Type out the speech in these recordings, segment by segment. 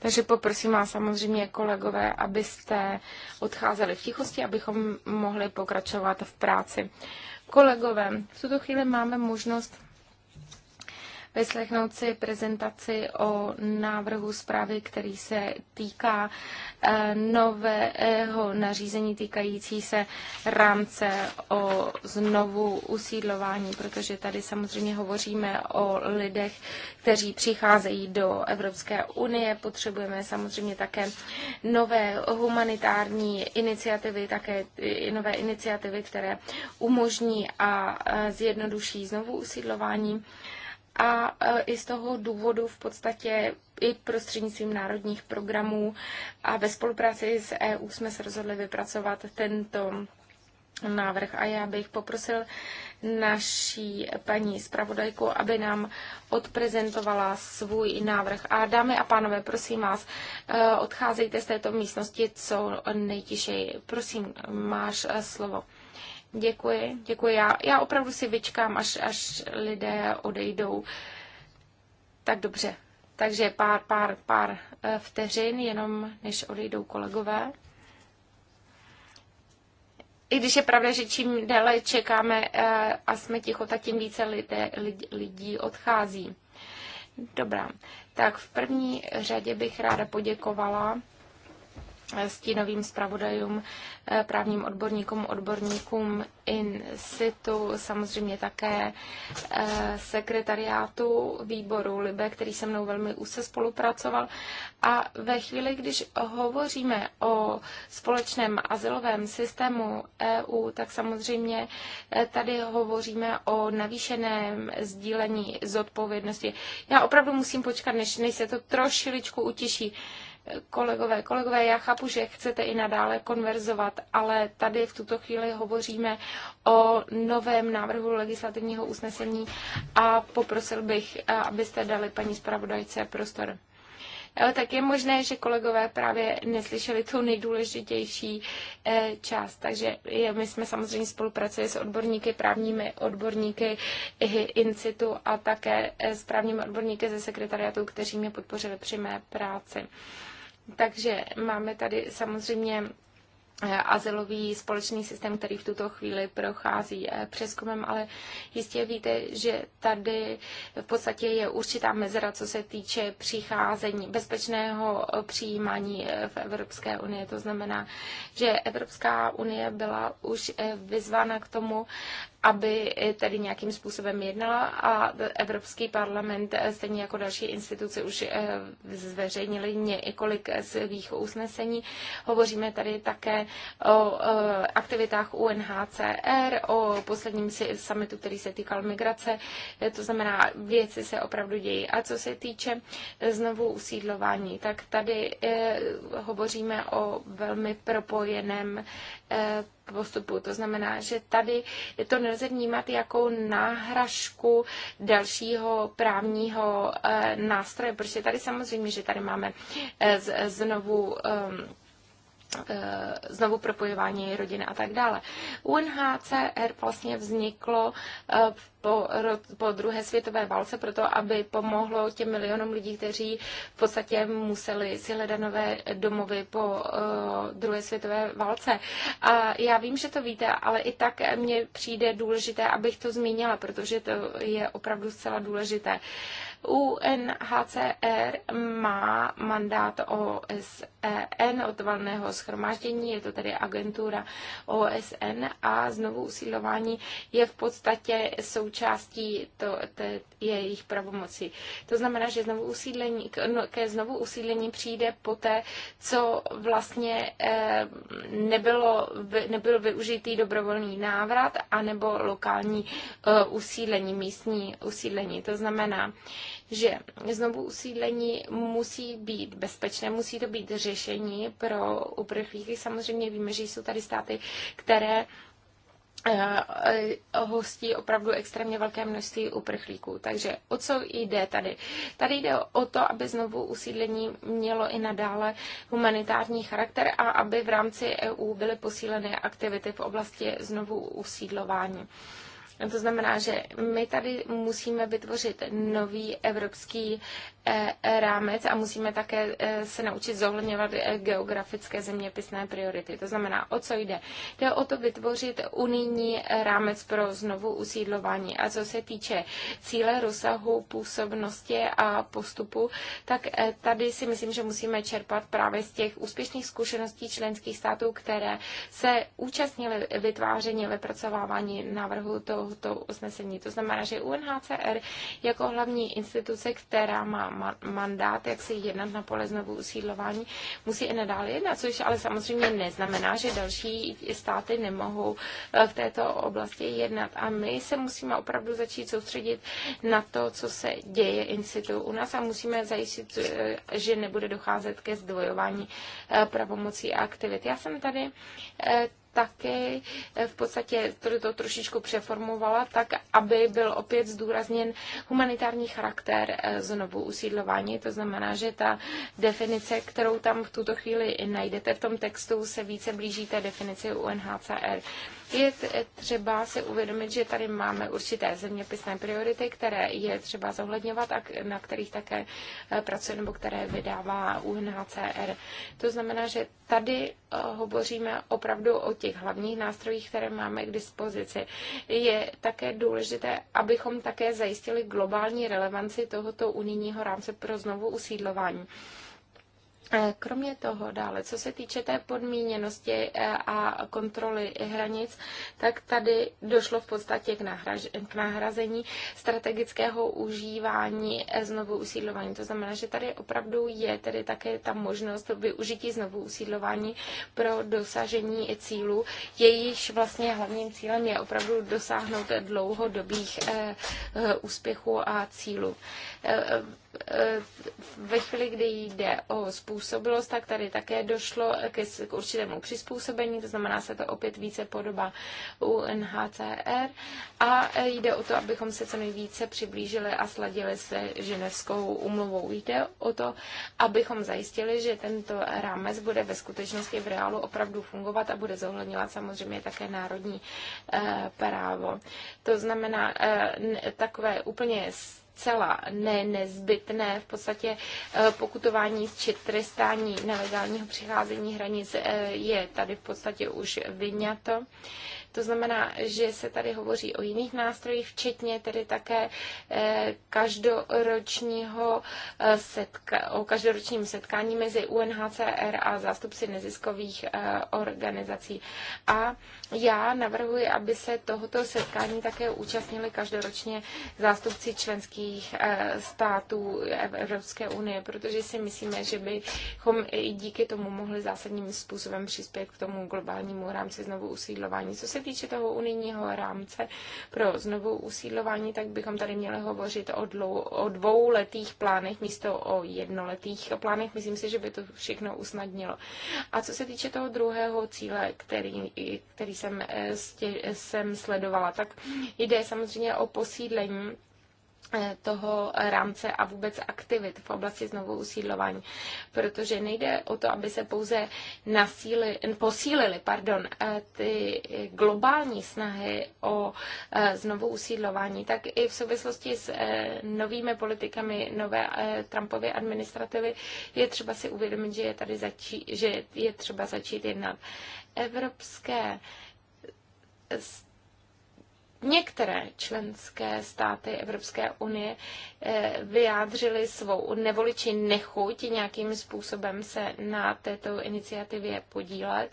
Takže poprosím vás samozřejmě kolegové, abyste odcházeli v tichosti, abychom mohli pokračovat v práci. Kolegové, v tuto chvíli máme možnost vyslechnout si prezentaci o návrhu zprávy, který se týká eh, nového nařízení týkající se rámce o znovu usídlování, protože tady samozřejmě hovoříme o lidech, kteří přicházejí do Evropské unie. Potřebujeme samozřejmě také nové humanitární iniciativy, také nové iniciativy, které umožní a eh, zjednoduší znovu usídlování a e, i z toho důvodu v podstatě i prostřednictvím národních programů a ve spolupráci s EU jsme se rozhodli vypracovat tento návrh a já bych poprosil naší paní zpravodajku, aby nám odprezentovala svůj návrh. A dámy a pánové, prosím vás, e, odcházejte z této místnosti co nejtišeji. Prosím, máš e, slovo. Děkuji, děkuji. Já, já opravdu si vyčkám, až, až lidé odejdou. Tak dobře. Takže pár, pár, pár eh, vteřin, jenom než odejdou kolegové. I když je pravda, že čím déle čekáme eh, a jsme ticho, tak tím více lidé, lidí odchází. Dobrá. Tak v první řadě bych ráda poděkovala stínovým zpravodajům, eh, právním odborníkům, odborníkům in situ, samozřejmě také eh, sekretariátu výboru Libe, který se mnou velmi úzce spolupracoval. A ve chvíli, když hovoříme o společném asilovém systému EU, tak samozřejmě eh, tady hovoříme o navýšeném sdílení zodpovědnosti. Já opravdu musím počkat, než, než se to trošičku utiší kolegové, kolegové, já chápu, že chcete i nadále konverzovat, ale tady v tuto chvíli hovoříme o novém návrhu legislativního usnesení a poprosil bych, eh, abyste dali paní zpravodajce prostor. Ale eh, tak je možné, že kolegové právě neslyšeli tu nejdůležitější eh, část. Takže my jsme samozřejmě spolupracovali s odborníky, právními odborníky institu a také s právními odborníky ze sekretariátu, kteří mě podpořili při mé práci. Takže máme tady samozřejmě eh, azylový společný systém, který v tuto chvíli prochází eh, přeskumem, ale jistě víte, že tady v podstatě je určitá mezera, co se týče přicházení bezpečného eh, přijímání v Evropské unii. To znamená, že Evropská unie byla už vyzvána k tomu, aby tedy nějakým způsobem jednala a Evropský parlament, eh, stejně jako další instituce, už eh, zveřejnili několik svých usnesení. Hovoříme tady také o eh, aktivitách UNHCR, o posledním summitu, který se týkal migrace, to znamená, věci se opravdu dějí. A co se týče znovu usídlování, tak tady hovoříme o velmi propojeném postupu. To znamená, že tady je to nelze vnímat jako náhražku dalšího právního eh, nástroje, protože tady samozřejmě, že tady máme eh, znovu ehm, Eh, znovu propojování rodiny a tak dále. UNHCR vlastně vzniklo eh, po, po druhé světové válce proto, aby pomohlo těm milionům lidí, kteří v podstatě museli si hledat nové domovy po uh, druhé světové válce. A já vím, že to víte, ale i tak mně přijde důležité, abych to zmínila, protože to je opravdu zcela důležité. Uh, UNHCR má mandát OSN e od valného schromáždění, je to tedy agentura OSN a znovu usilování je v podstatě součástí to, to jejich pravomoci. To znamená, že znovu usídlení, no, ke znovu usídlení přijde poté, co vlastně eh, nebylo, nebyl využitý dobrovolný návrat anebo lokální eh, usídlení, místní usídlení. To znamená, že znovu usídlení musí být bezpečné, musí to být řešení pro uprchlíky. Samozřejmě víme, že jsou tady státy, které eh, eh, hostí opravdu extrémně velké množství uprchlíků. Takže o co jde tady? Tady jde o to, aby znovu usídlení mělo i nadále humanitární charakter a aby v rámci EU byly posíleny aktivity v oblasti znovu usídlování. To znamená, že my tady musíme vytvořit nový evropský E, e, rámec a musíme také e, se naučit zohledňovat geografické zeměpisné priority. To znamená, o co jde? Jde o to vytvořit unijní rámec pro znovu usídlování. A co se týče cíle, rozsahu, působnosti a postupu, tak tady si myslím, že musíme čerpat právě z těch úspěšných zkušeností členských států, které se účastnily vytváření, vypracovávání návrhu tohoto usnesení. To znamená, že UNHCR jako hlavní instituce, která má mandát, jak se jednat na pole znovu usídlování, musí i nadále jednat, což ale samozřejmě neznamená, že další státy nemohou eh, v této oblasti jednat. A my se musíme opravdu začít soustředit na to, co se děje in situ u nás a musíme zajistit, eh, že nebude docházet ke zdvojování eh, pravomocí a aktivit. Já jsem tady také eh, v podstatě to, to trošičku přeformovala tak, aby byl opět zdůrazněn humanitární charakter eh, znovu usídlování. To znamená, že ta definice, kterou tam v tuto chvíli najdete v tom textu, se více blíží té definici UNHCR. Je eh, třeba si uvědomit, že tady máme určité zeměpisné priority, které je třeba zohledňovat a na kterých také pracuje nebo které vydává UNHCR. To znamená, že tady hovoříme opravdu o těch hlavních nástrojích, které máme k dispozici, je také důležité, abychom také zajistili globální relevanci tohoto unijního rámce pro znovu usídlování. E, kromě toho dále, co se týče té podmíněnosti e, a kontroly hranic, tak tady došlo v podstatě k, nahraž, k nahrazení strategického užívání e, znovu usídlování. To znamená, že tady opravdu je tedy také ta možnost využití znovu usídlování pro dosažení cílů. Jejíž vlastně hlavním cílem je opravdu dosáhnout dlouhodobých úspěchů a cílů Eh, ve chvíli, kdy jde o způsobilost, tak tady také došlo k, k určitému přizpůsobení, to znamená, se to opět více podobá UNHCR a eh, jde o to, abychom se co nejvíce přiblížili a sladili se ženevskou umluvou. Jde o to, abychom zajistili, že tento rámec bude ve skutečnosti v reálu opravdu fungovat a bude zohledňovat samozřejmě také národní eh, právo. To znamená, takové úplně zcela ne nezbytné v podstatě eh, pokutování či trestání nelegálního přicházení hranic eh, je tady v podstatě už vyňato. To znamená, že se tady hovoří o jiných nástrojích, včetně tedy také eh, každoročního setka, o každoročním setkání mezi UNHCR a zástupci neziskových organizací. A já navrhuji, aby se tohoto setkání také účastnili každoročně zástupci členských eh, států Evropské unie, protože si myslíme, že bychom i díky tomu mohli zásadním způsobem přispět k tomu globálnímu rámci znovu usídlování. Co se týče toho unijního rámce pro znovu usídlování, tak bychom tady měli hovořit o, dlou, o dvouletých plánech místo o jednoletých plánech. Myslím si, že by to všechno usnadnilo. A co se týče toho druhého cíle, který, který jsem, eh, eh, jsem sledovala. Tak jde samozřejmě o posídlení eh, toho rámce a vůbec aktivit v oblasti znovu usídlování. Protože nejde o to, aby se pouze nasíli, posílili pardon, ty globální snahy o znovu usídlování, tak i v souvislosti s novými politikami nové Trumpovy administrativy je třeba si uvědomit, že je, tady začí, že je třeba začít jednat. Evropské některé členské státy Evropské unie eh, vyjádřily svou nevoliči nechuť nějakým způsobem se na této iniciativě podílet.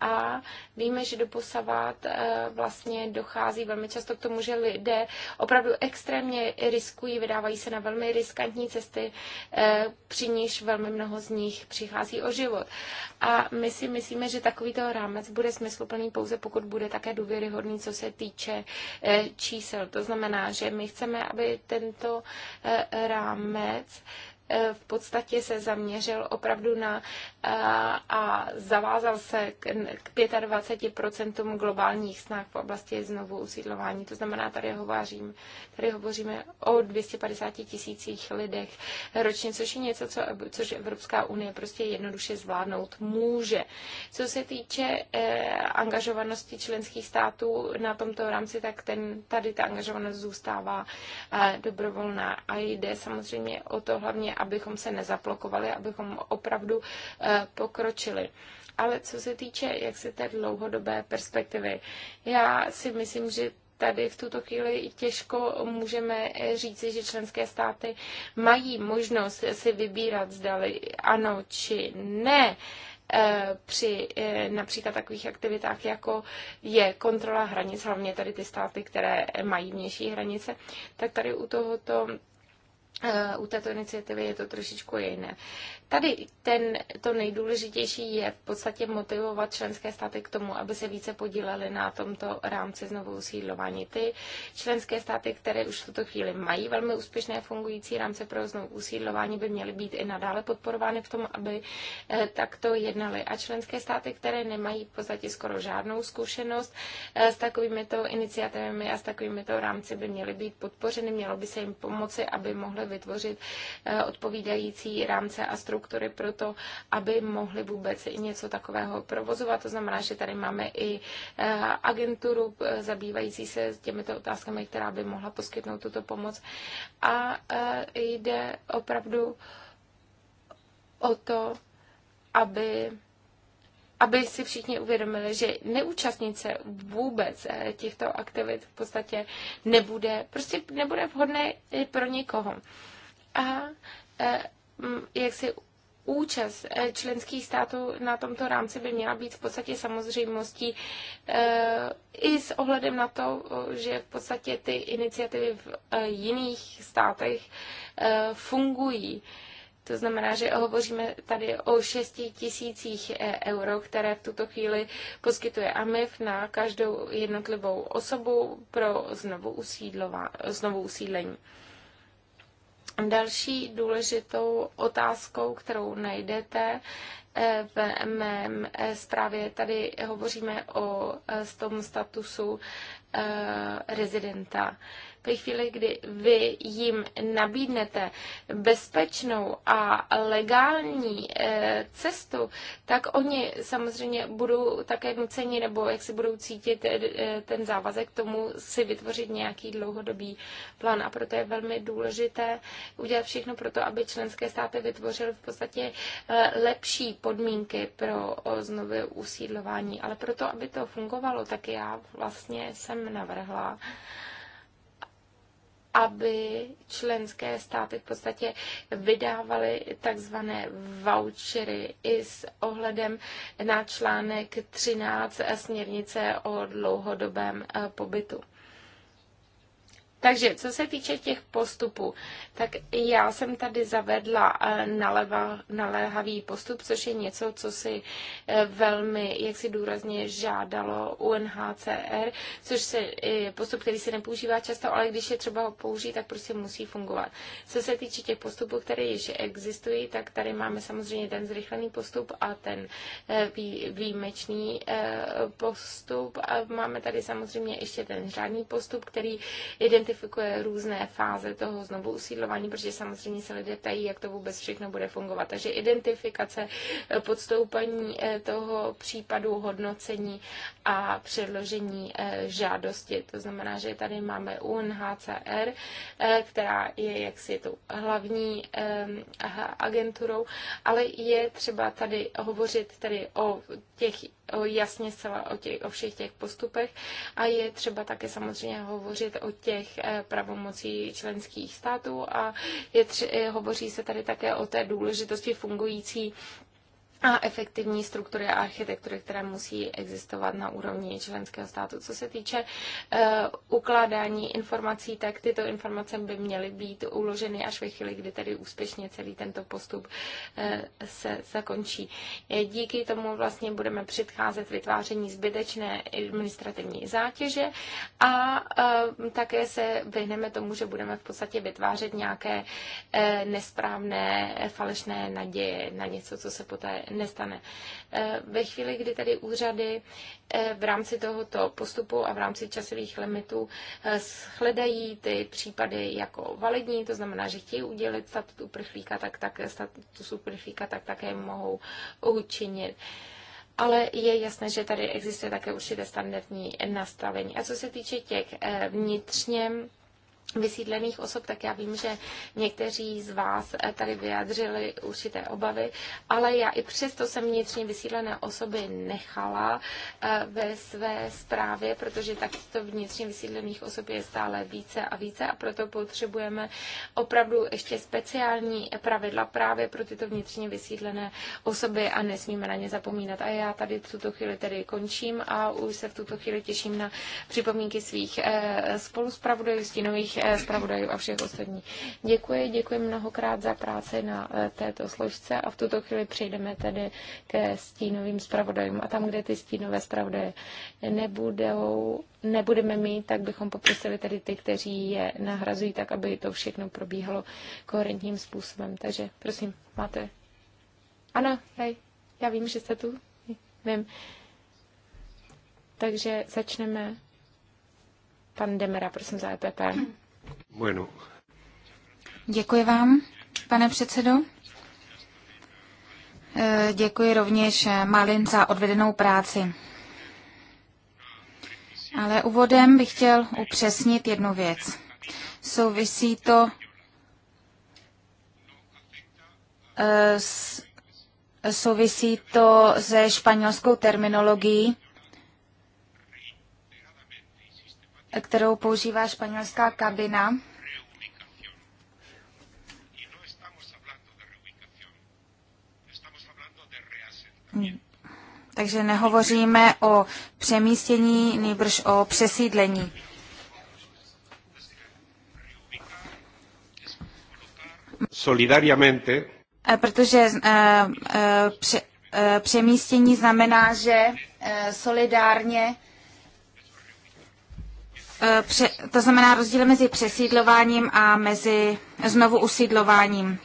A víme, že posavat eh, vlastně dochází velmi často k tomu, že lidé opravdu extrémně riskují, vydávají se na velmi riskantní cesty, eh, při níž velmi mnoho z nich přichází o život. A my si myslíme, že takovýto rámec bude smysluplný pouze, pokud bude také důvěryhodný, co se týče eh, čísel. To znamená, že my chceme, aby tento rámec Eh, v podstatě se zaměřil opravdu na eh, a zavázal se k 25% globálních snah v oblasti znovu usídlování. To znamená, tady hovořím, tady hovoříme o 250 tisících lidech ročně, což je něco, co, což Evropská unie prostě jednoduše zvládnout může. Co se týče eh, angažovanosti členských států na tomto rámci, tak ten, tady ta angažovanost zůstává dobrovolná a jde samozřejmě o to hlavně, abychom se nezaplokovali, abychom opravdu eh, pokročili. Ale co se týče jak se té dlouhodobé perspektivy, já si myslím, že tady v tuto chvíli těžko můžeme eh, říci, že členské státy mají možnost si vybírat, zdali ano či ne eh, při například takových aktivitách, jako je kontrola hranic, hlavně tady ty státy, které mají vnější hranice, tak tady u tohoto Eh, u této iniciativy je to trošičku jiné. Tady ten, to nejdůležitější je v podstatě motivovat členské státy k tomu, aby se více podílely na tomto rámci znovu usídlování. Ty členské státy, které už v tuto chvíli mají velmi úspěšné fungující rámce pro znovu usídlování, by měly být i nadále podporovány v tom, aby eh, takto jednaly. A členské státy, které nemají v podstatě skoro žádnou zkušenost eh, s takovými to iniciativami a s takovými to rámci, by měly být podpořeny, mělo by se jim pomoci, aby mohly vytvořit eh, odpovídající rámce a struktury infrastruktury pro to, aby mohli vůbec i něco takového provozovat. To znamená, že tady máme i eh, agenturu eh, zabývající se těmito otázkami, která by mohla poskytnout tuto pomoc. A eh, jde opravdu o to, aby aby si všichni uvědomili, že neúčastnit se vůbec těchto aktivit v podstatě nebude, prostě nebude vhodné pro nikoho. A jak si účast eh, členských států na tomto rámci by měla být v podstatě samozřejmostí eh, i s ohledem na to, že v podstatě ty iniciativy v eh, jiných státech fungují. To znamená, že hovoříme tady o 6 tisících euro, které v tuto chvíli poskytuje AMIF na každou jednotlivou osobu pro znovu, usídlova, znovu usídlení. Další důležitou otázkou, kterou najdete eh, v mém eh, zprávě, tady hovoříme o eh, tom statusu rezidenta ve chvíli, kdy vy jim nabídnete bezpečnou a legální eh, cestu, tak oni samozřejmě budou také nuceni nebo jak si budou cítit eh, ten závazek k tomu si vytvořit nějaký dlouhodobý plán. A proto je velmi důležité udělat všechno pro to, aby členské státy vytvořily v podstatě eh, lepší podmínky pro znovu usídlování. Ale proto, aby to fungovalo, tak já vlastně jsem navrhla, aby členské státy v podstatě vydávaly takzvané vouchery i s ohledem na článek 13 směrnice o dlouhodobém eh, pobytu. Takže co se týče těch postupů, tak já jsem tady zavedla eh, naleva, naléhavý postup, což je něco, co si eh, velmi, jak si důrazně žádalo UNHCR, což se, je eh, postup, který se nepoužívá často, ale když je třeba ho použít, tak prostě musí fungovat. Co se týče těch postupů, které již existují, tak tady máme samozřejmě ten zrychlený postup a ten výjimečný postup. A máme tady samozřejmě ještě ten řádný postup, který identifikuje identifikuje různé fáze toho znovu usídlování, protože samozřejmě se lidé ptají, jak to vůbec všechno bude fungovat. Takže identifikace, eh, podstoupení eh, toho případu, hodnocení a předložení eh, žádosti. To znamená, že tady máme UNHCR, která je jaksi tu hlavní agenturou, ale je třeba tady hovořit tady o těch jasně zcela o, těch, o všech těch postupech a je třeba také samozřejmě hovořit o těch e, pravomocí členských států a je tři, hovoří se tady také o té důležitosti fungující a efektivní struktury a architektury, které musí existovat na úrovni členského státu. Co se týče uh, ukládání informací, tak tyto informace by měly být uloženy až ve chvíli, kdy tedy úspěšně celý tento postup uh, se zakončí. Eh, díky tomu vlastně budeme předcházet vytváření zbytečné administrativní zátěže a uh, také se vyhneme tomu, že budeme v podstatě vytvářet nějaké uh, nesprávné, falešné naděje na něco, co se poté nestane. Eh, ve chvíli, kdy tedy úřady eh, v rámci tohoto postupu a v rámci časových limitů eh, shledají ty případy jako validní, to znamená, že chtějí udělit statut uprchlíka, tak, tak status uprchlíka, tak také mohou učinit. Ale je jasné, že tady existuje také určité standardní nastavení. A co se týče těch vnitřně vysídlených osob, tak já vím, že někteří z vás tady vyjádřili určité obavy, ale já i přesto jsem vnitřně vysídlené osoby nechala eh, ve své zprávě, protože takto vnitřně vysídlených osob je stále více a více a proto potřebujeme opravdu ještě speciální pravidla právě pro tyto vnitřně vysídlené osoby a nesmíme na ně zapomínat. A já tady v tuto chvíli tedy končím a už se v tuto chvíli těším na připomínky svých eh, spoluspravodajů, stínových stínových eh, zpravodajů a všech ostatních. Děkuji, děkuji mnohokrát za práci na eh, této složce a v tuto chvíli přejdeme tedy ke stínovým zpravodajům. A tam, kde ty stínové zpravodaje nebudou, nebudeme mít, tak bychom poprosili tedy ty, kteří je nahrazují, tak aby to všechno probíhalo koherentním způsobem. Takže prosím, máte. Ano, hej, já vím, že jste tu. Vím. Takže začneme. Pan Demera, prosím, za EPP. Děkuji vám, pane předsedo. E, děkuji rovněž Malin za odvedenou práci. Ale úvodem bych chtěl upřesnit jednu věc. Souvisí to e, s, souvisí to se španělskou terminologií kterou používá španělská kabina. Takže nehovoříme o přemístění, nejbrž o přesídlení. Solidariamente. Eh, protože uh, uh, pře, uh, přemístění znamená, že uh, solidárně Eh, pře, to znamená rozdíl mezi přesídlováním a mezi znovu usídlováním.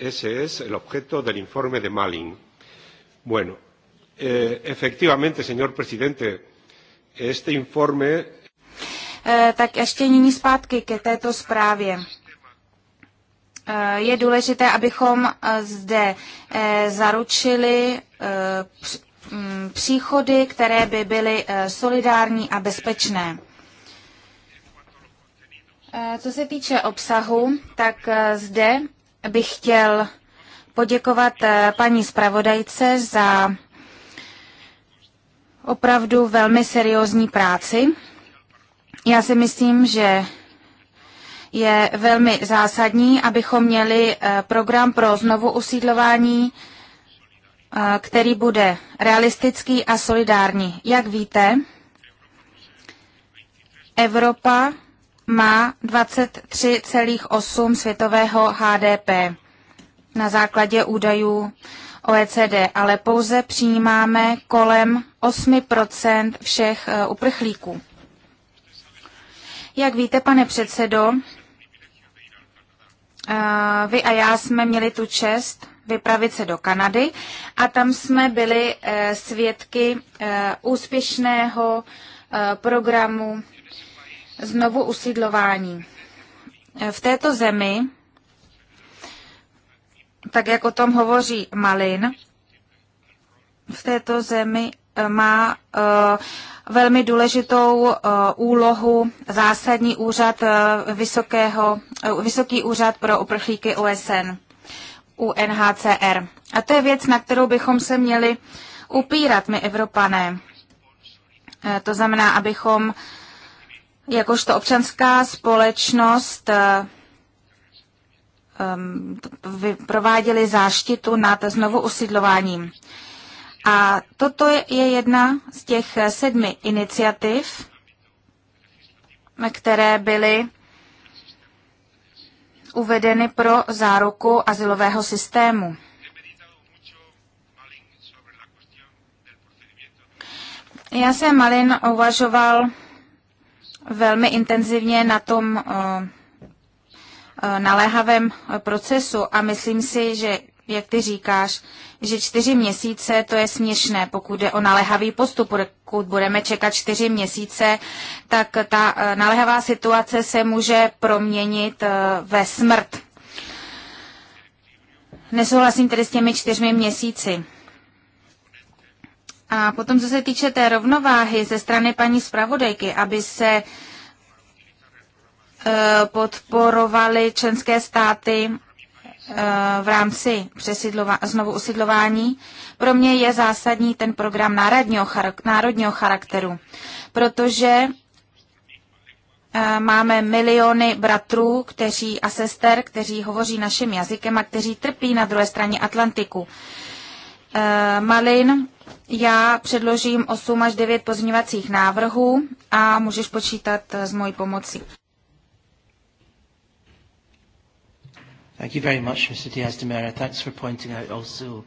Ese es el objeto del informe de Malin. Bueno, eh, efectivamente, señor presidente, este informe. Eh, tak ještě nyní zpátky ke této zprávě eh, je důležité, abychom eh, zde zaručili Mm, příchody, které by byly eh, solidární a bezpečné. Eh, co se týče obsahu, tak eh, zde bych chtěl poděkovat paní zpravodajce za opravdu velmi seriózní práci. Já si myslím, že je velmi zásadní, abychom měli program pro znovu usídlování který bude realistický a solidární. Jak víte, Evropa má 23,8 světového HDP na základě údajů OECD, ale pouze přijímáme kolem 8 všech e, uprchlíků. Jak víte, pane předsedo, vy a já jsme měli tu čest vypravit se do Kanady a tam jsme byli eh, svědky eh, úspěšného eh, programu znovu usídlování. V této zemi, tak jak o tom hovoří Malin, v této zemi má velmi důležitou úlohu zásadní úřad vysokého, Vysoký úřad pro uprchlíky OSN. UNHCR. A to je věc, na kterou bychom se měli upírat my Evropané. E, to znamená, abychom jakožto občanská společnost e, prováděli záštitu nad znovu usidlováním. A toto je jedna z těch sedmi iniciativ, které byly uvedeny pro záruku asilového systému. Já jsem Malin uvažoval velmi intenzivně na tom eh, eh, naléhavém procesu a myslím si, že jak ty říkáš, že čtyři měsíce to je směšné, pokud jde o naléhavý postup. Pokud budeme čekat čtyři měsíce, tak ta eh, naléhavá situace se může proměnit eh, ve smrt. Nesouhlasím tedy s těmi čtyřmi měsíci. A potom, co se týče té rovnováhy ze strany paní zpravodajky, aby se eh, podporovaly členské státy Eh, v rámci znovu usidlování. Pro mě je zásadní ten program národního, charak- národního charakteru, protože eh, máme miliony bratrů kteří, a sester, kteří hovoří našim jazykem a kteří trpí na druhé straně Atlantiku. Eh, Malin, já předložím 8 až 9 pozměňovacích návrhů a můžeš počítat s mojí pomocí. Thank you very much, Mr. Diaz de Mera. Thanks for pointing out also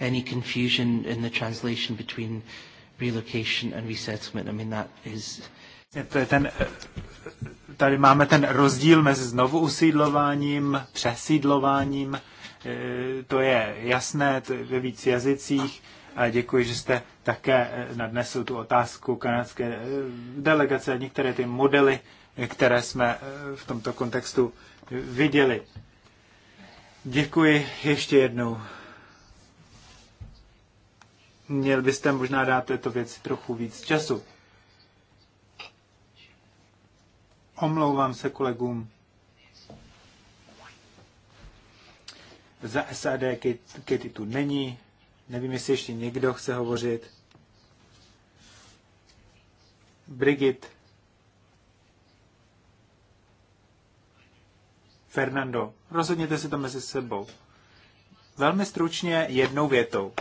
any confusion in the translation between relocation and resettlement. I mean, that is... To je ten, tady máme ten rozdíl mezi znovu usídlováním, přesídlováním. To je jasné to je ve víc jazycích. A děkuji, že jste také nadnesl tu otázku kanadské delegace a některé ty modely, které jsme v tomto kontextu viděli. Děkuji ještě jednou. Měl byste možná dát této věci trochu víc času. Omlouvám se kolegům za SAD, Katy tu není. Nevím, jestli ještě někdo chce hovořit. Brigitte. Fernando, rozhodněte si to mezi sebou. Velmi stručně jednou větou.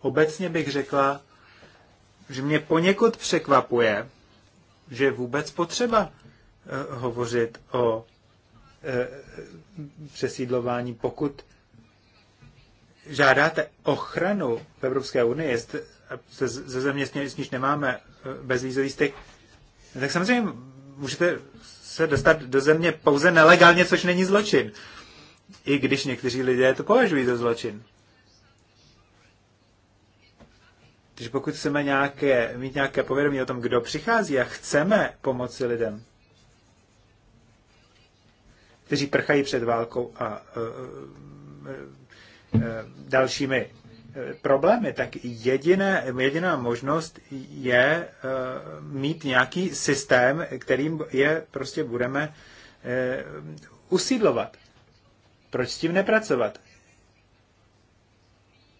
Obecně bych řekla, že mě poněkud překvapuje, že je vůbec potřeba uh, hovořit o uh, přesídlování, pokud žádáte ochranu v Evropské unii ze země, s níž nemáme eh, bezvýzový styk, No tak samozřejmě můžete se dostat do země pouze nelegálně, což není zločin. I když někteří lidé to považují za zločin. Takže pokud chceme nějaké, mít nějaké povědomí o tom, kdo přichází a chceme pomoci lidem, kteří prchají před válkou a uh, uh, uh, dalšími problémy, tak jediné, jediná možnost je eh, mít nějaký systém, kterým je prostě budeme eh, usídlovat. Proč s tím nepracovat?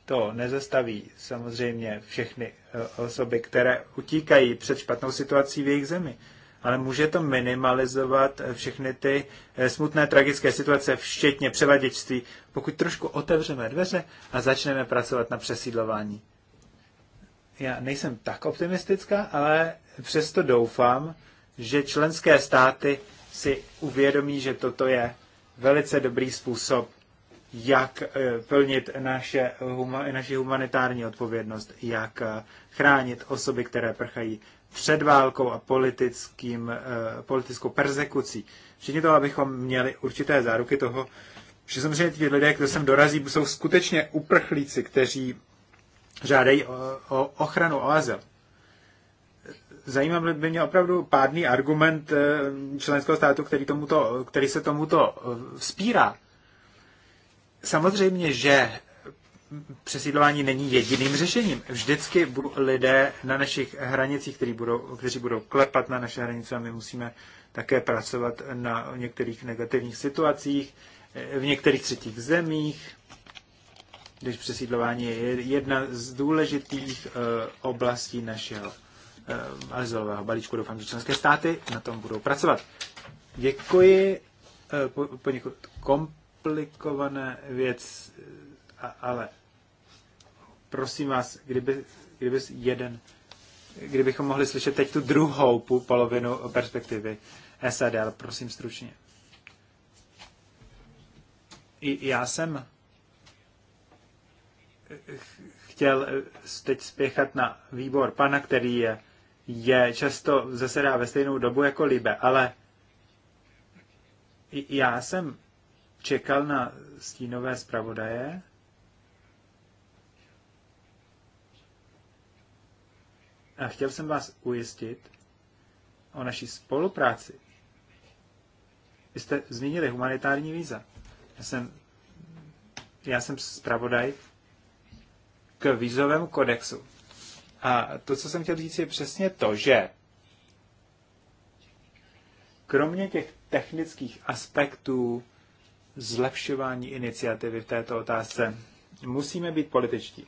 To nezastaví samozřejmě všechny eh, osoby, které utíkají před špatnou situací v jejich zemi ale může to minimalizovat eh, všechny ty eh, smutné tragické situace, včetně převaděčství, pokud trošku otevřeme dveře a začneme pracovat na přesídlování. Já nejsem tak optimistická, ale přesto doufám, že členské státy si uvědomí, že toto je velice dobrý způsob, jak eh, plnit naše, naši humanitární odpovědnost, jak chránit osoby, které prchají před válkou a politickým, eh, politickou persekucí. Všichni to, abychom měli určité záruky toho, že samozřejmě ti lidé, kdo sem dorazí, jsou skutečně uprchlíci, kteří žádají o, o ochranu, o azyl. Zajímavý by mě opravdu pádný argument eh, členského státu, který, tomuto, který se tomuto eh, vzpírá. Samozřejmě, že přesídlování není jediným řešením. Vždycky budou lidé na našich hranicích, kteří budou, kteří budou klepat na naše hranice a my musíme také pracovat na některých negativních situacích, v některých třetích zemích, když přesídlování je jedna z důležitých eh, oblastí našeho eh, azylového balíčku. Doufám, že členské státy na tom budou pracovat. Děkuji. Eh, poněkud komplikované věc, ale prosím vás, kdyby, kdyby jeden, kdybychom mohli slyšet teď tu druhou polovinu perspektivy SADL, prosím stručně. I já jsem chtěl teď spěchat na výbor pana, který je, je často zasedá ve stejnou dobu jako Libe, ale já jsem čekal na stínové zpravodaje, A chtěl jsem vás ujistit o naší spolupráci. Vy jste zmínili humanitární víza. Já jsem, já jsem zpravodaj k vízovému kodexu. A to, co jsem chtěl říct, je přesně to, že kromě těch technických aspektů zlepšování iniciativy v této otázce musíme být političtí.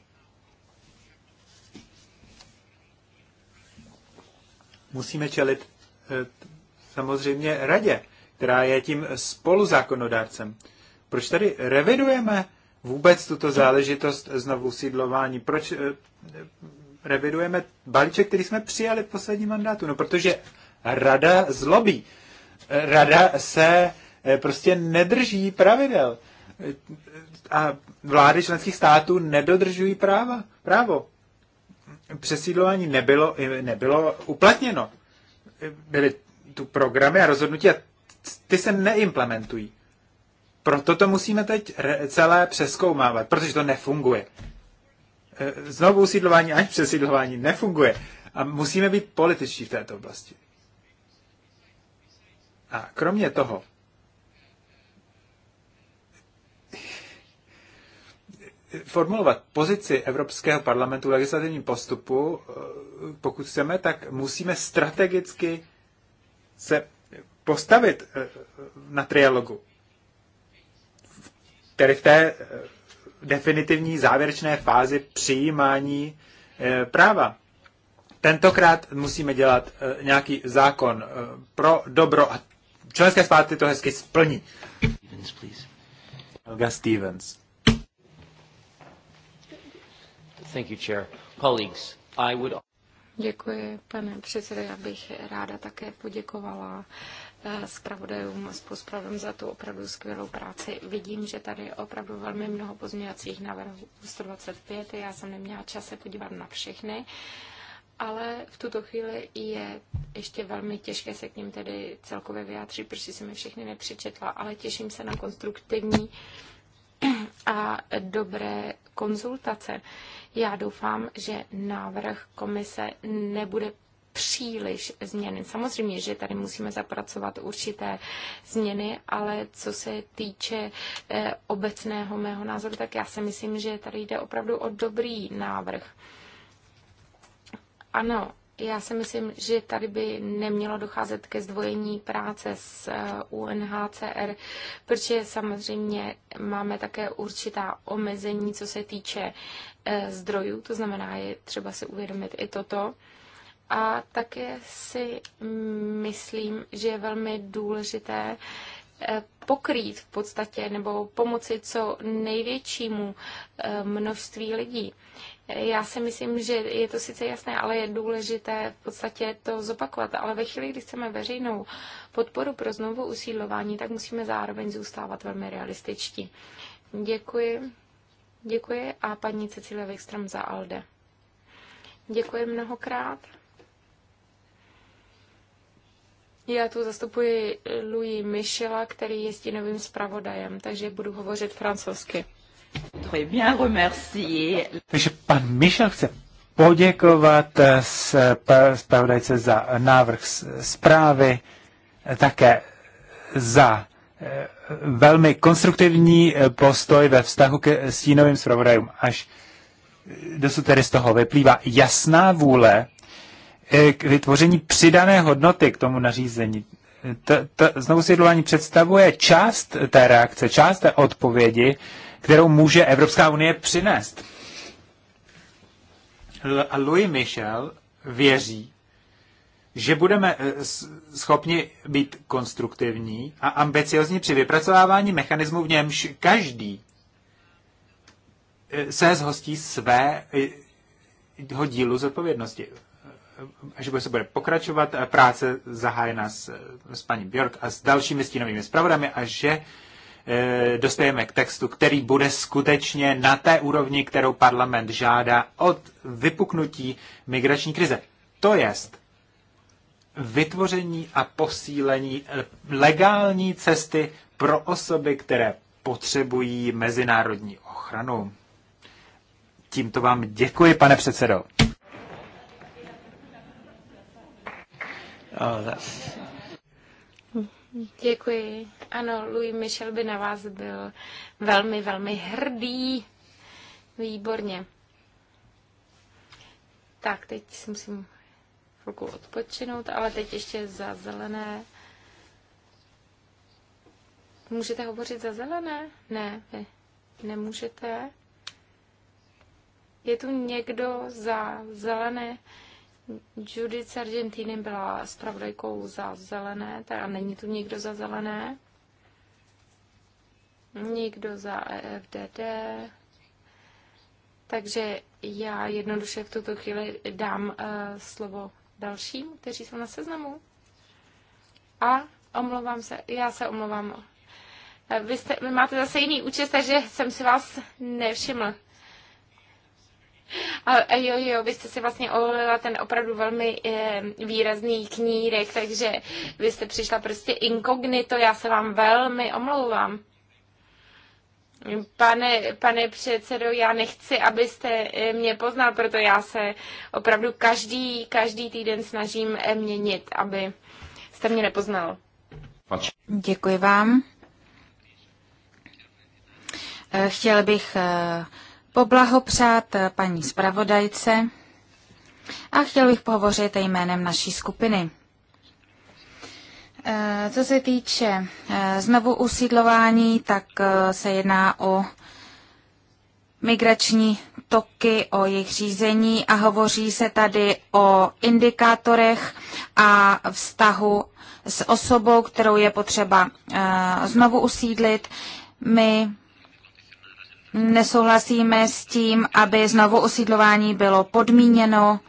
musíme čelit eh, samozřejmě radě, která je tím spoluzákonodárcem. Proč tady revidujeme vůbec tuto záležitost znovu sídlování? Proč eh, revidujeme balíček, který jsme přijali v posledním mandátu? No, protože rada zlobí. Rada se eh, prostě nedrží pravidel. A vlády členských států nedodržují práva, právo přesídlování nebylo, nebylo uplatněno. Byly tu programy a rozhodnutí a ty se neimplementují. Proto to musíme teď celé přeskoumávat, protože to nefunguje. E, znovu usídlování ani přesídlování nefunguje. A musíme být političtí v této oblasti. A kromě toho, formulovat pozici Evropského parlamentu v legislativním postupu, eh, pokud chceme, tak musíme strategicky se postavit eh, na trialogu. Tedy v té eh, definitivní závěrečné fázi přijímání práva. Tentokrát musíme dělat nějaký zákon pro dobro a členské státy to hezky splní. Stevens, Helga Stevens. Thank you, Chair. Colleagues, I would... Děkuji, pane předsedo. Já bych ráda také poděkovala eh, zpravodajům a pospravem za tu opravdu skvělou práci. Vidím, že tady je opravdu velmi mnoho pozměňovacích návrhů 125. Já jsem neměla čas se podívat na všechny ale v tuto chvíli je ještě velmi těžké se k ním tedy celkově vyjádřit, protože jsem je všechny nepřečetla, ale těším se na konstruktivní a dobré konzultace. Já doufám, že návrh komise nebude příliš změny. Samozřejmě, že tady musíme zapracovat určité změny, ale co se týče eh, obecného mého názoru, tak já si myslím, že tady jde opravdu o dobrý návrh. Ano, já si myslím, že tady by nemělo docházet ke zdvojení práce s eh, UNHCR, protože samozřejmě máme také určitá omezení, co se týče eh, zdrojů, to znamená, je třeba si uvědomit i toto. A také si myslím, že je velmi důležité eh, pokrýt v podstatě nebo pomoci co největšímu množství lidí. Já si myslím, že je to sice jasné, ale je důležité v podstatě to zopakovat. Ale ve chvíli, kdy chceme veřejnou podporu pro znovu usídlování, tak musíme zároveň zůstávat velmi realističtí. Děkuji. Děkuji a paní Cecilia Wikström za ALDE. Děkuji mnohokrát. Já tu zastupuji Louis Michela, který je stínovým zpravodajem, takže budu hovořit francouzsky. Takže pan Michel chce poděkovat eh, zpravodajce za návrh zprávy, eh, také za eh, velmi konstruktivní postoj ve vztahu k stínovým zpravodajům, až dosud tedy z toho vyplývá jasná vůle k vytvoření přidané hodnoty k tomu nařízení. To, to znovu sjedlování představuje část té reakce, část té odpovědi kterou může Evropská unie přinést. A Louis Michel věří, že budeme eh, schopni být konstruktivní a ambiciozní při vypracovávání mechanismu, v němž každý eh, se zhostí svého eh, dílu zodpovědnosti. Že se bude pokračovat práce zahájená s, s paní Björk a s dalšími stínovými zpravodami a že Eh, dostajeme k textu, který bude skutečně na té úrovni, kterou parlament žádá od vypuknutí migrační krize. To jest vytvoření a posílení eh, legální cesty pro osoby, které potřebují mezinárodní ochranu. Tímto vám děkuji, pane předsedo. Oh, that's, Děkuji. Ano, Louis Michel by na vás byl velmi, velmi hrdý. Výborně. Tak, teď si musím chvilku odpočinout, ale teď ještě za zelené. Můžete hovořit za zelené? Ne, vy nemůžete. Je tu někdo za zelené? Judith z Argentiny byla spravodajkou za zelené, teda není tu nikdo za zelené, nikdo za EFDD, takže já jednoduše v tuto chvíli dám uh, slovo dalším, kteří jsou na seznamu. A omlouvám se, já se omlouvám. Eh, vy, jste, vy máte zase jiný účest, takže jsem si vás nevšiml. A, a jo, jo, vy jste si vlastně ohlila ten opravdu velmi e, výrazný knírek, takže vy jste přišla prostě inkognito, já se vám velmi omlouvám. Pane, pane předsedo, já nechci, abyste eh, mě poznal, proto já se opravdu každý, každý týden snažím eh, měnit, aby jste mě nepoznal. Děkuji vám. Chtěl bych poblahopřát eh, paní zpravodajce a chtěl bych pohovořit jménem naší skupiny. Eh, co se týče eh, znovu usídlování, tak se jedná o migrační toky, o jejich řízení a hovoří se tady o indikátorech a vztahu s osobou, kterou je potřeba znovu usídlit. My Nesouhlasíme s tím, aby znovu osídlování bylo podmíněno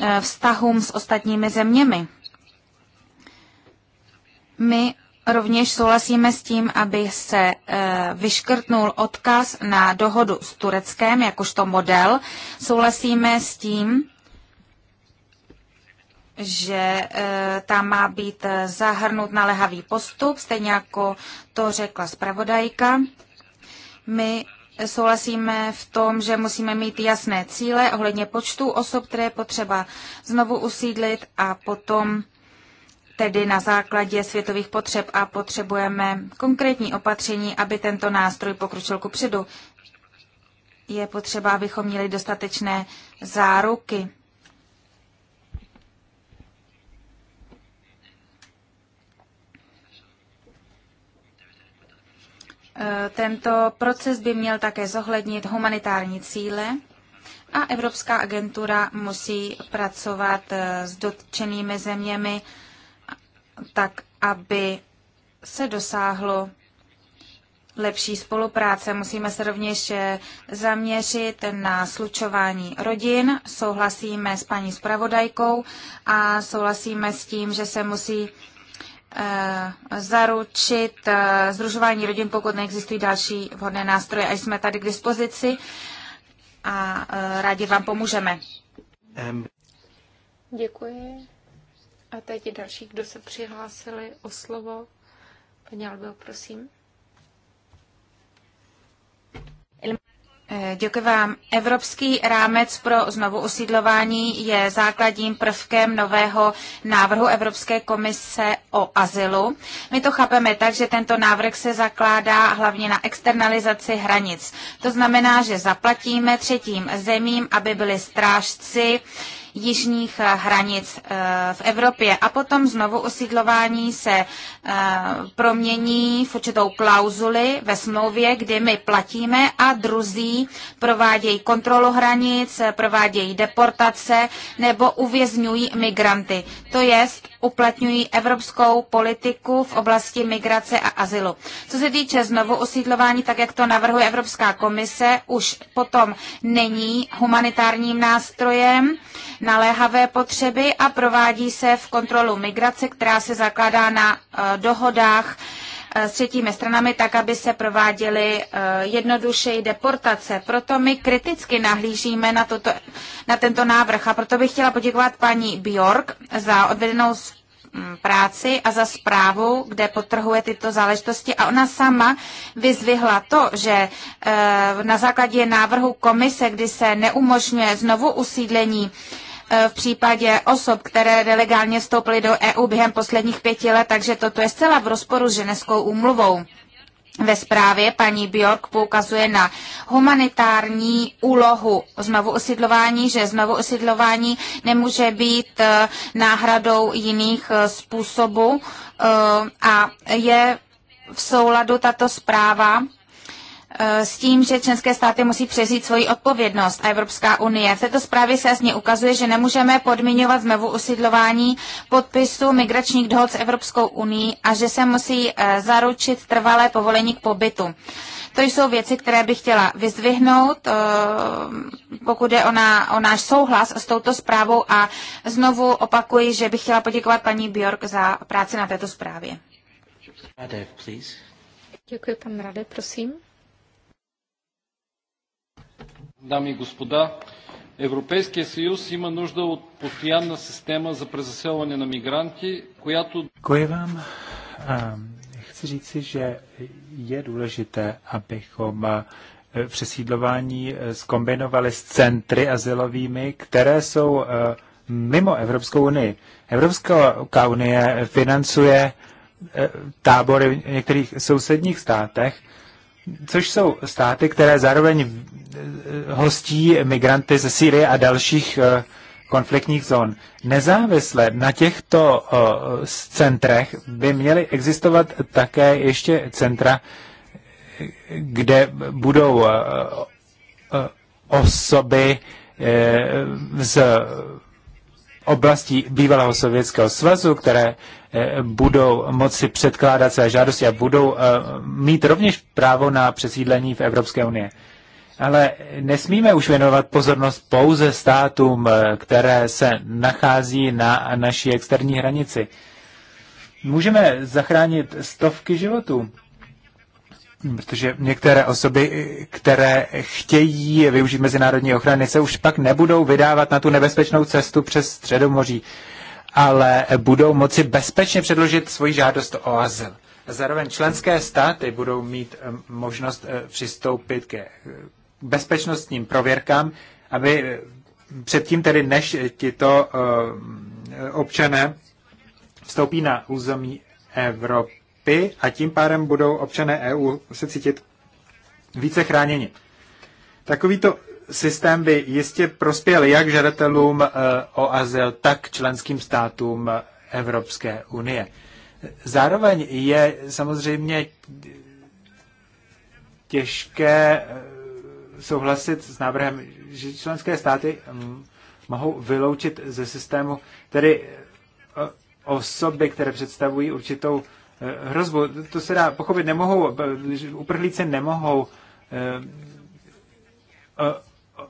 eh, vztahům s ostatními zeměmi. My rovněž souhlasíme s tím, aby se eh, vyškrtnul odkaz na dohodu s Tureckem jakožto model. Souhlasíme s tím, že eh, tam má být zahrnut nalehavý postup, stejně jako to řekla zpravodajka. My souhlasíme v tom, že musíme mít jasné cíle ohledně počtu osob, které je potřeba znovu usídlit a potom tedy na základě světových potřeb a potřebujeme konkrétní opatření, aby tento nástroj pokročil ku předu. Je potřeba, abychom měli dostatečné záruky Eh, tento proces by měl také zohlednit humanitární cíle a Evropská agentura musí pracovat eh, s dotčenými zeměmi tak, aby se dosáhlo lepší spolupráce. Musíme se rovněž eh, zaměřit na slučování rodin. Souhlasíme s paní zpravodajkou a souhlasíme s tím, že se musí Eh, zaručit eh, združování rodin, pokud neexistují další vhodné nástroje. A jsme tady k dispozici a eh, rádi vám pomůžeme. Děkuji. A teď další, kdo se přihlásili o slovo. Paní Albil, prosím. Eh, děkuji vám. Evropský rámec pro znovu usídlování je základním prvkem nového návrhu Evropské komise o azylu. My to chápeme tak, že tento návrh se zakládá hlavně na externalizaci hranic. To znamená, že zaplatíme třetím zemím, aby byli strážci jižních eh, hranic eh, v Evropě. A potom znovu osídlování se eh, promění v určitou klauzuli ve smlouvě, kdy my platíme a druzí provádějí kontrolu hranic, provádějí deportace nebo uvězňují migranty. To jest uplatňují evropskou politiku v oblasti migrace a azylu. Co se týče znovu osídlování, tak jak to navrhuje Evropská komise, už potom není humanitárním nástrojem naléhavé potřeby a provádí se v kontrolu migrace, která se zakládá na eh, dohodách Eh, s třetími stranami, tak aby se prováděly eh, jednodušeji deportace. Proto my kriticky nahlížíme na, toto, na tento návrh a proto bych chtěla poděkovat paní Bjork za odvedenou mm, práci a za zprávu, kde potrhuje tyto záležitosti. A ona sama vyzvihla to, že eh, na základě návrhu komise, kdy se neumožňuje znovu usídlení Eh, v případě osob, které nelegálně vstoupily do EU během posledních pěti let, takže toto je zcela v rozporu s ženevskou úmluvou. Ve zprávě paní Bjork poukazuje na humanitární úlohu znovu osidlování, že znovu osidlování nemůže být eh, náhradou jiných eh, způsobů a je v souladu tato zpráva Eh, s tím, že členské státy musí přežít svoji odpovědnost a Evropská unie. V této zprávě se jasně ukazuje, že nemůžeme podmiňovat znovu usidlování podpisu migračních dohod s Evropskou unii a že se musí eh, zaručit trvalé povolení k pobytu. To jsou věci, které bych chtěla vyzdvihnout, eh, pokud je o, o náš souhlas s touto zprávou a znovu opakuji, že bych chtěla poděkovat paní Bjork za práci na této zprávě. Děkuji, pan Rade, prosím дами и господа, Европейския съюз има нужда от постоянна система за презаселване на мигранти, която... Děkuji вам? Chci říci, že je důležité, abychom eh, přesídlování eh, zkombinovali s centry azylovými, které jsou eh, mimo Evropskou unii. Evropská unie financuje tábory v některých sousedních státech což jsou státy, které zároveň eh, hostí migranty ze Syrie a dalších eh, konfliktních zón. Nezávisle na těchto eh, centrech by měly existovat také ještě centra, kde budou osoby z oblastí bývalého Sovětského svazu, které Eh, budou moci předkládat své žádosti a budou eh, mít rovněž právo na přesídlení v Evropské unii. Ale nesmíme už věnovat pozornost pouze státům, eh, které se nachází na naší externí hranici. Můžeme zachránit stovky životů, protože některé osoby, které chtějí využít mezinárodní ochrany, se už pak nebudou vydávat na tu nebezpečnou cestu přes Středomoří ale budou moci bezpečně předložit svoji žádost o azyl. Zároveň členské státy budou mít eh, možnost eh, přistoupit ke eh, bezpečnostním prověrkám, aby předtím tedy, než tito občané vstoupí na území Evropy a tím pádem budou občané EU se cítit více chráněni. Takovýto systém by jistě prospěl jak žadatelům eh, o azyl, tak členským státům Evropské unie. Zároveň je samozřejmě těžké eh, souhlasit s návrhem, že členské státy mm, mohou vyloučit ze systému tedy eh, osoby, které představují určitou hrozbu. To se dá pochopit, nemohou, uprchlíci nemohou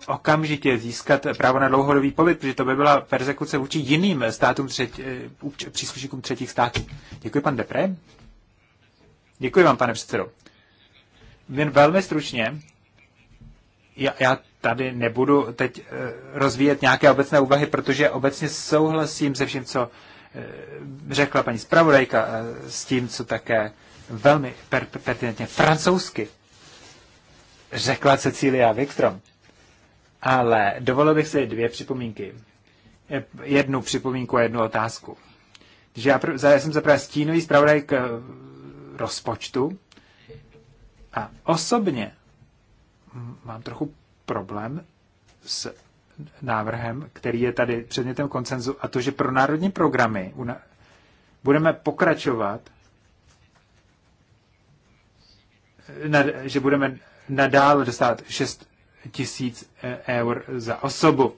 okamžitě získat právo na dlouhodobý pobyt, protože to by byla persekuce vůči jiným státům třetí, eh, příslušníkům třetích států. Děkuji, pan Depre. Děkuji vám, pane předsedo. Jen velmi stručně, já, já tady nebudu teď eh, rozvíjet nějaké obecné úvahy, protože obecně souhlasím se vším, co eh, řekla paní zpravodajka, s tím, co také velmi per- pertinentně francouzsky řekla Cecília Wikström. Ale dovolil bych si dvě připomínky. Jednu připomínku a jednu otázku. Že já, já jsem zaprvé stínový zpravodaj k eh, rozpočtu a osobně mám trochu problém s návrhem, který je tady předmětem koncenzu, a to, že pro národní programy budeme pokračovat, eh, že budeme nadále dostat 6 tisíc e, eur za osobu.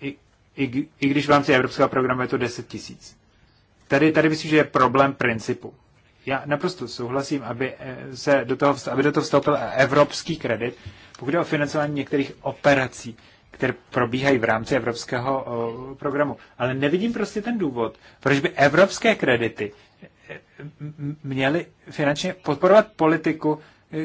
I, i, i když v rámci evropského programu je to 10 tisíc. Tady, tady myslím, že je problém principu. Já naprosto souhlasím, aby, e, se do toho, aby do toho vstoupil evropský kredit, pokud je o financování některých operací, které probíhají v rámci evropského programu. Ale nevidím prostě ten důvod, proč by evropské kredity e, měly finančně podporovat politiku,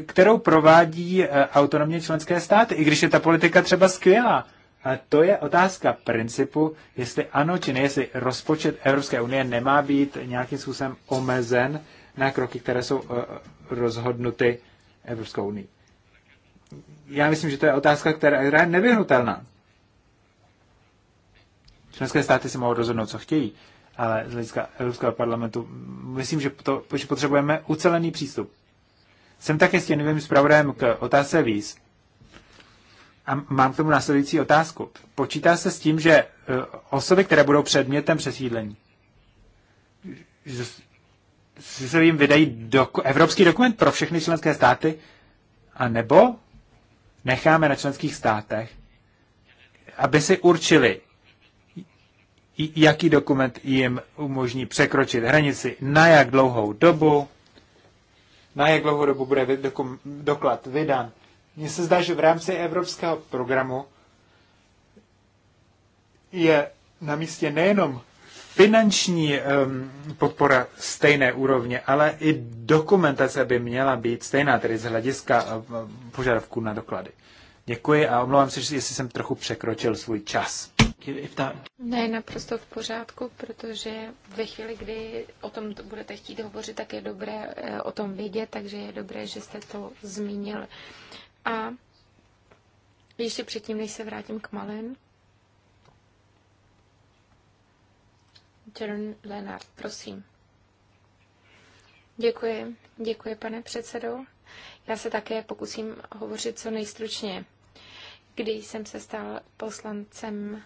kterou provádí e, autonomně členské státy, i když je ta politika třeba skvělá. A to je otázka principu, jestli ano či ne, jestli rozpočet Evropské unie nemá být nějakým způsobem omezen na kroky, které jsou e, rozhodnuty Evropskou unii. Já myslím, že to je otázka, která je nevyhnutelná. Členské státy si mohou rozhodnout, co chtějí, ale z hlediska Evropského parlamentu myslím, že, to, že potřebujeme ucelený přístup. Jsem také těnovým zpravodajem k otázce víz. A mám k tomu následující otázku. Počítá se s tím, že e, osoby, které budou předmětem přesídlení, že se jim vydají doku, evropský dokument pro všechny členské státy, a nebo necháme na členských státech, aby si určili, jaký dokument jim umožní překročit hranici, na jak dlouhou dobu, na jak dlouho dobu bude doklad vydan. Mně se zdá, že v rámci evropského programu je na místě nejenom finanční um, podpora stejné úrovně, ale i dokumentace by měla být stejná, tedy z hlediska um, požadavků na doklady. Děkuji a omlouvám se, jestli jsem trochu překročil svůj čas. Ne, naprosto v pořádku, protože ve chvíli, kdy o tom budete chtít hovořit, tak je dobré eh, o tom vědět, takže je dobré, že jste to zmínil. A ještě předtím, než se vrátím k Malen, Jern Lenard, prosím. Děkuji, děkuji, pane předsedo. Já se také pokusím hovořit co nejstručně. Když jsem se stal poslancem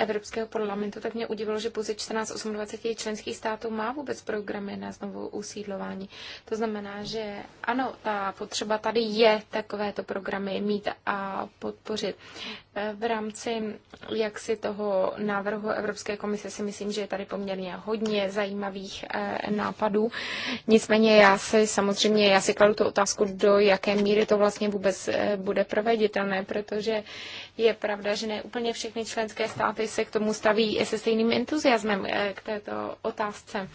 Evropského parlamentu, tak mě udivilo, že pouze 14 28 členských států má vůbec programy na znovu usídlování. To znamená, že ano, ta potřeba tady je takovéto programy mít a podpořit. E, v rámci jak si toho návrhu Evropské komise si myslím, že je tady poměrně hodně zajímavých e, nápadů. Nicméně já si samozřejmě, já si kladu tu otázku, do jaké míry to vlastně vůbec e, bude proveditelné, protože je pravda, že ne úplně všechny členské státy se k tomu staví se stejným entuziasmem eh, k této otázce.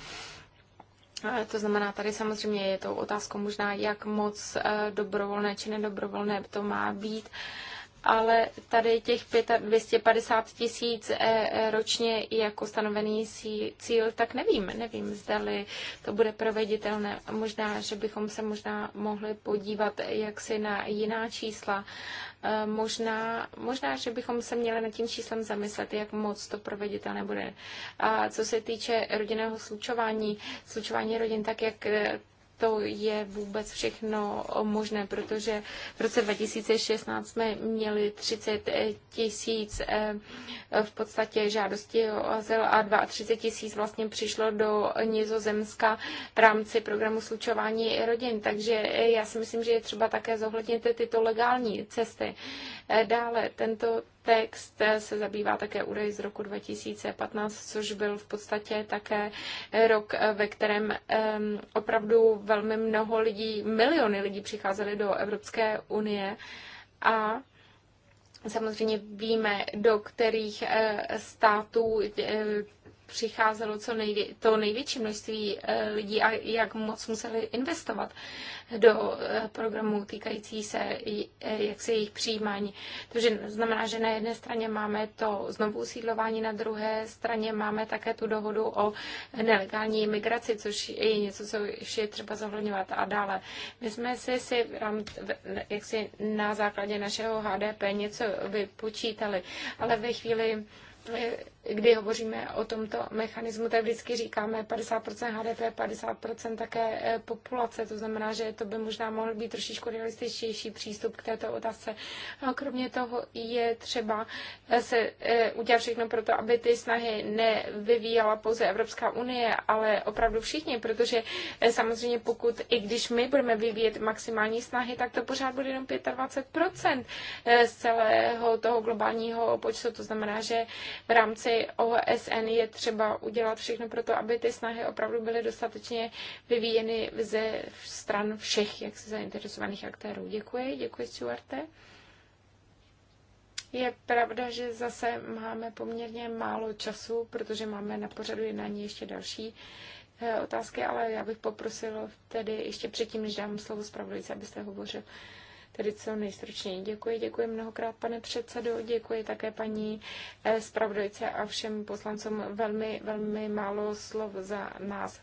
To znamená, tady samozřejmě je to otázka možná, jak moc eh, dobrovolné či nedobrovolné to má být ale tady těch 250 tisíc eh, eh, ročně jako stanovený cíl, tak nevím, nevím, zdali to bude proveditelné. Možná, že bychom se možná mohli podívat jaksi na jiná čísla. Eh, možná, možná, že bychom se měli nad tím číslem zamyslet, jak moc to proveditelné bude. A co se týče rodinného slučování, slučování rodin, tak jak to je vůbec všechno možné, protože v roce 2016 jsme měli 30 tisíc eh, v podstatě žádosti o azyl a 32 tisíc vlastně přišlo do Nizozemska v rámci programu slučování rodin. Takže eh, já si myslím, že je třeba také zohlednit tyto legální cesty. Eh, dále tento text se zabývá také údaj z roku 2015, což byl v podstatě také rok, ve kterém opravdu velmi mnoho lidí, miliony lidí přicházeli do Evropské unie a Samozřejmě víme, do kterých eh, států eh, přicházelo co nejvě- to největší množství eh, lidí a jak moc museli investovat do eh, programů týkající se eh, jak se jejich přijímání. To znamená, že na jedné straně máme to znovu usídlování, na druhé straně máme také tu dohodu o nelegální migraci, což je něco, co ještě je třeba zohledňovat a dále. My jsme si, si um, jak si na základě našeho HDP něco vypočítali, ale ve chvíli kdy hovoříme o tomto mechanismu, tak vždycky říkáme 50% HDP, 50% také eh, populace. To znamená, že to by možná mohl být trošičku realističtější přístup k této otázce. A kromě toho je třeba eh, se eh, udělat všechno pro to, aby ty snahy nevyvíjela pouze Evropská unie, ale opravdu všichni, protože samozřejmě pokud, i když my budeme vyvíjet maximální snahy, tak to pořád bude jenom 25% z celého toho globálního počtu. To znamená, že v rámci OSN je třeba udělat všechno pro to, aby ty snahy opravdu byly dostatečně vyvíjeny ze stran všech jak se zainteresovaných aktérů. Děkuji, děkuji Stuarte. Je pravda, že zase máme poměrně málo času, protože máme na pořadu jednání ještě další eh, otázky, ale já bych poprosil tedy ještě předtím, než dám slovo zpravodajce, abyste hovořil tedy co nejstručněji. Děkuji, děkuji mnohokrát, pane předsedo, děkuji také paní eh, zpravodajce a všem poslancům. Velmi, velmi málo slov za nás.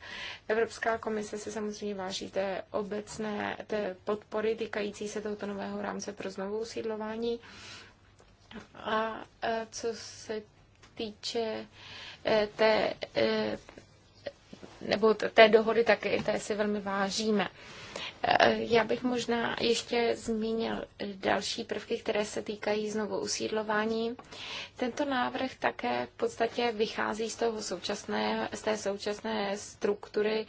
Evropská komise se samozřejmě váží té obecné té podpory týkající se tohoto nového rámce pro znovu usídlování. A eh, co se týče eh, té, nebo té dohody, tak té si velmi vážíme. Já bych možná ještě zmínil další prvky, které se týkají znovu usídlování. Tento návrh také v podstatě vychází z, toho současné, z té současné struktury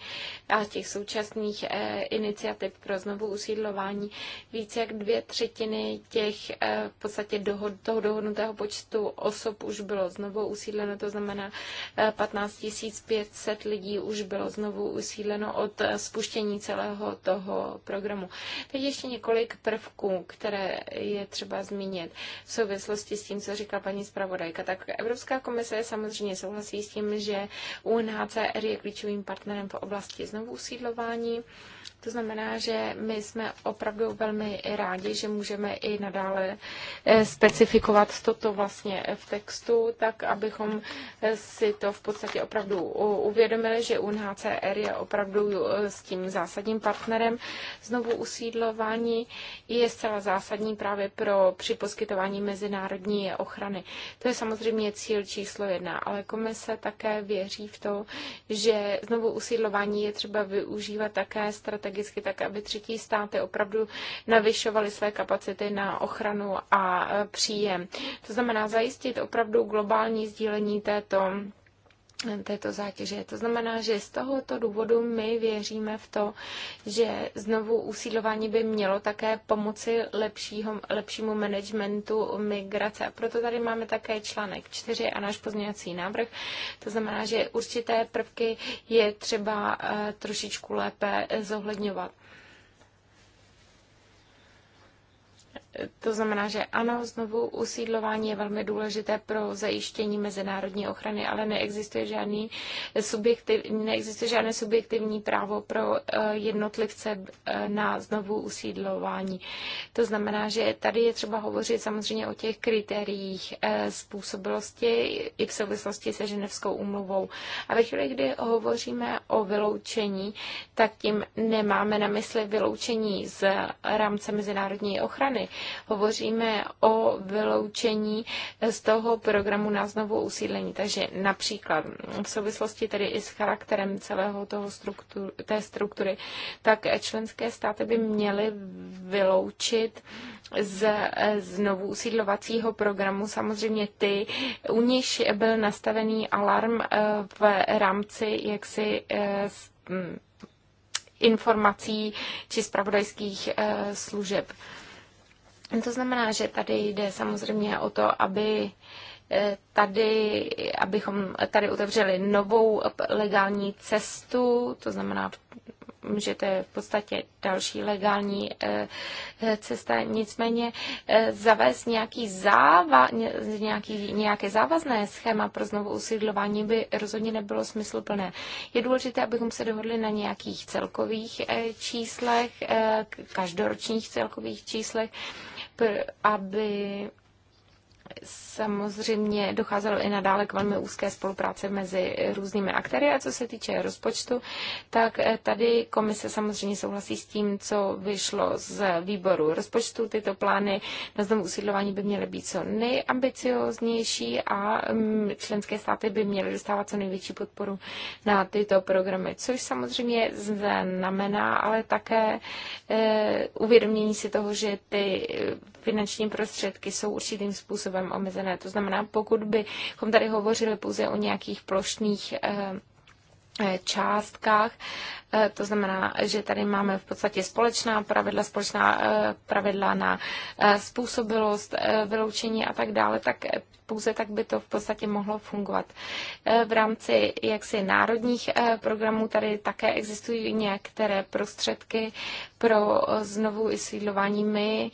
a těch současných eh, iniciativ pro znovu usídlování. Více jak dvě třetiny těch eh, v podstatě dohod, toho dohodnutého počtu osob už bylo znovu usídleno, to znamená 15 eh, 500 lidí už bylo znovu usídleno od spuštění celého toho programu. Teď ještě několik prvků, které je třeba zmínit v souvislosti s tím, co říká paní zpravodajka. Tak Evropská komise samozřejmě souhlasí s tím, že UNHCR je klíčovým partnerem v oblasti znovu usídlování. To znamená, že my jsme opravdu velmi rádi, že můžeme i nadále eh, specifikovat toto vlastně v textu, tak abychom eh, si to v podstatě opravdu uvědomili, že UNHCR je opravdu eh, s tím zásadním partnerem. Znovu usídlování je zcela zásadní právě pro při poskytování mezinárodní ochrany. To je samozřejmě cíl číslo jedna, ale komise také věří v to, že znovu usídlování je třeba využívat také strategie strategicky tak, aby třetí státy opravdu navyšovaly své kapacity na ochranu a e, příjem. To znamená zajistit opravdu globální sdílení této této zátěže. To znamená, že z tohoto důvodu my věříme v to, že znovu usídlování by mělo také pomoci lepšího, lepšímu managementu migrace. A proto tady máme také článek 4 a náš pozměňovací návrh. To znamená, že určité prvky je třeba eh, trošičku lépe zohledňovat. To znamená, že ano, znovu usídlování je velmi důležité pro zajištění mezinárodní ochrany, ale neexistuje, žádný subjektiv, neexistuje žádné subjektivní právo pro eh, jednotlivce eh, na znovu usídlování. To znamená, že tady je třeba hovořit samozřejmě o těch kritériích eh, způsobilosti i v souvislosti se ženevskou úmluvou. A ve chvíli, kdy hovoříme o vyloučení, tak tím nemáme na mysli vyloučení z rámce mezinárodní ochrany hovoříme o vyloučení z toho programu na znovu usídlení. Takže například v souvislosti tedy i s charakterem celého toho struktur, té struktury, tak členské státy by měly vyloučit z eh, znovu usídlovacího programu samozřejmě ty, u nich byl nastavený alarm eh, v rámci jaksi eh, mm, informací či zpravodajských služeb. To znamená, že tady jde samozřejmě o to, aby eh, tady, abychom tady otevřeli novou legální cestu, to znamená, že to je v podstatě další legální eh, eh, cesta, nicméně zavést nějaký záva, nějaký, nějaké závazné schéma pro znovu usídlování by rozhodně nebylo smysluplné. Je důležité, abychom se dohodli na nějakých celkových číslech, každoročních celkových číslech, aby samozřejmě docházelo i nadále k velmi úzké spolupráci mezi různými aktéry. A co se týče rozpočtu, tak eh, tady komise samozřejmě souhlasí s tím, co vyšlo z výboru rozpočtu. Tyto plány na znovu usídlování by měly být co nejambicioznější a mm, členské státy by měly dostávat co největší podporu na tyto programy, což samozřejmě znamená ale také eh, uvědomění si toho, že ty eh, finanční prostředky jsou určitým způsobem omezené. To znamená, pokud bychom tady hovořili pouze o nějakých plošných eh, Eh, částkách. Eh, to znamená, že tady máme v podstatě společná pravidla, společná eh, pravidla na způsobilost, vyloučení a tak dále, tak pouze tak by to v podstatě mohlo fungovat. V rámci jaksi národních programů tady také existují některé prostředky pro znovu vysídlování. My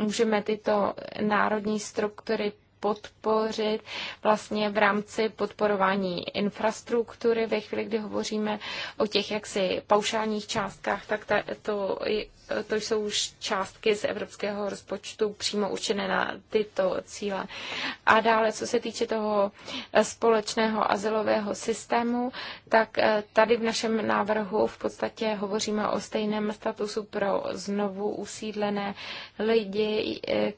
můžeme tyto národní struktury podpořit vlastně v rámci podporování infrastruktury. Ve chvíli, kdy hovoříme o těch jaksi paušálních částkách, tak ta, to to jsou už částky z evropského rozpočtu přímo určené na tyto cíle. A dále, co se týče toho společného azylového systému, tak eh, tady v našem návrhu v podstatě hovoříme o stejném statusu pro znovu usídlené lidi, eh,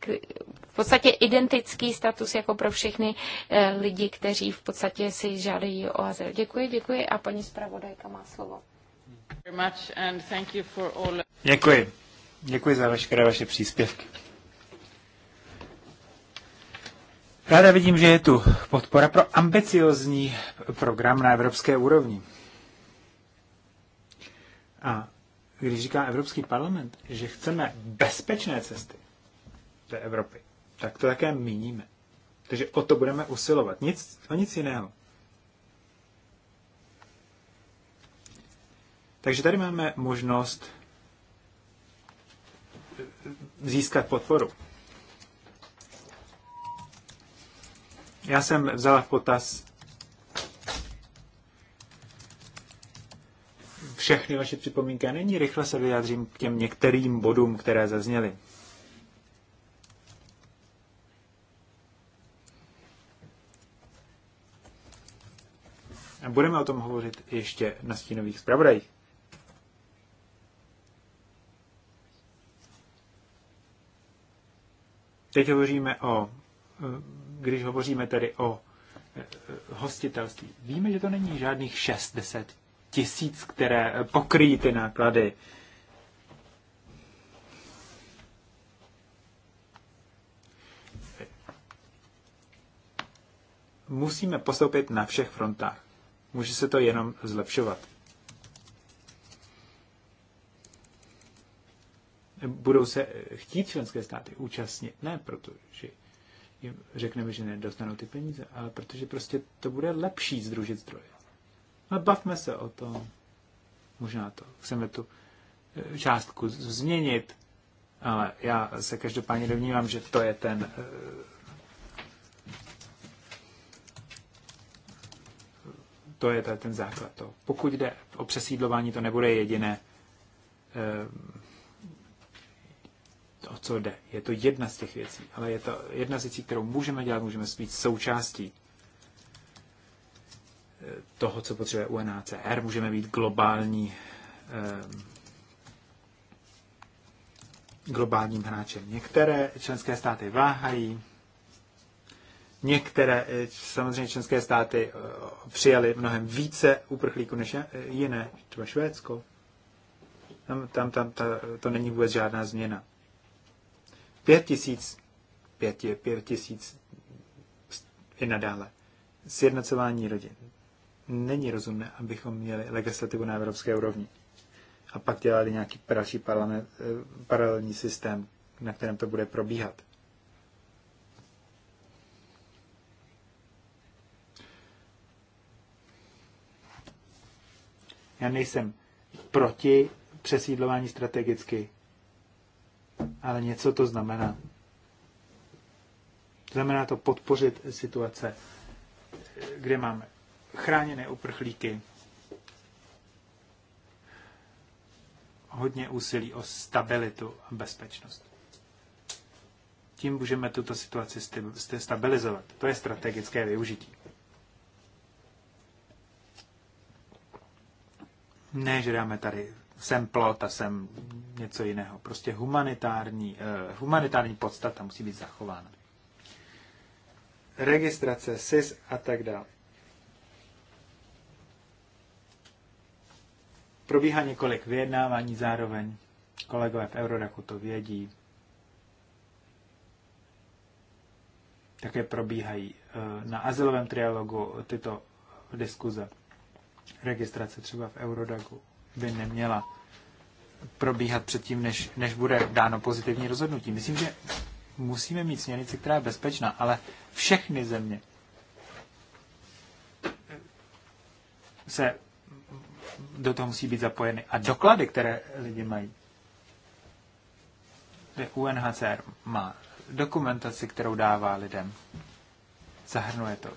v podstatě identický status jako pro všechny eh, lidi, kteří v podstatě si žádají o azyl. Děkuji, děkuji a paní zpravodajka má slovo. Děkuji. Děkuji za veškeré vaše příspěvky. Ráda vidím, že je tu podpora pro ambiciozní program na evropské úrovni. A když říká Evropský parlament, že chceme bezpečné cesty do Evropy, tak to také míníme. Takže o to budeme usilovat. Nic, o nic jiného. Takže tady máme možnost získat podporu. Já jsem vzala v potaz všechny vaše připomínky a nyní rychle se vyjádřím k těm některým bodům, které zazněly. A budeme o tom hovořit ještě na stínových zpravodajích. Teď hovoříme o, eh, když hovoříme tedy o eh, hostitelství. Víme, že to není žádných 10 tisíc, které eh, pokryjí ty náklady. Musíme postoupit na všech frontách. Může se to jenom zlepšovat. budou se chtít členské státy účastnit. Ne proto, že jim řekneme, že nedostanou ty peníze, ale protože prostě to bude lepší združit zdroje. No, bavme se o tom. Možná to. Chceme tu e, částku změnit, ale já se každopádně domnívám, že to je ten e, to je ten základ. To. Pokud jde o přesídlování, to nebude jediné o co jde. Je to jedna z těch věcí, ale je to jedna z věcí, kterou můžeme dělat, můžeme být součástí toho, co potřebuje UNHCR, můžeme být globální eh, globálním hráčem. Některé členské státy váhají, Některé eh, samozřejmě členské státy eh, přijali mnohem více uprchlíků než jiné, třeba Švédsko. Tam, tam, tam ta, to není vůbec žádná změna. Pět tisíc, pět je pět tisíc i nadále. Sjednocování rodin. Není rozumné, abychom měli legislativu na evropské úrovni a pak dělali nějaký další eh, paralelní systém, na kterém to bude probíhat. Já nejsem proti přesídlování strategicky, ale něco to znamená. Znamená to podpořit situace, kde máme chráněné uprchlíky, hodně úsilí o stabilitu a bezpečnost. Tím můžeme tuto situaci stabilizovat. To je strategické využití. Ne, že dáme tady sem plot a sem něco jiného. Prostě humanitární, eh, humanitární podstata musí být zachována. Registrace, SIS a tak dále. Probíhá několik vyjednávání zároveň. Kolegové v Eurodaku to vědí. Také probíhají eh, na azylovém trialogu tyto diskuze. Registrace třeba v Eurodaku by neměla probíhat předtím, než, než bude dáno pozitivní rozhodnutí. Myslím, že musíme mít směrnici, která je bezpečná, ale všechny země se do toho musí být zapojeny. A doklady, které lidi mají, UNHCR má dokumentaci, kterou dává lidem, zahrnuje to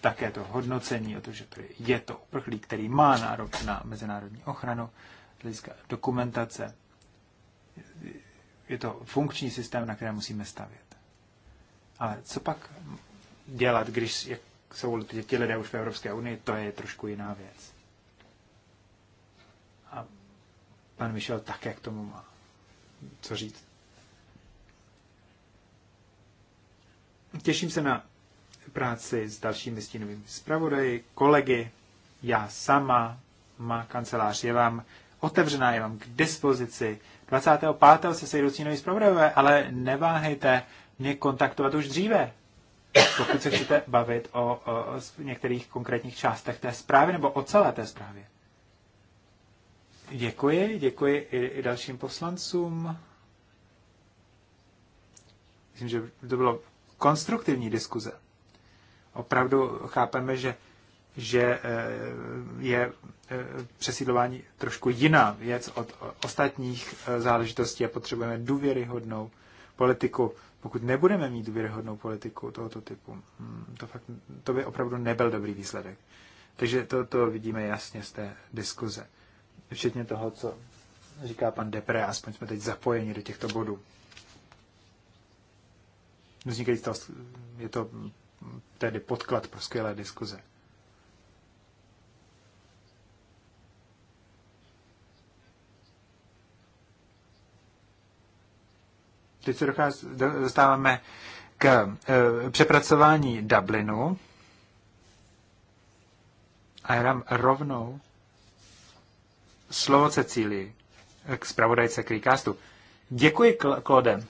také to hodnocení, o to, že je to uprchlík, který má nárok na mezinárodní ochranu, hlediska dokumentace. Je to funkční systém, na kterém musíme stavět. Ale co pak dělat, když jak jsou ti lidé už v Evropské unii, to je trošku jiná věc. A pan Michel tak, jak tomu má co říct. Těším se na práci s dalšími stínovými zpravodaji, kolegy, já sama, má kancelář je vám otevřená, je vám k dispozici. 25. se sejdou stínoví zpravodajové, ale neváhejte mě kontaktovat už dříve, pokud se chcete bavit o, o, o některých konkrétních částech té zprávy nebo o celé té zprávě. Děkuji, děkuji i, i dalším poslancům. Myslím, že to bylo konstruktivní diskuze. Opravdu chápeme, že že eh, je eh, přesídlování trošku jiná věc od ostatních eh, záležitostí a potřebujeme důvěryhodnou politiku. Pokud nebudeme mít důvěryhodnou politiku tohoto typu, hmm, to, fakt, to by opravdu nebyl dobrý výsledek. Takže to, to vidíme jasně z té diskuze. Včetně toho, co říká pan Depre, aspoň jsme teď zapojeni do těchto bodů. Vznikají to, je to tedy podklad pro skvělé diskuze. teď se dochází, dostáváme k eh, přepracování Dublinu. A já dám rovnou slovo Cecílii k zpravodajce k Děkuji, Klode.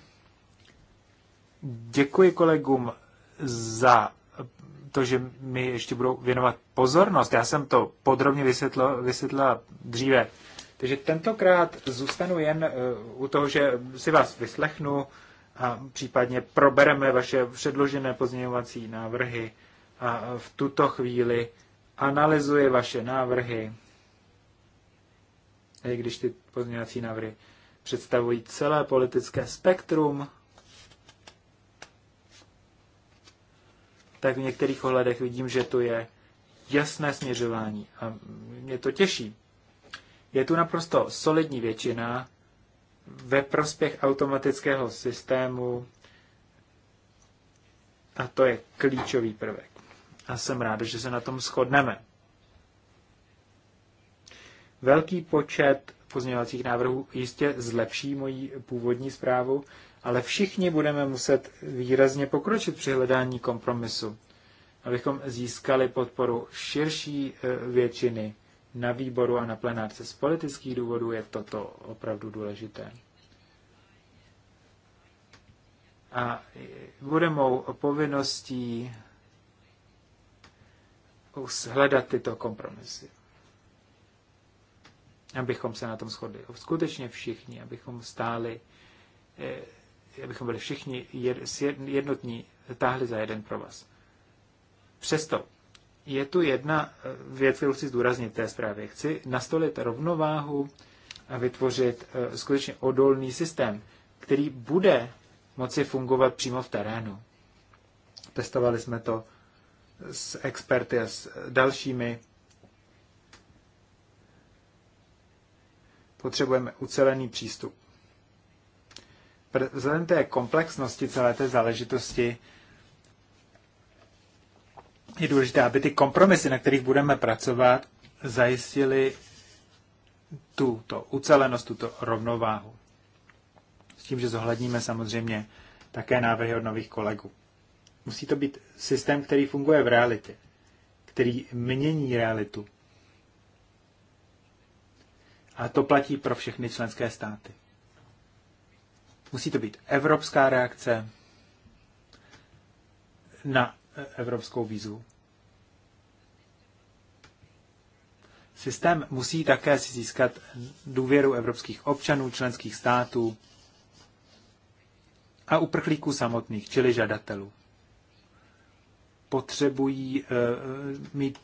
Děkuji kolegům za to, že mi ještě budou věnovat pozornost. Já jsem to podrobně vysvětlila dříve takže tentokrát zůstanu jen eh, u toho, že si vás vyslechnu a případně probereme vaše předložené pozměňovací návrhy a v tuto chvíli analyzuji vaše návrhy, i když ty pozměňovací návrhy představují celé politické spektrum, tak v některých ohledech vidím, že to je jasné směřování a mě to těší. Je tu naprosto solidní většina ve prospěch automatického systému a to je klíčový prvek. A jsem rád, že se na tom shodneme. Velký počet pozměňovacích návrhů jistě zlepší moji původní zprávu, ale všichni budeme muset výrazně pokročit při hledání kompromisu, abychom získali podporu širší e, většiny na výboru a na plenárce. Z politických důvodů je toto opravdu důležité. A bude mou povinností hledat tyto kompromisy. Abychom se na tom shodli. Skutečně všichni, abychom stáli, eh, abychom byli všichni jednotní, táhli za jeden pro vás. Přesto je tu jedna eh, věc, kterou chci zdůraznit té zprávě. Chci nastolit rovnováhu a vytvořit eh, skutečně odolný systém, který bude moci fungovat přímo v terénu. Testovali jsme to s experty a s dalšími. Potřebujeme ucelený přístup. Vzhledem té komplexnosti celé té záležitosti je důležité, aby ty kompromisy, na kterých budeme pracovat, zajistili tuto ucelenost, tuto rovnováhu. S tím, že zohledníme samozřejmě také návrhy od nových kolegů. Musí to být systém, který funguje v realitě, který mění realitu. A to platí pro všechny členské státy. Musí to být evropská reakce na evropskou vízu. Systém musí také si získat důvěru evropských občanů, členských států a uprchlíků samotných, čili žadatelů. Potřebují uh, mít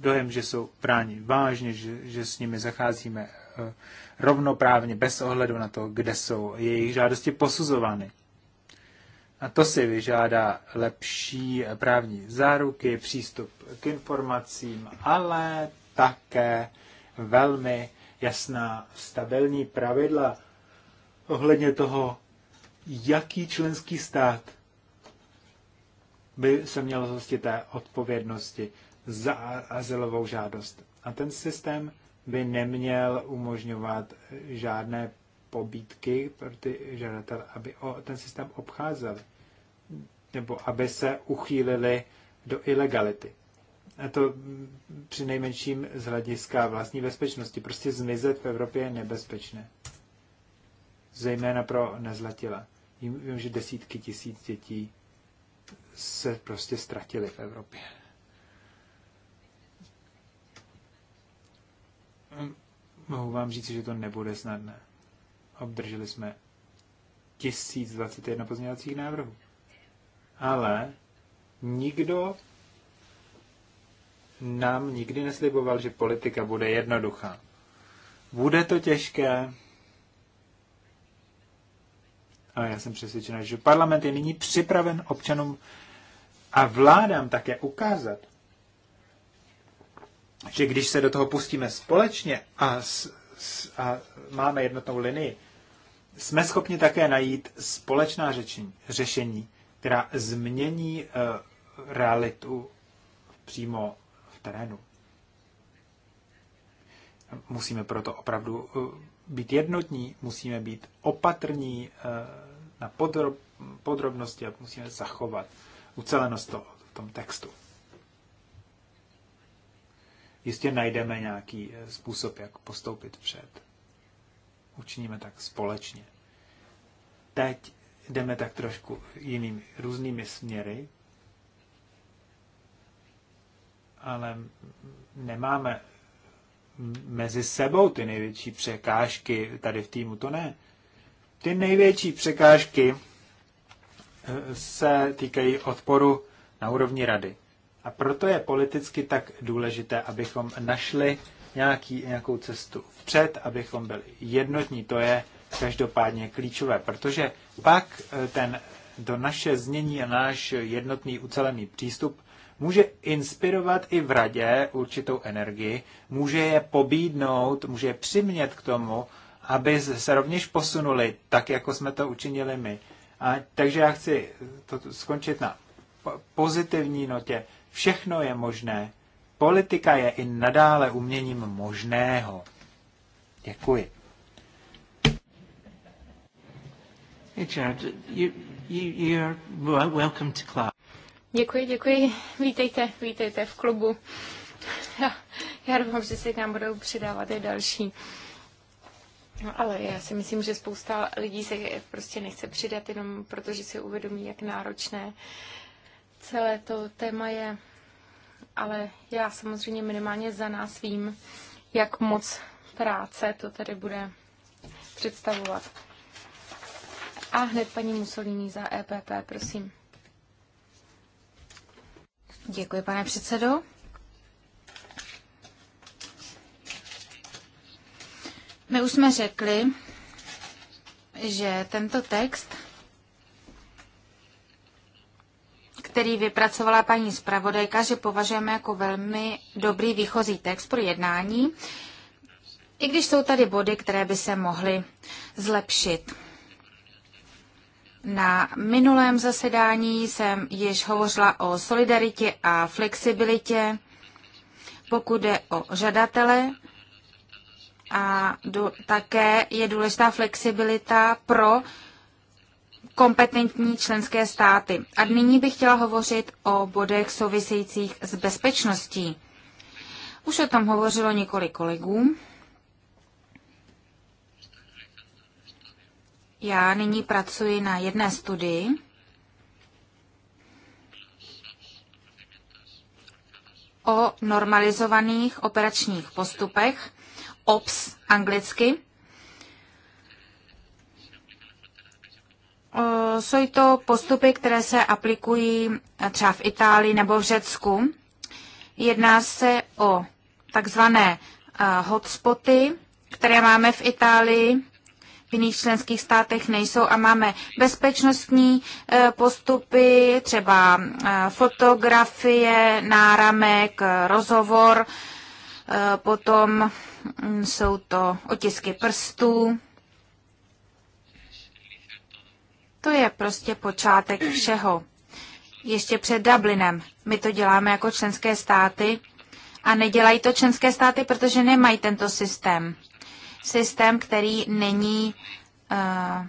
dojem, že jsou bráni vážně, že, že s nimi zacházíme uh, rovnoprávně, bez ohledu na to, kde jsou jejich žádosti posuzovány. A to si vyžádá lepší právní záruky, přístup k informacím, ale také velmi jasná stabilní pravidla ohledně toho, jaký členský stát by se měl zhostit té odpovědnosti za azylovou žádost. A ten systém by neměl umožňovat žádné pobídky pro ty žadatel, aby o ten systém obcházeli nebo aby se uchýlili do ilegality. A to při nejmenším z hlediska vlastní bezpečnosti. Prostě zmizet v Evropě je nebezpečné. Zejména pro nezletilé. Vím, že desítky tisíc dětí se prostě ztratily v Evropě. Mohu vám říct, že to nebude snadné. Obdrželi jsme 1021 pozměňovacích návrhů ale nikdo nám nikdy nesliboval, že politika bude jednoduchá. Bude to těžké, ale já jsem přesvědčen, že parlament je nyní připraven občanům a vládám také ukázat, že když se do toho pustíme společně a, s, s, a máme jednotnou linii, jsme schopni také najít společná řečení, řešení která změní eh, realitu přímo v terénu. Musíme proto opravdu eh, být jednotní, musíme být opatrní eh, na podrobnosti a musíme zachovat ucelenost to, v tom textu. Jistě najdeme nějaký způsob, jak postoupit před. Učiníme tak společně. Teď jdeme tak trošku jinými, různými směry, ale nemáme mezi sebou ty největší překážky tady v týmu, to ne. Ty největší překážky eh, se týkají odporu na úrovni rady. A proto je politicky tak důležité, abychom našli nějaký, nějakou cestu vpřed, abychom byli jednotní. To je každopádně klíčové, protože pak e, ten do naše znění a náš jednotný ucelený přístup může inspirovat i v radě určitou energii, může je pobídnout, může je přimět k tomu, aby se rovněž posunuli tak, jako jsme to učinili my. A, takže já chci to skončit na pozitivní notě. Všechno je možné. Politika je i nadále uměním možného. Děkuji. Hey Gerard, you, you, you're welcome to club. Děkuji, děkuji. Vítejte, vítejte v klubu. Já, já doufám, že se nám budou přidávat i další. No ale já si myslím, že spousta lidí se prostě nechce přidat jenom protože si uvědomí, jak náročné celé to téma je. Ale já samozřejmě minimálně za nás vím, jak moc práce to tady bude představovat. A hned paní Mussolini za EPP, prosím. Děkuji, pane předsedo. My už jsme řekli, že tento text, který vypracovala paní zpravodajka, že považujeme jako velmi dobrý výchozí text pro jednání, i když jsou tady body, které by se mohly zlepšit. Na minulém zasedání jsem již hovořila o solidaritě a flexibilitě, pokud jde o žadatele. A do, také je důležitá flexibilita pro kompetentní členské státy. A nyní bych chtěla hovořit o bodech souvisejících s bezpečností. Už o tom hovořilo několik kolegů. Já nyní pracuji na jedné studii o normalizovaných operačních postupech, OPS anglicky. Jsou to postupy, které se aplikují třeba v Itálii nebo v Řecku. Jedná se o takzvané eh, hotspoty, které máme v Itálii v jiných členských státech nejsou a máme bezpečnostní eh, postupy, třeba eh, fotografie, náramek, rozhovor, eh, potom hm, jsou to otisky prstů. To je prostě počátek všeho. Ještě před Dublinem. My to děláme jako členské státy a nedělají to členské státy, protože nemají tento systém systém, který není uh,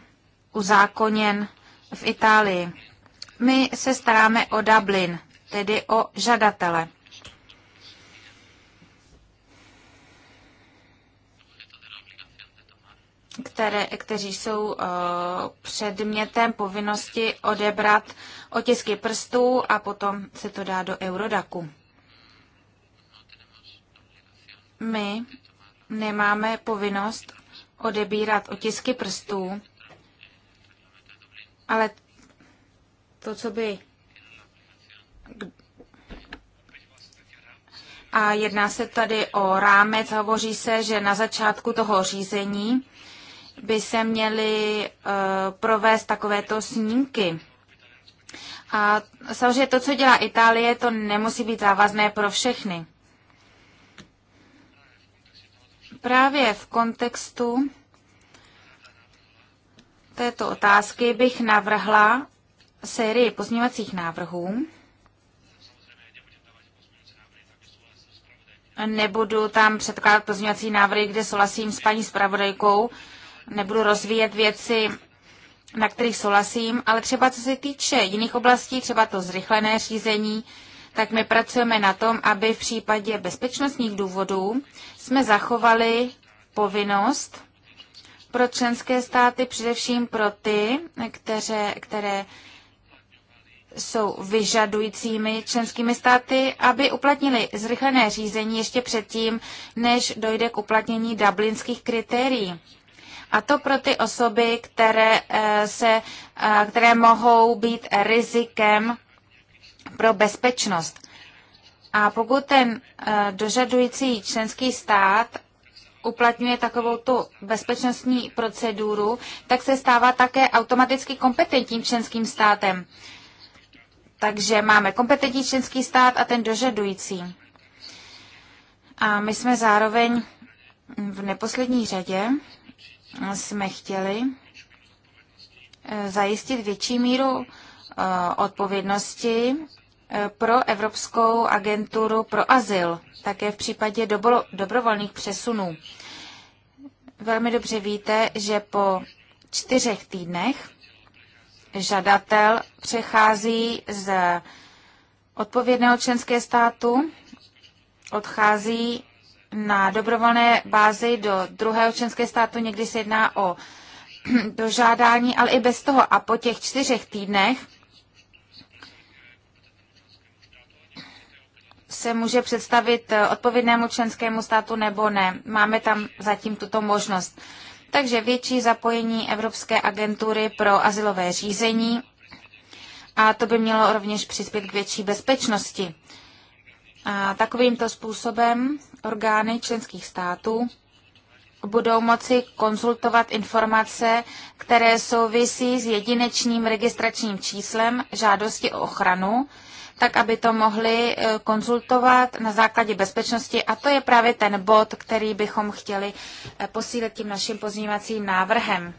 uzákoněn v Itálii. My se staráme o Dublin, tedy o žadatele. které, kteří jsou uh, předmětem povinnosti odebrat otisky prstů a potom se to dá do Eurodaku. My nemáme povinnost odebírat otisky prstů, ale to, co by. A jedná se tady o rámec, hovoří se, že na začátku toho řízení by se měly uh, provést takovéto snímky. A samozřejmě to, co dělá Itálie, to nemusí být závazné pro všechny. Právě v kontextu této otázky bych navrhla sérii pozměňovacích návrhů. Nebudu tam předkládat pozměňovací návrhy, kde souhlasím s paní zpravodajkou. Nebudu rozvíjet věci, na kterých souhlasím, ale třeba co se týče jiných oblastí, třeba to zrychlené řízení, tak my pracujeme na tom, aby v případě bezpečnostních důvodů jsme zachovali povinnost pro členské státy, především pro ty, které, které jsou vyžadujícími členskými státy, aby uplatnili zrychlené řízení ještě předtím, než dojde k uplatnění dublinských kritérií. A to pro ty osoby, které, eh, se, eh, které mohou být rizikem pro bezpečnost. A pokud ten eh, dožadující členský stát uplatňuje takovou tu bezpečnostní proceduru, tak se stává také automaticky kompetentním členským státem. Takže máme kompetentní členský stát a ten dožadující. A my jsme zároveň v neposlední řadě jsme chtěli eh, zajistit větší míru Eh, odpovědnosti eh, pro Evropskou agenturu pro azyl, také v případě dobro, dobrovolných přesunů. Velmi dobře víte, že po čtyřech týdnech žadatel přechází z odpovědného členské státu, odchází na dobrovolné bázi do druhého členského státu, někdy se jedná o dožádání, ale i bez toho. A po těch čtyřech týdnech se může představit eh, odpovědnému členskému státu nebo ne. Máme tam zatím tuto možnost. Takže větší zapojení Evropské agentury pro asilové řízení a to by mělo rovněž přispět k větší bezpečnosti. A takovýmto způsobem orgány členských států budou moci konzultovat informace, které souvisí s jedinečným registračním číslem žádosti o ochranu, tak aby to mohli eh, konzultovat na základě bezpečnosti. A to je právě ten bod, který bychom chtěli eh, posílit tím naším pozměňovacím návrhem.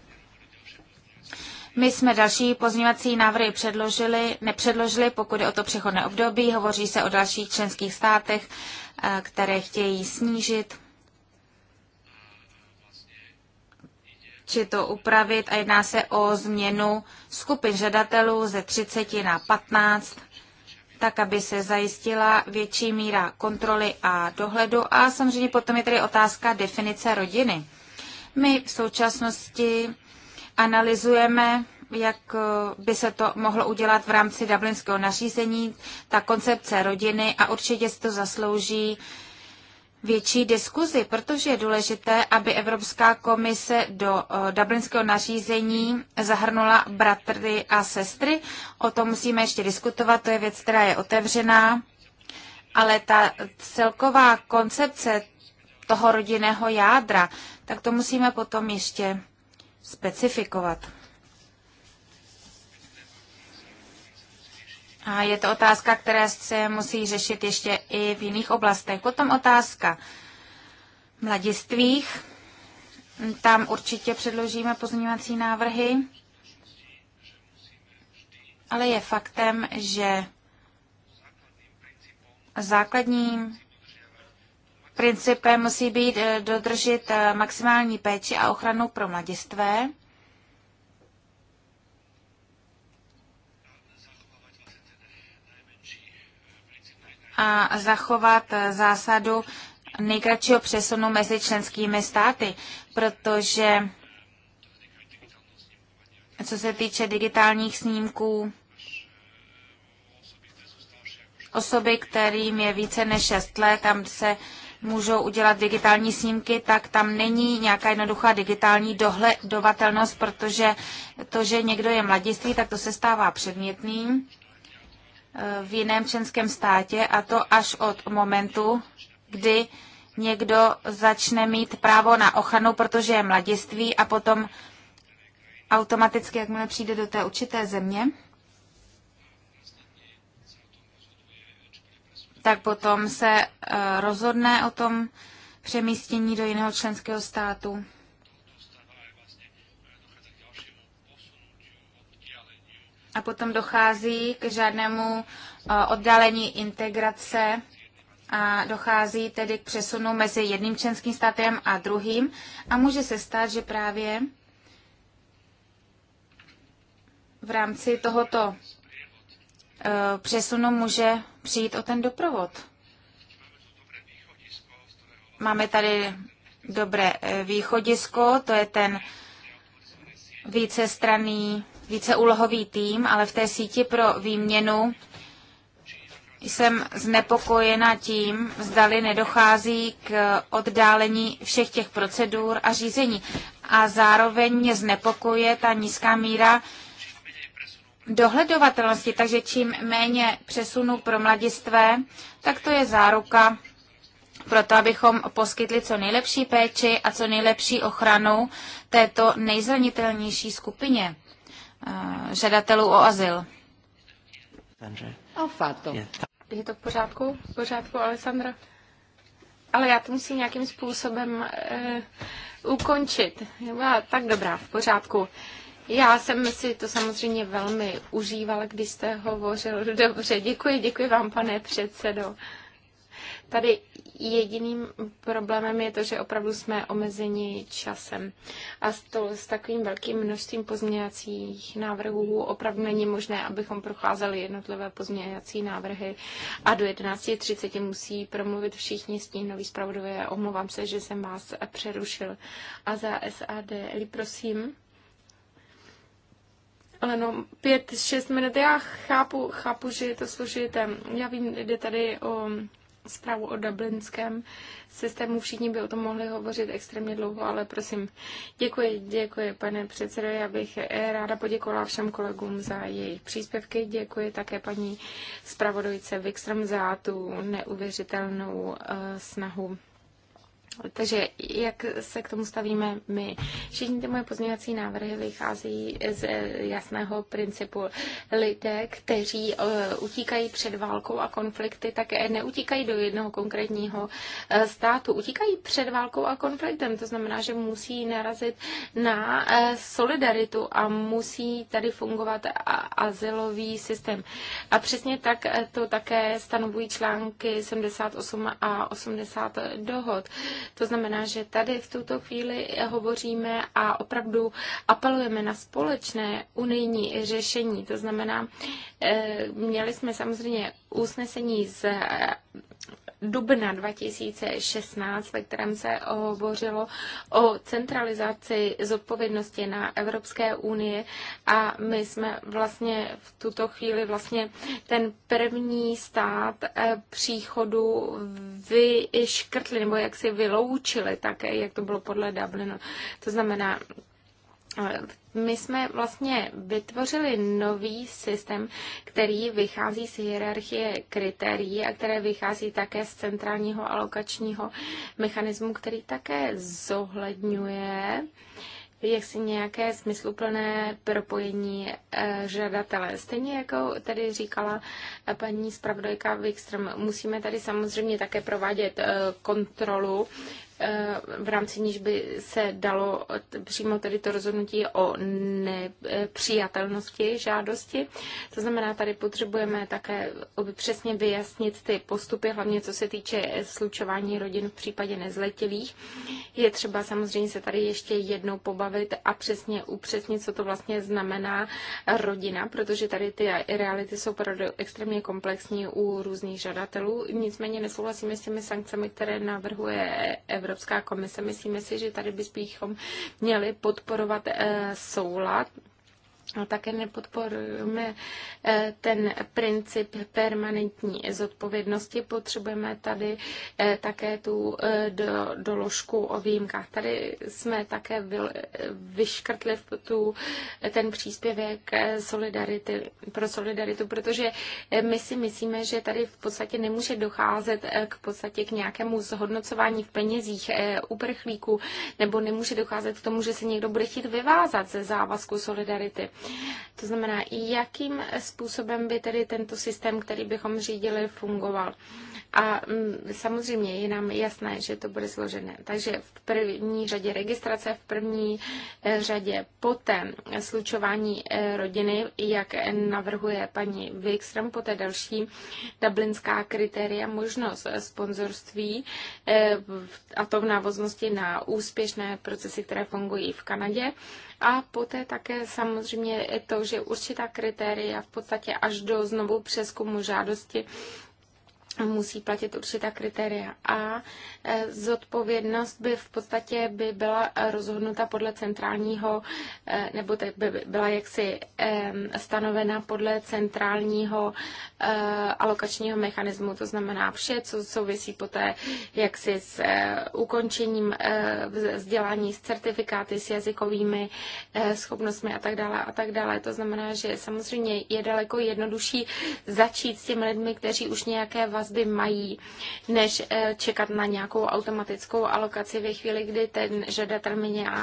My jsme další pozměňovací návrhy předložili, nepředložili, pokud je o to přechodné období. Hovoří se o dalších členských státech, eh, které chtějí snížit či to upravit a jedná se o změnu skupin žadatelů ze 30 na 15 tak aby se zajistila větší míra kontroly a dohledu. A samozřejmě potom je tady otázka definice rodiny. My v současnosti analyzujeme, jak eh, by se to mohlo udělat v rámci dublinského nařízení, ta koncepce rodiny a určitě se to zaslouží větší diskuzi, protože je důležité, aby Evropská komise do eh, dublinského nařízení zahrnula bratry a sestry. O tom musíme ještě diskutovat, to je věc, která je otevřená, ale ta celková koncepce toho rodinného jádra, tak to musíme potom ještě specifikovat. A je to otázka, která se musí řešit ještě i v jiných oblastech. Potom otázka mladistvých. Tam určitě předložíme pozměňovací návrhy. Ale je faktem, že základním principem musí být eh, dodržet eh, maximální péči a ochranu pro mladistvé. a zachovat zásadu nejkratšího přesunu mezi členskými státy, protože co se týče digitálních snímků, osoby, kterým je více než 6 let, tam se můžou udělat digitální snímky, tak tam není nějaká jednoduchá digitální dohledovatelnost, protože to, že někdo je mladistý, tak to se stává předmětným v jiném členském státě a to až od momentu, kdy někdo začne mít právo na ochranu, protože je mladiství a potom automaticky, jakmile přijde do té určité země, tak potom se eh, rozhodne o tom přemístění do jiného členského státu. a potom dochází k žádnému eh, oddálení integrace a dochází tedy k přesunu mezi jedním členským státem a druhým a může se stát, že právě v rámci tohoto eh, přesunu může přijít o ten doprovod. Máme tady dobré eh, východisko, to je ten vícestranný víceúlohový tým, ale v té síti pro výměnu jsem znepokojena tím, zdali nedochází k oddálení všech těch procedur a řízení. A zároveň mě znepokuje ta nízká míra dohledovatelnosti, takže čím méně přesunu pro mladistvé, tak to je záruka pro to, abychom poskytli co nejlepší péči a co nejlepší ochranu této nejzranitelnější skupině. Eh, žadatelů o azyl. Je to v pořádku? V pořádku, Alessandra? Ale já to musím nějakým způsobem uh, ukončit. Byla tak dobrá, v pořádku. Já jsem si to samozřejmě velmi užívala, když jste hovořil. Dobře, děkuji, děkuji vám, pane předsedo. Tady jediným problémem je to, že opravdu jsme omezeni časem. A s, to, s takovým velkým množstvím pozměňovacích návrhů opravdu není možné, abychom procházeli jednotlivé pozměňovací návrhy. A do 11.30 musí promluvit všichni nový zpravodově. Omlouvám se, že jsem vás přerušil. A za SAD, Eli, prosím. Ale no, pět, šest minut, já chápu, chápu, že je to složité. Já vím, jde tady o zprávu o dublinském systému. Všichni by o tom mohli hovořit extrémně dlouho, ale prosím, děkuji, děkuji, pane předsedo. Já bych eh, ráda poděkovala všem kolegům za jejich příspěvky. Děkuji také paní zpravodajce Wikström za tu neuvěřitelnou eh, snahu takže jak se k tomu stavíme my? Všichni ty moje pozměňovací návrhy vychází z eh, jasného principu. Lidé, kteří eh, utíkají před válkou a konflikty, tak eh, neutíkají do jednoho konkrétního státu. Utíkají před válkou a konfliktem. To znamená, že musí narazit na solidaritu a musí tady fungovat azylový systém. A přesně tak to také stanovují články 78 a 80 dohod. To znamená, že tady v tuto chvíli hovoříme a opravdu apelujeme na společné unijní řešení. To znamená, eh, měli jsme samozřejmě usnesení z dubna 2016, ve kterém se hovořilo o centralizaci zodpovědnosti na Evropské unii a my jsme vlastně v tuto chvíli vlastně ten první stát eh, příchodu vyškrtli nebo jak si vyloučili také, eh, jak to bylo podle Dublinu. To znamená, my jsme vlastně vytvořili nový systém, který vychází z hierarchie kritérií a které vychází také z centrálního alokačního mechanismu, který také zohledňuje jaksi nějaké smysluplné propojení eh, žadatele. Stejně jako tady říkala paní zpravodajka Wikström, musíme tady samozřejmě také provádět eh, kontrolu Eh, v rámci níž by se dalo přímo tedy to rozhodnutí o nepřijatelnosti žádosti. To znamená, tady potřebujeme také přesně vyjasnit ty postupy, hlavně co se týče slučování rodin v případě nezletilých. Je třeba samozřejmě se tady ještě jednou pobavit a přesně upřesnit, co to vlastně znamená rodina, protože tady ty reality jsou opravdu extrémně komplexní u různých žadatelů. Nicméně nesouhlasíme s těmi sankcemi, které navrhuje Evropa Evropská komise. Myslíme si, že tady bychom měli podporovat eh, soulad a také nepodporujeme eh, ten princip permanentní zodpovědnosti. Potřebujeme tady eh, také tu eh, doložku o výjimkách. Tady jsme také vyškrtli tu, ten příspěvek solidarity, pro solidaritu, protože my si myslíme, že tady v podstatě nemůže docházet k podstatě k nějakému zhodnocování v penězích uprchlíků, nebo nemůže docházet k tomu, že se někdo bude chtít vyvázat ze závazku solidarity. To znamená, jakým způsobem by tedy tento systém, který bychom řídili, fungoval. A mm, samozřejmě je nám jasné, že to bude složené. Takže v první řadě registrace, v první eh, řadě poté slučování eh, rodiny, jak navrhuje paní Wikström, poté další dublinská kritéria, možnost sponzorství eh, a to v návaznosti na úspěšné procesy, které fungují v Kanadě a poté také samozřejmě je to, že určitá kritéria v podstatě až do znovu přeskumu žádosti musí platit určitá kritéria. A e, zodpovědnost by v podstatě by byla rozhodnuta podle centrálního, e, nebo by byla jaksi stanovena podle centrálního e, alokačního mechanismu. To znamená vše, co souvisí poté jaksi s ukončením vzdělání, s certifikáty, s jazykovými schopnostmi a tak dále a tak dále. To znamená, že samozřejmě je daleko jednodušší začít s těmi lidmi, kteří už nějaké vazby sazby mají, než eh, čekat na nějakou automatickou alokaci ve chvíli, kdy ten žadatel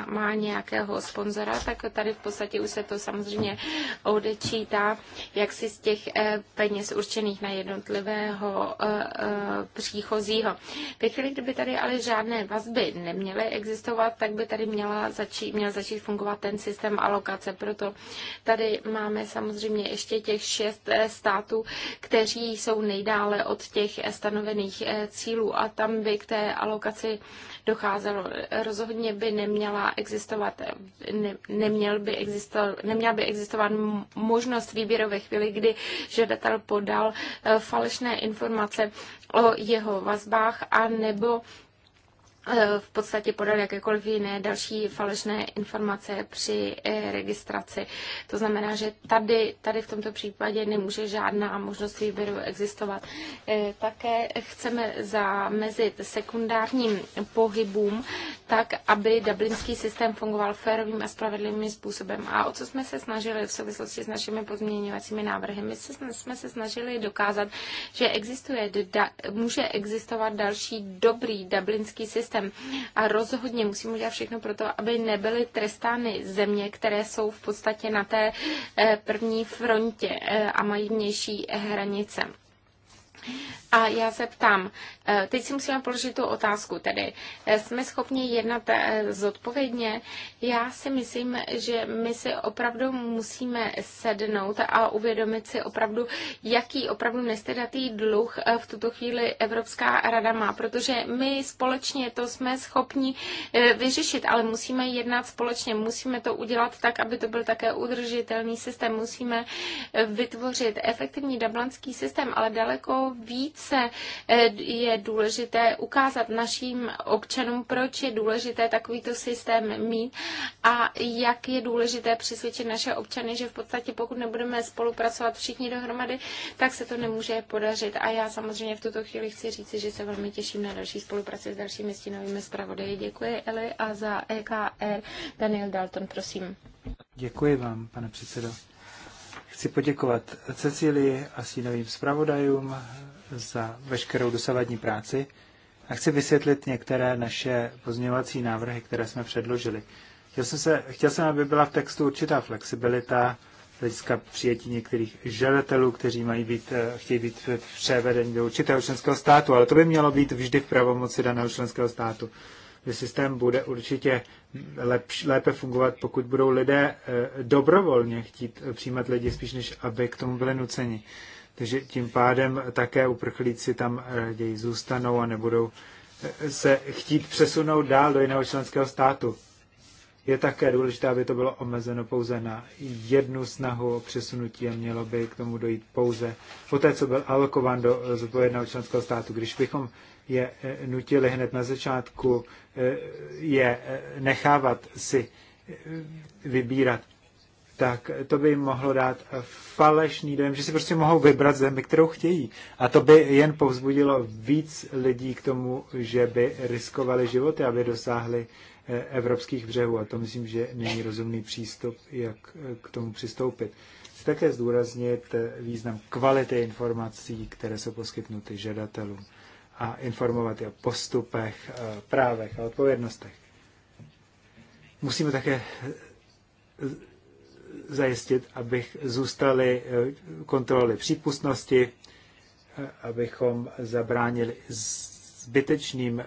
má nějakého sponzora, tak tady v podstatě už se to samozřejmě odečítá, jak si z těch eh, peněz určených na jednotlivého eh, příchozího. Ve chvíli, kdyby tady ale žádné vazby neměly existovat, tak by tady měla začít, měl začít fungovat ten systém alokace. Proto tady máme samozřejmě ještě těch šest států, kteří jsou nejdále od těch stanovených eh, cílů a tam by k té alokaci docházelo. Rozhodně by neměla existovat, ne, neměl by existo, neměla by existovat možnost výběru ve chvíli, kdy žadatel podal eh, falešné informace o jeho vazbách a nebo E, v podstatě podal jakékoliv jiné další falešné informace při e, registraci. To znamená, že tady, tady v tomto případě nemůže žádná možnost výběru existovat. E, také chceme zamezit sekundárním pohybům tak, aby dublinský systém fungoval férovým a spravedlivým způsobem. A o co jsme se snažili v souvislosti s našimi pozměňovacími návrhy? My se, jsme se snažili dokázat, že existuje, da, může existovat další dobrý dublinský systém, trestem. A rozhodně musíme udělat všechno pro to, aby nebyly trestány země, které jsou v podstatě na té eh, první frontě eh, a mají vnější hranice. A já se ptám, eh, teď si musíme položit tu otázku tedy. Eh, jsme schopni jednat eh, zodpovědně? Já si myslím, že my si opravdu musíme sednout a uvědomit si opravdu, jaký opravdu nestedatý dluh v tuto chvíli Evropská rada má, protože my společně to jsme schopni vyřešit, ale musíme jednat společně, musíme to udělat tak, aby to byl také udržitelný systém, musíme vytvořit efektivní dablanský systém, ale daleko víc více eh, je důležité ukázat našim občanům, proč je důležité takovýto systém mít a jak je důležité přesvědčit naše občany, že v podstatě pokud nebudeme spolupracovat všichni dohromady, tak se to nemůže podařit. A já samozřejmě v tuto chvíli chci říci, že se velmi těším na další spolupráci s dalšími stínovými zpravodaji. Děkuji Eli a za EKR Daniel Dalton, prosím. Děkuji vám, pane předsedo. Chci poděkovat Cecílii a sínovým zpravodajům za veškerou dosavadní práci a chci vysvětlit některé naše pozměňovací návrhy, které jsme předložili. Chtěl jsem, se, chtěl jsem aby byla v textu určitá flexibilita hlediska přijetí některých žadatelů, kteří mají být, eh, chtějí být převedeni do určitého členského státu, ale to by mělo být vždy v pravomoci daného členského státu. Že systém bude určitě lepš, lépe fungovat, pokud budou lidé eh, dobrovolně chtít eh, přijímat lidi, spíš než aby k tomu byli nuceni. Takže tím pádem také uprchlíci tam raději zůstanou a nebudou se chtít přesunout dál do jiného členského státu. Je také důležité, aby to bylo omezeno pouze na jednu snahu o přesunutí a mělo by k tomu dojít pouze po té, co byl alokován do zodpovědného členského státu. Když bychom je eh, nutili hned na začátku eh, je eh, nechávat si vybírat, tak to by jim mohlo dát falešný dojem, že si prostě mohou vybrat zemi, kterou chtějí. A to by jen povzbudilo víc lidí k tomu, že by riskovali životy, aby dosáhli eh, evropských břehů. A to myslím, že není rozumný přístup, jak eh, k tomu přistoupit. Chci také zdůraznit eh, význam kvality informací, které jsou poskytnuty žadatelům a informovat je o postupech, právech a odpovědnostech. Musíme také zajistit, abych zůstaly eh, kontroly přípustnosti, eh, abychom zabránili zbytečným eh,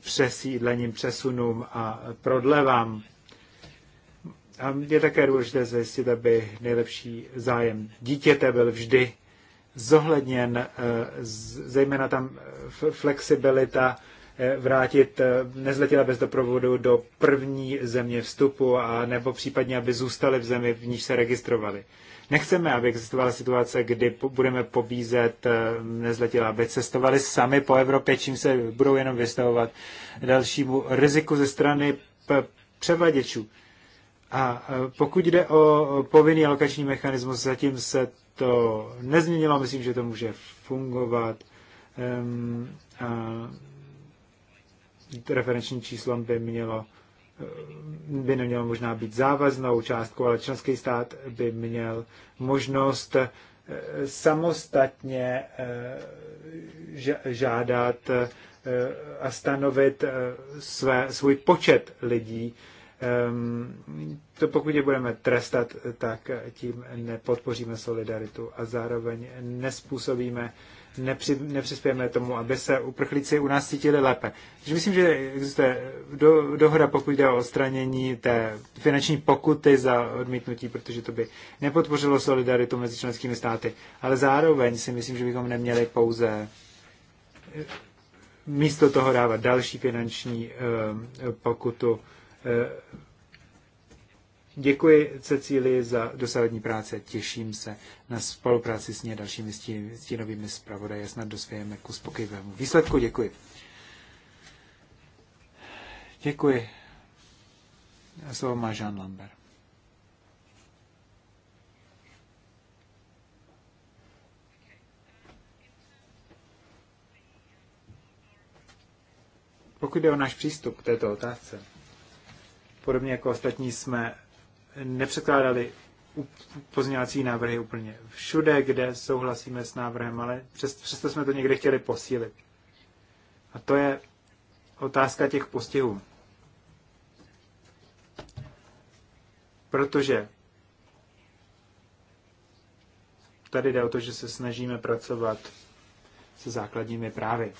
přesídlením, přesunům a prodlevám. A je také důležité zajistit, aby nejlepší zájem dítěte byl vždy zohledněn, zejména tam flexibilita Eh, vrátit eh, nezletilé bez doprovodu do první země vstupu a nebo případně, aby zůstali v zemi, v níž se registrovali. Nechceme, aby existovala situace, kdy budeme pobízet eh, nezletilé, aby cestovali sami po Evropě, čím se budou jenom vystavovat dalšímu riziku ze strany převaděčů. A pokud jde o povinný alokační mechanismus, zatím se to nezměnilo, myslím, že to může fungovat. Um, referenční číslem by mělo eh, by nemělo možná být závaznou částkou, ale členský stát by měl možnost eh, samostatně eh, žádat a stanovit své, svůj počet lidí. Ehm, to pokud je budeme trestat, tak tím nepodpoříme solidaritu a zároveň nespůsobíme nepři, nepřispějeme tomu, aby se uprchlíci u nás cítili lépe. Takže myslím, že existuje do, dohoda, pokud jde o odstranění té finanční pokuty za odmítnutí, protože to by nepodpořilo solidaritu mezi členskými státy. Ale zároveň si myslím, že bychom neměli pouze eh, místo toho dávat další finanční eh, pokutu eh, Děkuji Cecílii za dosavadní práci a těším se na spolupráci s ní a dalšími stínovými zpravodaji a snad dosvějeme ku spokojivému výsledku. Děkuji. Děkuji. A slovo má Jean Lambert. Pokud jde o náš přístup k této otázce, podobně jako ostatní jsme nepřekládali pozměňovací návrhy úplně všude, kde souhlasíme s návrhem, ale přesto jsme to někde chtěli posílit. A to je otázka těch postihů. Protože tady jde o to, že se snažíme pracovat se základními právy.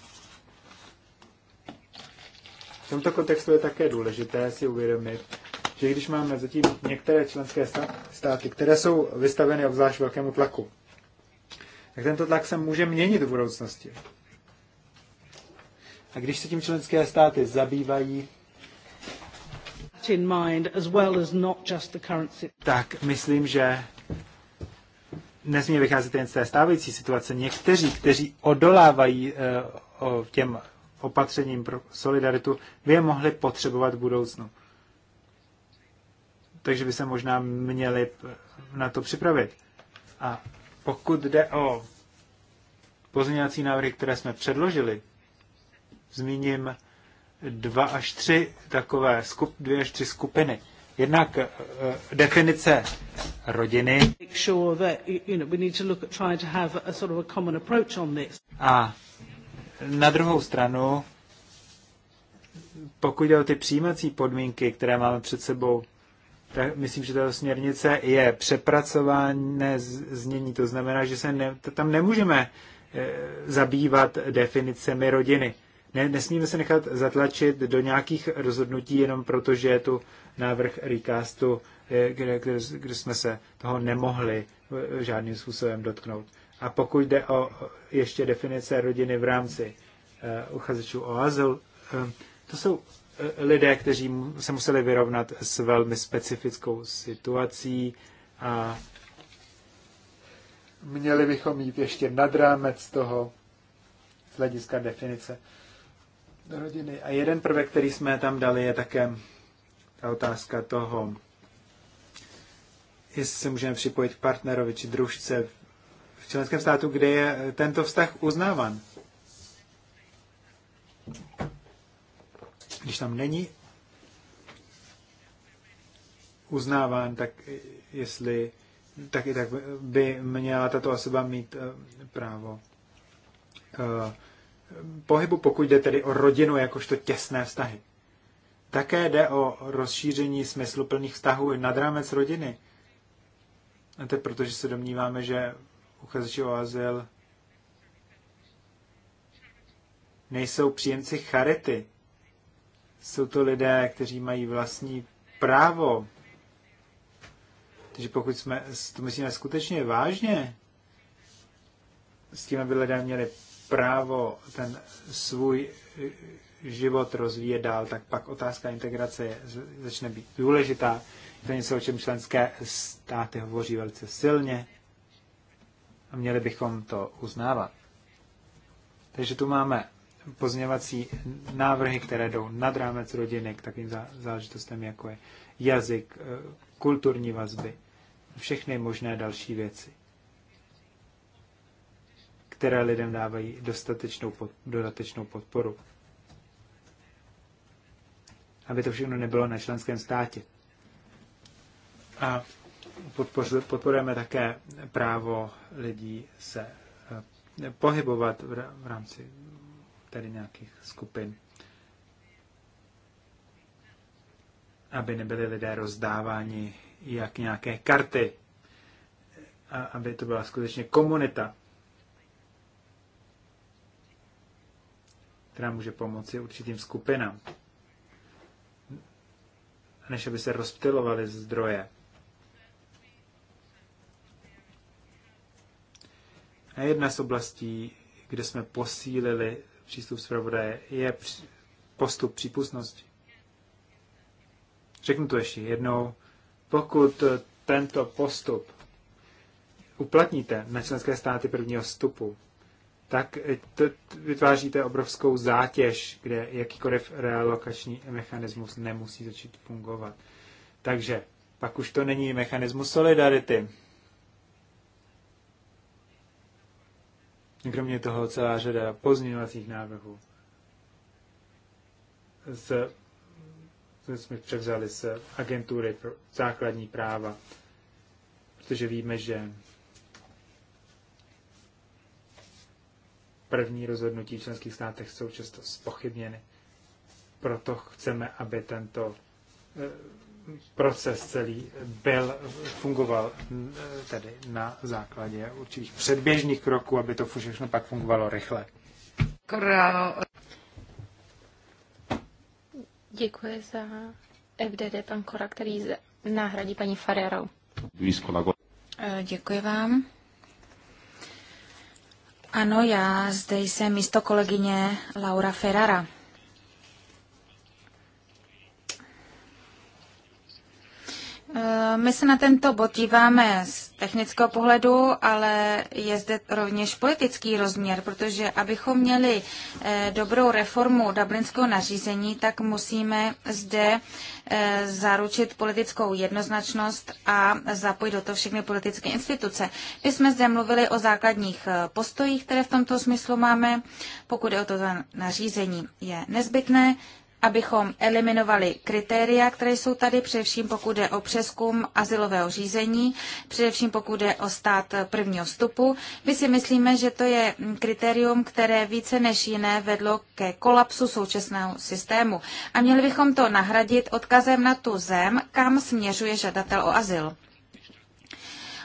V tomto kontextu je také důležité si uvědomit, že když máme zatím některé členské státy, které jsou vystaveny obzvlášť velkému tlaku, tak tento tlak se může měnit v budoucnosti. A když se tím členské státy zabývají, tak myslím, že nesmí vycházet jen z té stávající situace. Někteří, kteří odolávají eh, těm opatřením pro solidaritu, by je mohli potřebovat v budoucnu takže by se možná měli na to připravit. A pokud jde o pozměňovací návrhy, které jsme předložili, zmíním dva až tři takové, skup, dvě až tři skupiny. Jednak uh, definice rodiny. A na druhou stranu, pokud jde o ty přijímací podmínky, které máme před sebou, tak myslím, že ta směrnice je přepracované znění. To znamená, že se ne, tam nemůžeme eh, zabývat definicemi rodiny. Ne, nesmíme se nechat zatlačit do nějakých rozhodnutí jenom proto, že je tu návrh recastu, eh, kde, kde, kde jsme se toho nemohli eh, žádným způsobem dotknout. A pokud jde o ještě definice rodiny v rámci uh, uchazečů o azyl, um, to jsou lidé, kteří se museli vyrovnat s velmi specifickou situací a měli bychom jít ještě nad rámec toho z hlediska definice rodiny. A jeden prvek, který jsme tam dali, je také ta otázka toho, jestli se můžeme připojit k partnerovi či družce v členském státu, kde je tento vztah uznávan. když tam není uznáván, tak jestli tak i tak by měla tato osoba mít eh, právo eh, pohybu, pokud jde tedy o rodinu jakožto těsné vztahy. Také jde o rozšíření smyslu plných vztahů i nad rámec rodiny. A to je proto, že se domníváme, že uchazeči o azyl nejsou příjemci charity. Jsou to lidé, kteří mají vlastní právo. Takže pokud jsme, to myslíme skutečně vážně, s tím, aby lidé měli právo ten svůj život rozvíjet dál, tak pak otázka integrace začne být důležitá. Je to něco, o čem členské státy hovoří velice silně a měli bychom to uznávat. Takže tu máme pozměvací návrhy, které jdou nad rámec rodiny k takovým záležitostem, jako je jazyk, eh, kulturní vazby, všechny možné další věci, které lidem dávají dostatečnou pod, dodatečnou podporu. Aby to všechno nebylo na členském státě. A podporujeme také právo lidí se eh, pohybovat v rámci tady nějakých skupin, aby nebyli lidé rozdáváni jak nějaké karty, a aby to byla skutečně komunita, která může pomoci určitým skupinám, než aby se rozptilovaly zdroje. A jedna z oblastí, kde jsme posílili přístup zpravodaje je postup přípustnosti. Řeknu to ještě jednou. Pokud tento postup uplatníte na členské státy prvního vstupu, tak vytváříte obrovskou zátěž, kde jakýkoliv realokační mechanismus nemusí začít fungovat. Takže pak už to není mechanismus solidarity, Kromě toho celá řada pozměňovacích návrhů z, jsme převzali z agentury pro základní práva, protože víme, že první rozhodnutí v členských státech jsou často spochybněny. Proto chceme, aby tento eh, proces celý byl, fungoval tedy na základě určitých předběžných kroků, aby to všechno pak fungovalo rychle. Král. Děkuji za FDD, pan Kora, který nahradí paní Farerou. Děkuji vám. Ano, já zde jsem místo kolegyně Laura Ferrara. Eh, my se na tento bod díváme z technického pohledu, ale je zde rovněž politický rozměr, protože abychom měli eh, dobrou reformu dublinského nařízení, tak musíme zde eh, zaručit politickou jednoznačnost a zapojit do toho všechny politické instituce. My jsme zde mluvili o základních postojích, které v tomto smyslu máme, pokud je o to nařízení. Je nezbytné abychom eliminovali kritéria, které jsou tady, především pokud jde o přeskum asilového řízení, především pokud jde o stát prvního vstupu. My si myslíme, že to je kritérium, které více než jiné vedlo ke kolapsu současného systému. A měli bychom to nahradit odkazem na tu zem, kam směřuje žadatel o azyl.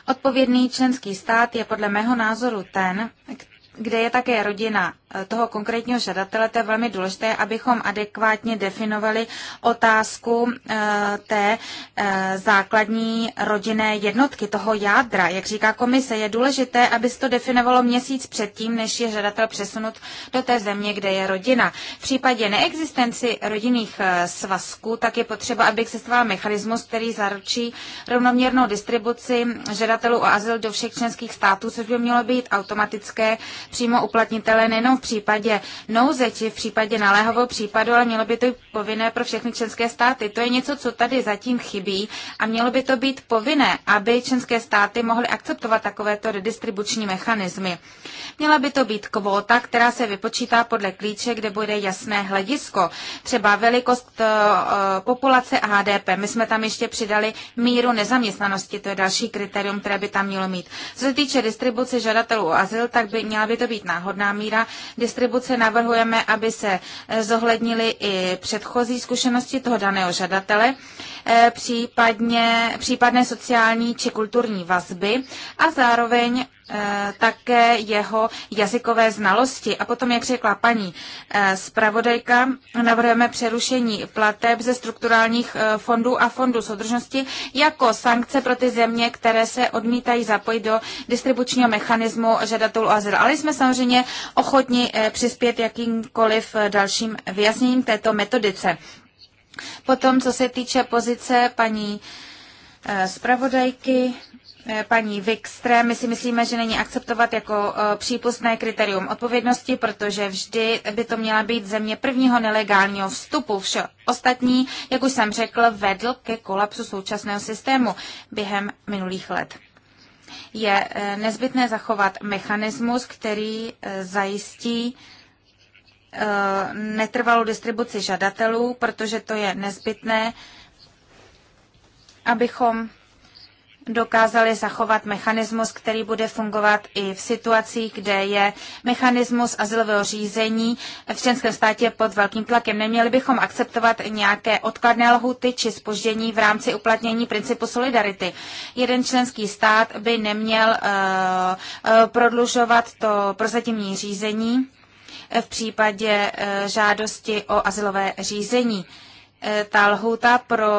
Odpovědný členský stát je podle mého názoru ten, který kde je také rodina eh, toho konkrétního žadatele, to je velmi důležité, abychom adekvátně definovali otázku eh, té eh, základní rodinné jednotky, toho jádra. Jak říká komise, je důležité, aby se to definovalo měsíc předtím, než je žadatel přesunut do té země, kde je rodina. V případě neexistenci rodinných svazků, tak je potřeba, aby existoval mechanismus, který zaručí rovnoměrnou distribuci žadatelů o azyl do všech členských států, což by mělo být automatické přímo uplatnitelné nejenom v případě nouze či v případě naléhavého případu, ale mělo by to být povinné pro všechny členské státy. To je něco, co tady zatím chybí a mělo by to být povinné, aby členské státy mohly akceptovat takovéto redistribuční mechanismy. Měla by to být kvóta, která se vypočítá podle klíče, kde bude jasné hledisko, třeba velikost eh, eh, populace a HDP. My jsme tam ještě přidali míru nezaměstnanosti, to je další kritérium, které by tam mělo mít. Co se týče distribuce žadatelů o azyl, tak by měla by to být náhodná míra distribuce. Navrhujeme, aby se zohlednily i předchozí zkušenosti toho daného žadatele. Eh, případně, případné sociální či kulturní vazby a zároveň eh, také jeho jazykové znalosti. A potom, jak řekla paní eh, zpravodajka, navrhujeme přerušení plateb ze strukturálních fondů a fondů soudržnosti jako sankce pro ty země, které se odmítají zapojit do distribučního mechanismu žadatelů o azyl. Ale jsme samozřejmě ochotni přispět jakýmkoliv dalším vyjasněním této metodice. Potom, co se týče pozice paní eh, zpravodajky, eh, paní Vikstre, my si myslíme, že není akceptovat jako eh, přípustné kritérium odpovědnosti, protože vždy by to měla být země prvního nelegálního vstupu. Vše ostatní, jak už jsem řekl, vedl ke kolapsu současného systému během minulých let. Je nezbytné zachovat mechanismus, který zajistí Eh, netrvalou distribuci žadatelů, protože to je nezbytné, abychom dokázali zachovat mechanismus, který bude fungovat i v situacích, kde je mechanismus azylového řízení v členském státě pod velkým tlakem. Neměli bychom akceptovat nějaké odkladné lhuty či spoždění v rámci uplatnění principu solidarity. Jeden členský stát by neměl uh, uh, prodlužovat to prozatímní řízení v případě eh, žádosti o azylové řízení. Eh, ta lhůta pro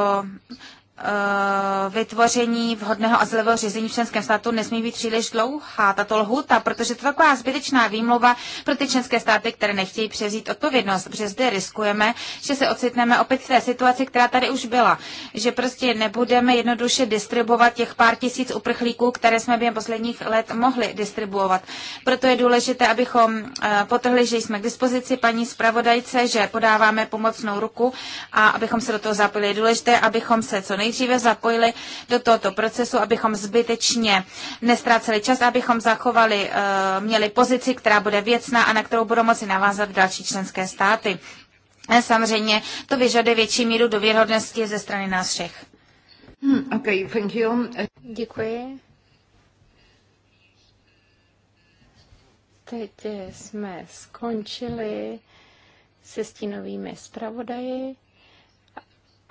Eh, vytvoření vhodného azylového řízení v členském státu nesmí být příliš dlouhá, tato lhuta, protože to je taková zbytečná výmluva pro ty členské státy, které nechtějí převzít odpovědnost, protože zde riskujeme, že se ocitneme opět v té situaci, která tady už byla, že prostě nebudeme jednoduše distribuovat těch pár tisíc uprchlíků, které jsme během posledních let mohli distribuovat. Proto je důležité, abychom eh, potrhli, že jsme k dispozici paní zpravodajce, že podáváme pomocnou ruku a abychom se do toho zapojili. Je důležité, abychom se co nejdříve zapojili do tohoto procesu, abychom zbytečně nestráceli čas, abychom zachovali, eh, měli pozici, která bude věcná a na kterou budou moci navázat další členské státy. Eh, samozřejmě to vyžaduje větší míru dověrhodnosti ze strany nás všech. Hmm, okay, thank you. Děkuji. Teď jsme skončili se stínovými zpravodaji.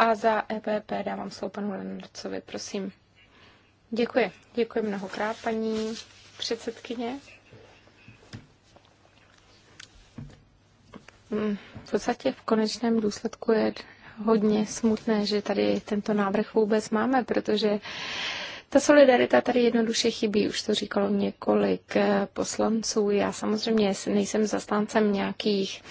A za EPP dávám slovo panu Lenarcovi, prosím. Děkuji. Děkuji mnohokrát, paní předsedkyně. Mm, v podstatě v konečném důsledku je hodně smutné, že tady tento návrh vůbec máme, protože ta solidarita tady jednoduše chybí, už to říkalo několik eh, poslanců. Já samozřejmě nejsem zastáncem nějakých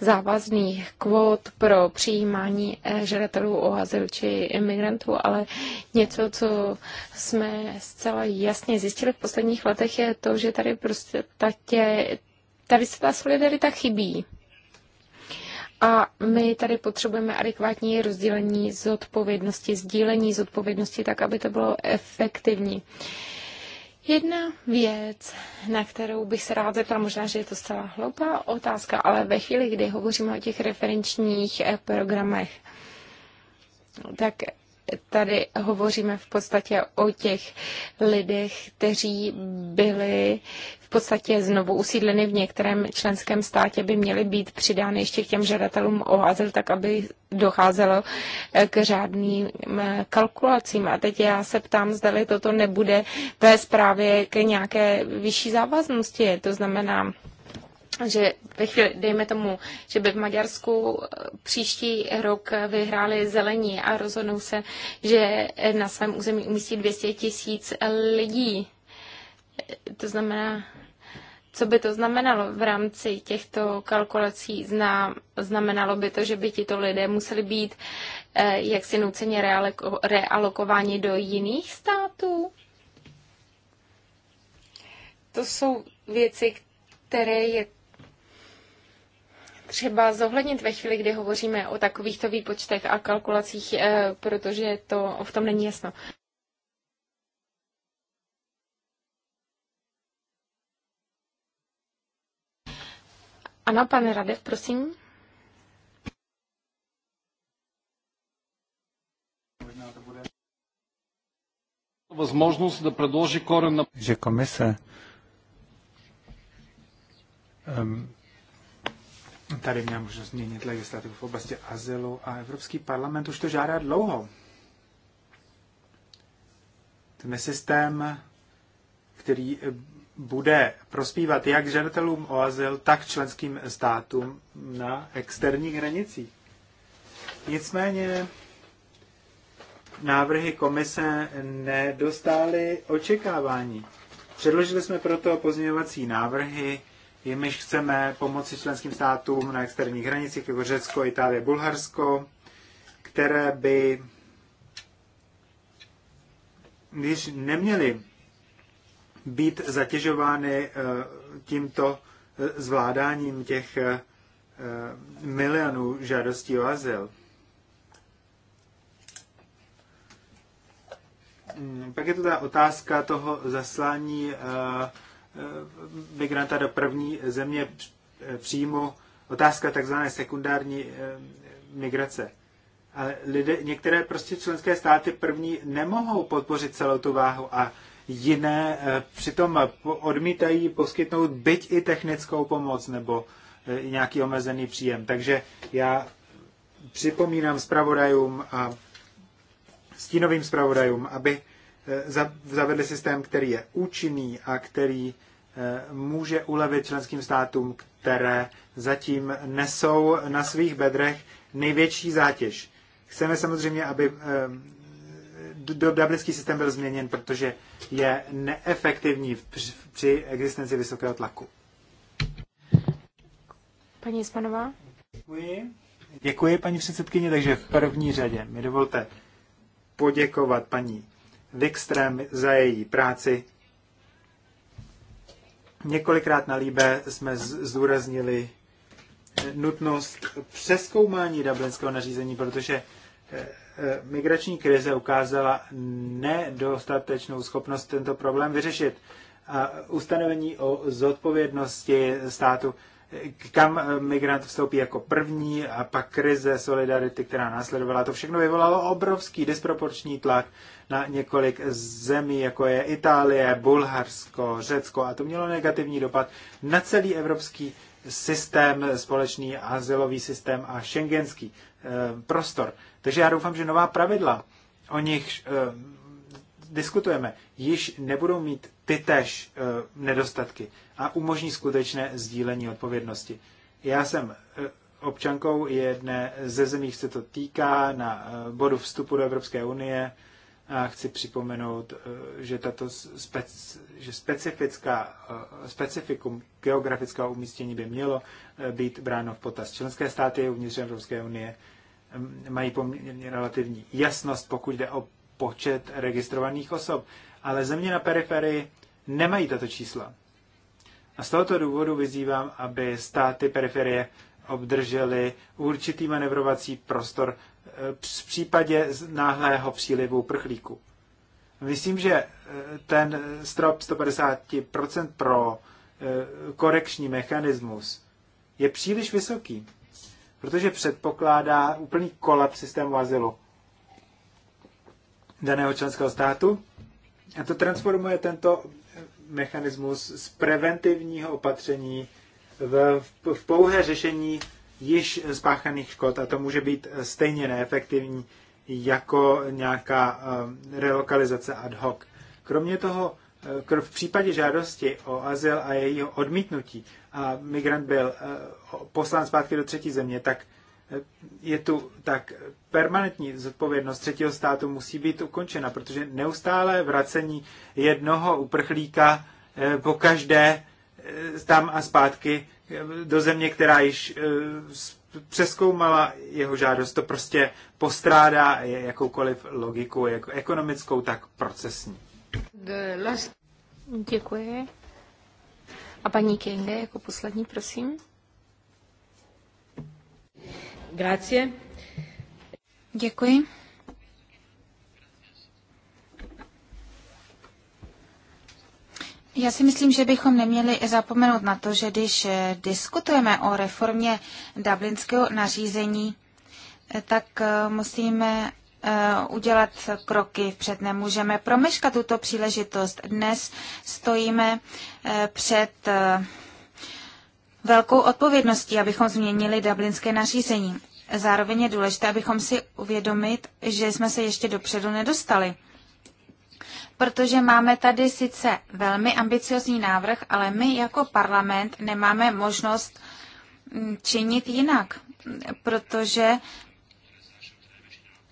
závazných kvót pro přijímání eh, žadatelů o azyl či imigrantů, ale něco, co jsme zcela jasně zjistili v posledních letech, je to, že tady prostě tady se ta solidarita chybí. A my tady potřebujeme adekvátní rozdělení zodpovědnosti, sdílení zodpovědnosti, tak aby to bylo efektivní. Jedna věc, na kterou bych se rád zeptala, možná, že je to zcela hloupá otázka, ale ve chvíli, kdy hovoříme o těch referenčních eh, programech, tak tady hovoříme v podstatě o těch lidech, kteří byli v podstatě znovu usídleny v některém členském státě, by měly být přidány ještě k těm žadatelům o azyl, tak aby docházelo eh, k řádným eh, kalkulacím. A teď já se ptám, zdali toto nebude ve zprávě k nějaké vyšší závaznosti. To znamená, že ve chvíli, dejme tomu, že by v Maďarsku eh, příští rok vyhráli zelení a rozhodnou se, že na svém území umístí 200 tisíc lidí to znamená, co by to znamenalo v rámci těchto kalkulací? Zna, znamenalo by to, že by tito lidé museli být eh, jaksi nuceně realokováni do jiných států? To jsou věci, které je třeba zohlednit ve chvíli, kdy hovoříme o takovýchto výpočtech a kalkulacích, eh, protože to v tom není jasno. Ano, pane Radev, prosím. Že komise um, tady měla možnost změnit legislativu v oblasti azylu a Evropský parlament už to žádá dlouho. Ten systém, který bude prospívat jak žadatelům o azyl, tak členským státům na externích hranicích. Nicméně návrhy komise nedostály očekávání. Předložili jsme proto pozměňovací návrhy, jimiž chceme pomoci členským státům na externích hranicích, jako Řecko, Itálie, Bulharsko, které by, když neměli být zatěžovány eh, tímto eh, zvládáním těch eh, milionů žádostí o azyl. Hmm, pak je to ta otázka toho zaslání migranta do první země přímo, otázka takzvané sekundární migrace. Ale lidé, některé prostě členské státy první nemohou podpořit celou tu váhu a jiné eh, přitom odmítají poskytnout byť i technickou pomoc nebo eh, nějaký omezený příjem. Takže já připomínám zpravodajům a stínovým zpravodajům, aby eh, zavedli systém, který je účinný a který může ulevit členským státům, které zatím nesou na svých bedrech největší zátěž. Chceme samozřejmě, aby dublinský systém byl změněn, protože je neefektivní při existenci vysokého tlaku. Paní Ispanová? Děkuji. Děkuji, paní předsedkyně. Takže v první řadě mi dovolte poděkovat paní Wikström za její práci. Několikrát na Líbe jsme zdůraznili nutnost přeskoumání dublinského nařízení, protože eh, Eh, migrační krize ukázala nedostatečnou schopnost tento problém vyřešit. A ustanovení o zodpovědnosti státu, eh, kam eh, migrant vstoupí jako první a pak krize solidarity, která následovala, to všechno vyvolalo obrovský disproporční tlak na několik zemí, jako je Itálie, Bulharsko, Řecko a to mělo negativní dopad na celý evropský systém, společný azylový systém a šengenský prostor. Takže já doufám, že nová pravidla, o nich eh, diskutujeme, již nebudou mít ty tež eh, nedostatky a umožní skutečné sdílení odpovědnosti. Já jsem eh, občankou jedné ze zemí, se to týká, na eh, bodu vstupu do Evropské unie. A chci připomenout, eh, že tato spec, že specifická, eh, specifikum geografického umístění by mělo být bráno v potaz. Členské státy uvnitř Evropské unie mají poměrně relativní jasnost, pokud jde o počet registrovaných osob. Ale země na periferii nemají tato čísla. A z tohoto důvodu vyzývám, aby státy periferie obdržely určitý manevrovací prostor eh, v případě náhlého přílivu prchlíků. Myslím, že eh, ten strop 150% pro eh, korekční mechanismus je příliš vysoký protože předpokládá úplný kolaps systému azylu daného členského státu a to transformuje tento mechanismus z preventivního opatření v, v, v pouhé řešení již spáchaných škod a to může být stejně neefektivní jako nějaká um, relokalizace ad hoc. Kromě toho, eh, v případě žádosti o azyl a jejího odmítnutí a migrant byl eh, poslán zpátky do třetí země, tak eh, je tu tak permanentní zodpovědnost třetího státu musí být ukončena, protože neustále vracení jednoho uprchlíka eh, po každé tam a zpátky do země, která již přeskoumala jeho žádost, to prostě postrádá jakoukoliv logiku, jak ekonomickou, tak procesní. Děkuji. A paní Kinge jako poslední, prosím. Grazie. Děkuji. Já si myslím, že bychom neměli zapomenout na to, že když diskutujeme o reformě dublinského nařízení, tak musíme Eh, udělat kroky vpřed. Nemůžeme promeškat tuto příležitost. Dnes stojíme eh, před eh, velkou odpovědností, abychom změnili dublinské nařízení. Zároveň je důležité, abychom si uvědomit, že jsme se ještě dopředu nedostali. Protože máme tady sice velmi ambiciozní návrh, ale my jako parlament nemáme možnost mm, činit jinak, protože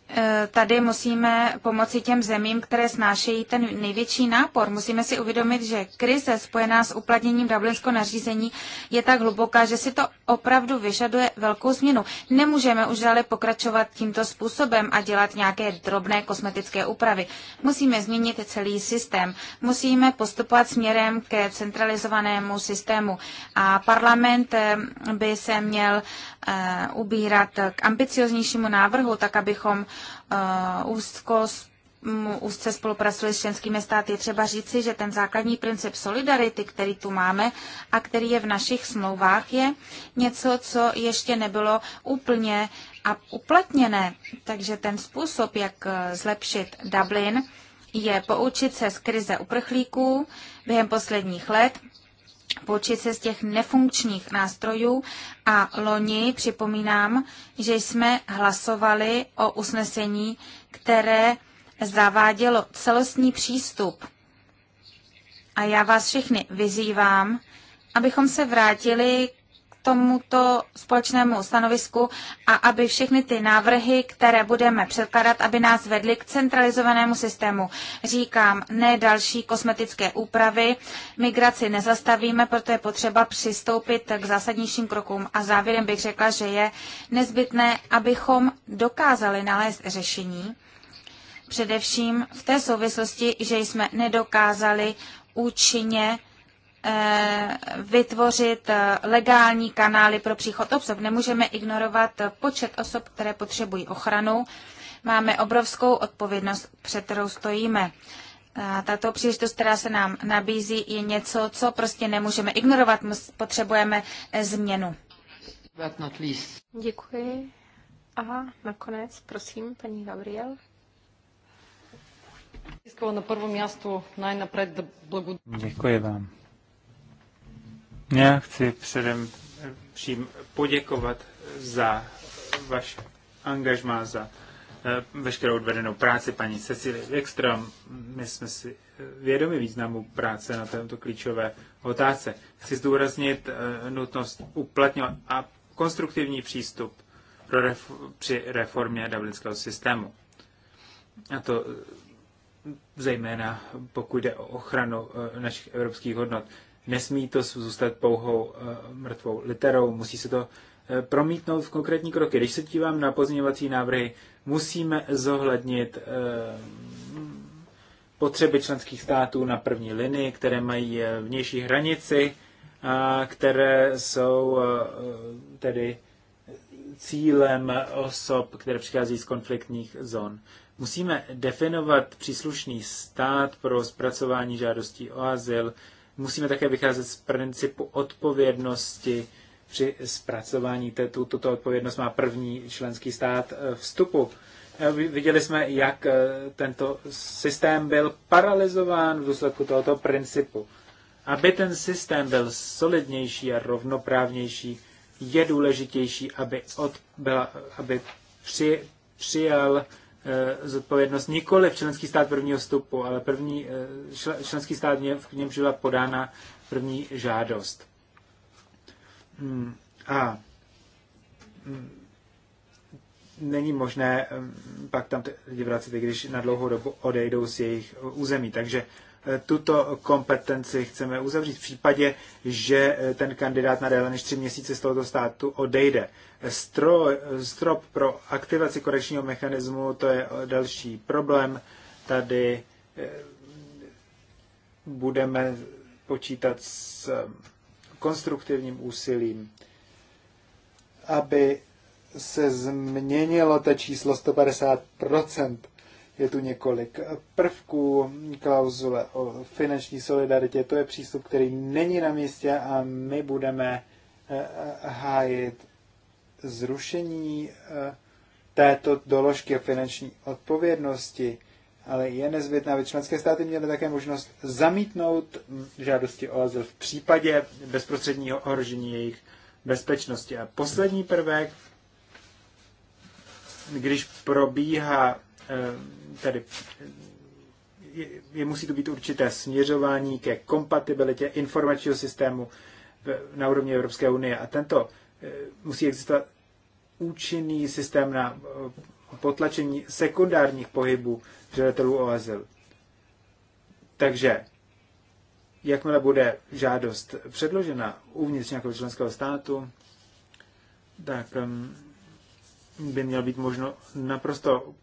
E, tady musíme pomoci těm zemím, které snášejí ten největší nápor. Musíme si uvědomit, že krize spojená s uplatněním Dublinského nařízení je tak hluboká, že si to opravdu vyžaduje velkou změnu. Nemůžeme už dále pokračovat tímto způsobem a dělat nějaké drobné kosmetické úpravy. Musíme změnit celý systém. Musíme postupovat směrem ke centralizovanému systému. A parlament e, by se měl Eh, ubírat k ambicioznějšímu návrhu, tak abychom eh, úzko mm, úzce spolupracovali s členskými státy. Je třeba říci, že ten základní princip solidarity, který tu máme a který je v našich smlouvách, je něco, co ještě nebylo úplně a uplatněné. Takže ten způsob, jak eh, zlepšit Dublin, je poučit se z krize uprchlíků během posledních let poučit se z těch nefunkčních nástrojů a loni připomínám, že jsme hlasovali o usnesení, které zavádělo celostní přístup. A já vás všechny vyzývám, abychom se vrátili tomuto společnému stanovisku a aby všechny ty návrhy, které budeme předkladat, aby nás vedly k centralizovanému systému. Říkám, ne další kosmetické úpravy, migraci nezastavíme, proto je potřeba přistoupit k zásadnějším krokům. A závěrem bych řekla, že je nezbytné, abychom dokázali nalézt řešení, především v té souvislosti, že jsme nedokázali účinně Eh, vytvořit eh, legální kanály pro příchod osob. Nemůžeme ignorovat počet osob, které potřebují ochranu. Máme obrovskou odpovědnost, před kterou stojíme. Eh, tato příležitost, která se nám nabízí, je něco, co prostě nemůžeme ignorovat. potřebujeme změnu. Děkuji. A nakonec, prosím, paní Gabriel. Děkuji vám. Já chci předem eh, přím poděkovat za vaše angažmá, za eh, veškerou odvedenou práci paní Cecily Ekstrom. My jsme si eh, vědomi významu práce na této klíčové otázce. Chci zdůraznit nutnost uplatňovat a konstruktivní přístup pro ref- při reformě dublinského systému. A to zejména pokud jde o ochranu našich evropských hodnot. Nesmí to zůstat pouhou eh, mrtvou literou, musí se to eh, promítnout v konkrétní kroky. Když se dívám na pozměňovací návrhy, musíme zohlednit eh, potřeby členských států na první linii, které mají vnější hranici, a které jsou tedy cílem osob, které přichází z konfliktních zón. Musíme definovat příslušný stát pro zpracování žádostí o azyl, Musíme také vycházet z principu odpovědnosti při zpracování. Tuto odpovědnost má první členský stát eh, vstupu. Eh, viděli jsme, jak eh, tento systém byl paralizován v důsledku tohoto principu. Aby ten systém byl solidnější a rovnoprávnější, je důležitější, aby, od, byla, aby při, přijal Eh, zodpovědnost nikoli v členský stát prvního stupu, ale první, eh, členský stát v něm byla podána první žádost. Hmm, a hmm, není možné eh, pak tam lidi vracet, když na dlouhou dobu odejdou z jejich území. Takže tuto kompetenci chceme uzavřít v případě, že ten kandidát na déle než tři měsíce z tohoto státu odejde. Stro, strop pro aktivaci korekčního mechanismu, to je další problém. Tady eh, budeme počítat s eh, konstruktivním úsilím, aby se změnilo to číslo 150 je tu několik prvků, klauzule o finanční solidaritě. To je přístup, který není na místě a my budeme eh, hájit zrušení eh, této doložky o finanční odpovědnosti, ale je nezbytné, aby členské státy měly také možnost zamítnout žádosti o azyl v případě bezprostředního ohrožení jejich bezpečnosti. A poslední prvek, když probíhá Ehm, tedy je, je, musí tu být určité směřování ke kompatibilitě informačního systému v, na úrovni Evropské unie. A tento eh, musí existovat účinný systém na eh, potlačení sekundárních pohybů žadatelů o azyl. Takže jakmile bude žádost předložena uvnitř nějakého členského státu, tak ehm, by měl být možno naprosto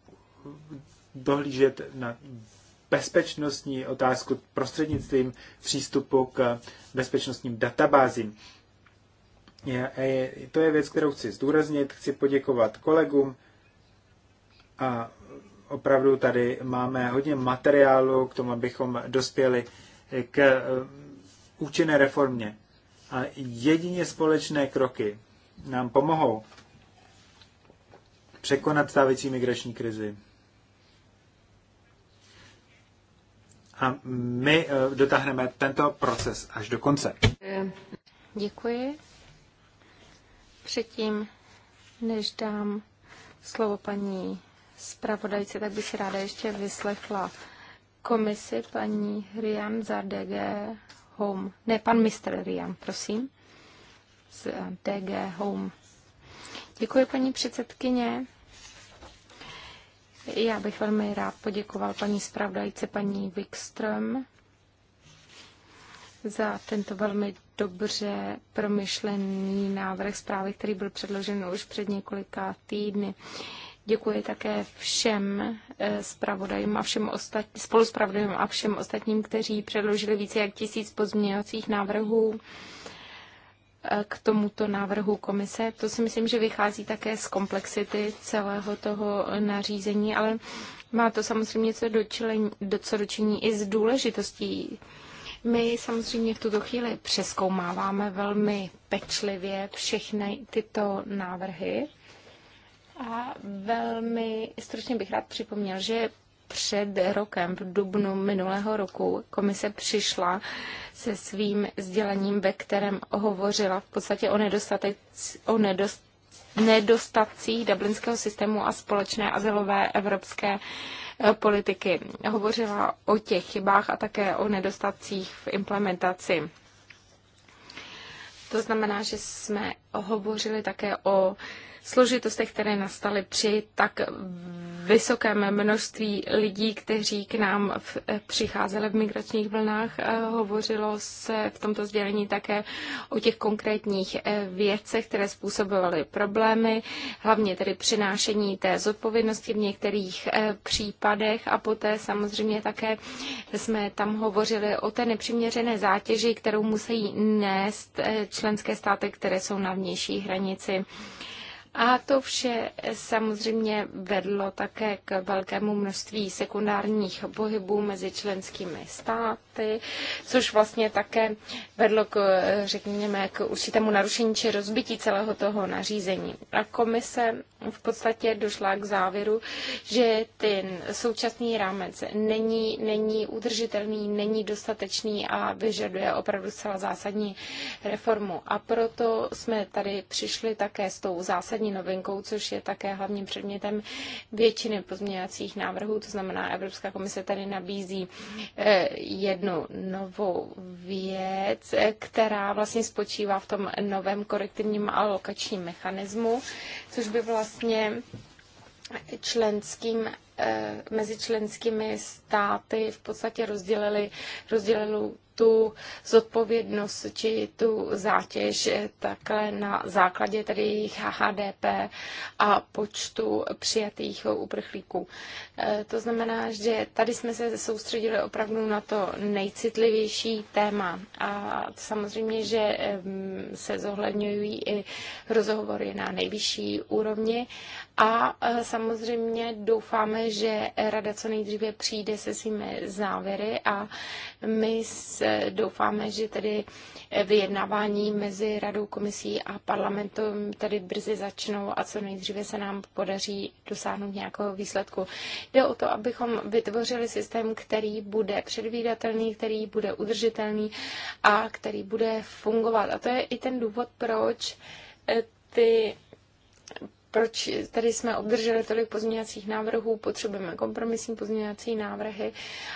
dohlížet na bezpečnostní otázku prostřednictvím přístupu k bezpečnostním databázím. to je věc, kterou chci zdůraznit. Chci poděkovat kolegům a opravdu tady máme hodně materiálu k tomu, abychom dospěli k eh, účinné reformě. A jedině společné kroky nám pomohou překonat stávající migrační krizi a my eh, dotáhneme tento proces až do konce. Děkuji. Předtím, než dám slovo paní zpravodajce, tak bych si ráda ještě vyslechla komisi paní Rian za DG Home. Ne, pan mistr Rian, prosím, z DG Home. Děkuji, paní předsedkyně. Já bych velmi rád poděkoval paní zpravodajce, paní Wikström, za tento velmi dobře promyšlený návrh zprávy, který byl předložen už před několika týdny. Děkuji také všem spravodajům eh, a všem ostatním spoluspravodajům a všem ostatním, kteří předložili více jak tisíc pozměňovacích návrhů k tomuto návrhu komise. To si myslím, že vychází také z komplexity celého toho nařízení, ale má to samozřejmě co, dočilení, co dočení i s důležitostí. My samozřejmě v tuto chvíli přeskoumáváme velmi pečlivě všechny tyto návrhy. A velmi stručně bych rád připomněl, že před rokem, v dubnu minulého roku, komise přišla se svým sdělením, ve kterém hovořila v podstatě o, nedostatek, o nedost, nedostatcích dublinského systému a společné azylové evropské eh, politiky. Hovořila o těch chybách a také o nedostatcích v implementaci. To znamená, že jsme hovořili také o složitostech, které nastaly při tak vysokém množství lidí, kteří k nám v, eh, přicházeli v migračních vlnách. Eh, hovořilo se v tomto sdělení také o těch konkrétních eh, věcech, které způsobovaly problémy, hlavně tedy přinášení té zodpovědnosti v některých případech a poté samozřejmě také jsme tam hovořili o té nepřiměřené zátěži, kterou musí nést členské státy, které jsou na vnější hranici. A to vše samozřejmě vedlo také k velkému množství sekundárních pohybů mezi členskými státy státy, což vlastně také vedlo k, řekněme, k určitému narušení či rozbití celého toho nařízení. A komise v podstatě došla k závěru, že ten současný rámec není, není udržitelný, není dostatečný a vyžaduje opravdu zcela zásadní reformu. A proto jsme tady přišli také s tou zásadní novinkou, což je také hlavním předmětem většiny pozměňovacích návrhů, to znamená Evropská komise tady nabízí je eh, jednu novou věc, která vlastně spočívá v tom novém korektivním a lokačním mechanismu, což by vlastně členským, eh, mezi členskými státy v podstatě rozdělili, rozdělili tu zodpovědnost či tu zátěž takhle na základě tedy jejich HDP a počtu přijatých uprchlíků. E, to znamená, že tady jsme se soustředili opravdu na to nejcitlivější téma a samozřejmě, že se zohledňují i rozhovory na nejvyšší úrovni a e, samozřejmě doufáme, že rada co nejdříve přijde se svými závěry a my e, doufáme, že tedy e, vyjednávání mezi radou komisí a parlamentem tady brzy začnou a co nejdříve se nám podaří dosáhnout nějakého výsledku. Jde o to, abychom vytvořili systém, který bude předvídatelný, který bude udržitelný a který bude fungovat. A to je i ten důvod, proč ty proč tady jsme obdrželi tolik pozměňovacích návrhů, potřebujeme kompromisní pozměňovací návrhy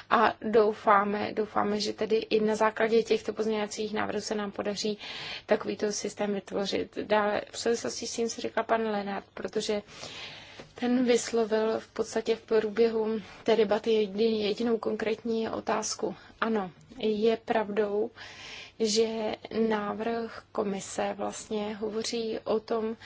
a doufáme, doufáme, že tedy i na základě těchto pozměňovacích návrhů se nám podaří takovýto systém vytvořit. Dále v souvislosti s tím, co říkal pan Lenard, protože ten vyslovil v podstatě v průběhu té debaty jedinou konkrétní otázku. Ano, je pravdou, že návrh komise vlastně hovoří o tom,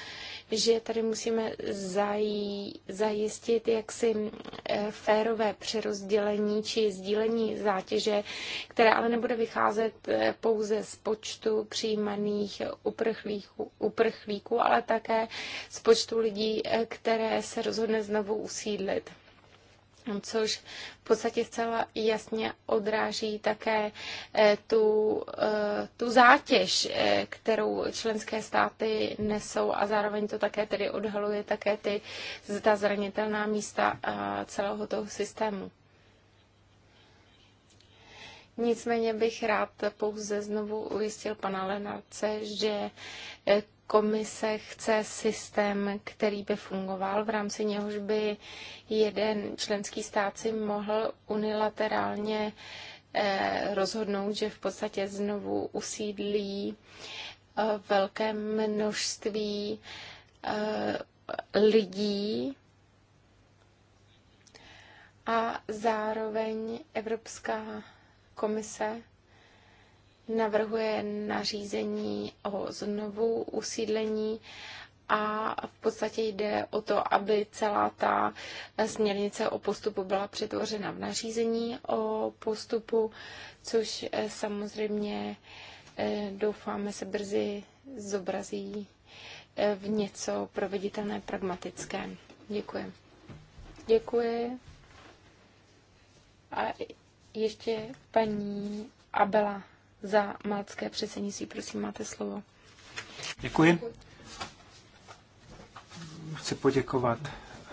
že tady musíme zají, zajistit jaksi e, férové přerozdělení či sdílení zátěže, které ale nebude vycházet e, pouze z počtu přijímaných uprchlíků, uprchlíků ale také z počtu lidí, e, které se rozhodne znovu usídlit což v podstatě zcela jasně odráží také eh, tu, eh, tu zátěž, eh, kterou členské státy nesou a zároveň to také tedy odhaluje také ty, ta zranitelná místa celého toho systému. Nicméně bych rád pouze znovu ujistil pana Lenarce, že komise chce systém, který by fungoval, v rámci něhož by jeden členský stát si mohl unilaterálně eh, rozhodnout, že v podstatě znovu usídlí eh, velké množství eh, lidí a zároveň Evropská komise navrhuje nařízení o znovu usídlení a v podstatě jde o to, aby celá ta směrnice o postupu byla přetvořena v nařízení o postupu, což eh, samozřejmě eh, doufáme se brzy zobrazí eh, v něco proveditelné, pragmatické. Děkuji. Děkuji. A ještě paní Abela za maltské předsednictví. Prosím, máte slovo. Děkuji. Chci poděkovat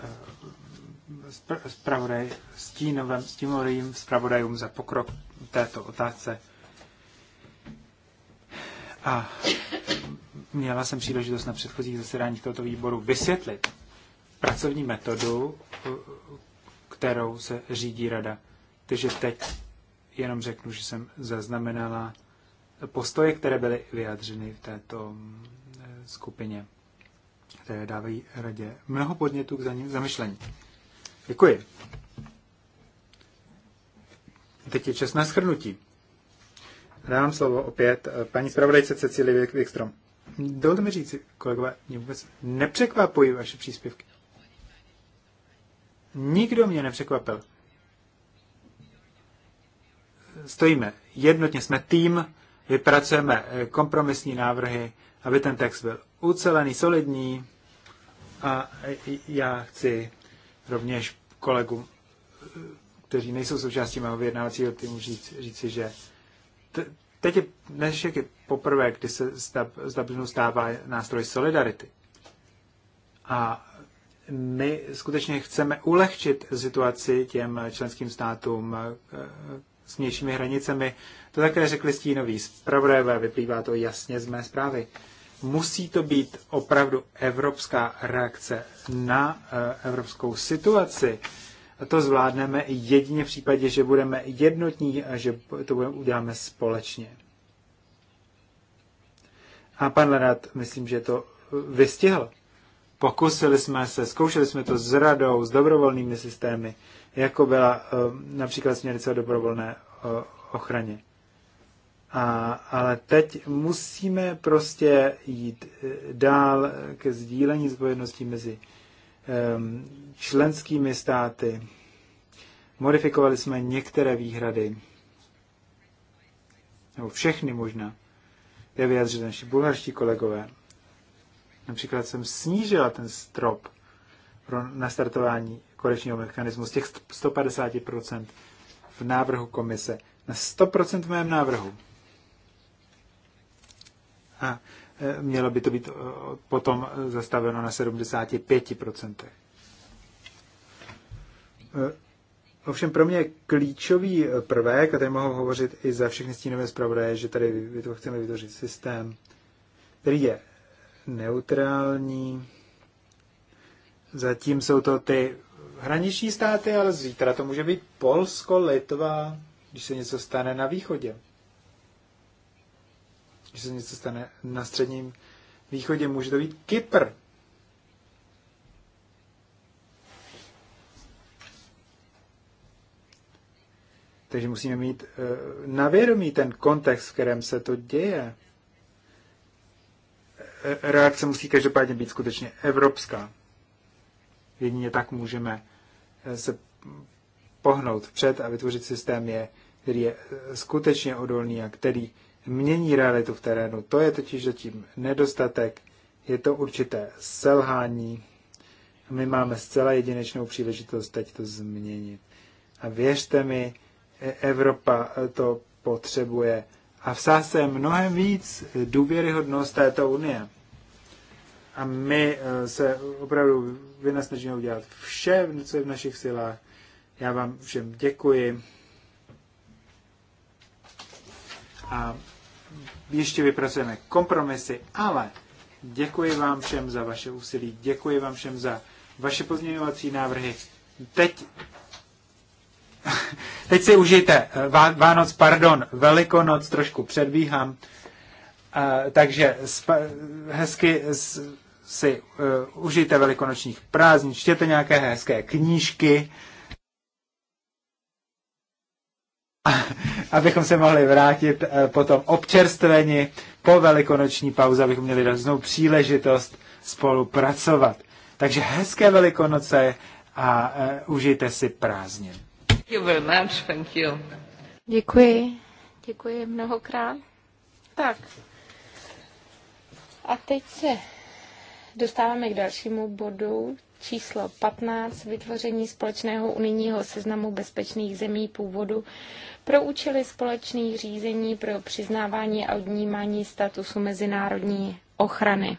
eh, zpravodaj Stínovem, Stínovým zpravodajům za pokrok této otázce. A měla jsem příležitost na předchozích zasedáních tohoto výboru vysvětlit pracovní metodu, eh, kterou se řídí rada. Takže teď jenom řeknu, že jsem zaznamenala postoje, které byly vyjádřeny v této mm, skupině, které dávají radě mnoho podnětů k zamyšlení. Děkuji. Teď je čas na schrnutí. Dávám slovo opět eh, paní zpravodajce Cecilie Wikstrom. Dovolte mi říct, kolegové, mě vůbec nepřekvapují vaše příspěvky. Nikdo mě nepřekvapil stojíme jednotně, jsme tým, vypracujeme eh, kompromisní návrhy, aby ten text byl ucelený, solidní a eh, já chci rovněž kolegům, eh, kteří nejsou součástí mého vyjednávacího týmu, říct, říci, že teď je dnes je poprvé, kdy se z Dublinu stává nástroj solidarity. A my skutečně chceme ulehčit situaci těm členským státům, s vnějšími hranicemi. To také řekli stínoví zpravodajové, vyplývá to jasně z mé zprávy. Musí to být opravdu evropská reakce na eh, evropskou situaci. A to zvládneme jedině v případě, že budeme jednotní a že to budeme, uděláme společně. A pan Lenat, myslím, že to eh, vystihl. Pokusili jsme se, zkoušeli jsme to s radou, s dobrovolnými systémy, jako byla eh, například směrnice o dobrovolné eh, ochraně. A, ale teď musíme prostě jít eh, dál ke sdílení zbojeností mezi ehm, členskými státy. Modifikovali jsme některé výhrady, nebo všechny možná, je vyjadřili naši bulharští kolegové. Například jsem snížila ten strop pro nastartování koreční mechanismu z těch 150% v návrhu komise na 100% v mém návrhu. A e, mělo by to být e, potom zastaveno na 75%. E, ovšem pro mě klíčový prvek, a tady mohu hovořit i za všechny stínové zpravodaje, že tady chceme vytvořit systém, který je neutrální. Zatím jsou to ty hraniční státy, ale zítra to může být Polsko, Litva, když se něco stane na východě. Když se něco stane na středním východě, může to být Kypr. Takže musíme mít eh, na vědomí ten kontext, v kterém se to děje. Eh, reakce musí každopádně být skutečně evropská. Jedině tak můžeme eh, se pohnout vpřed a vytvořit systém, je, který je eh, skutečně odolný a který mění realitu v terénu. To je totiž zatím nedostatek, je to určité selhání. My máme zcela jedinečnou příležitost teď to změnit. A věřte mi, e- Evropa eh, to potřebuje. A v se mnohem víc důvěryhodnost této unie. A my eh, se opravdu vynasnažíme udělat vše, co je v našich silách. Já vám všem děkuji. A ještě vypracujeme kompromisy, ale děkuji vám všem za vaše úsilí, děkuji vám všem za vaše pozměňovací návrhy. Teď, teď si užijte eh, Vánoc, pardon, Velikonoc, trošku předbíhám. Eh, takže hezky si uh, užijte velikonočních prázdnin, čtěte nějaké hezké knížky, abychom se mohli vrátit uh, eh, potom občerstveni po velikonoční pauze, abychom měli různou příležitost spolupracovat. Takže hezké velikonoce a uh, užijte si prázdnin. Thank you very much, thank you. Děkuji, děkuji mnohokrát. Tak. A teď se dostáváme k dalšímu bodu číslo 15 vytvoření společného unijního seznamu bezpečných zemí původu pro účely společných řízení pro přiznávání a odnímání statusu mezinárodní ochrany.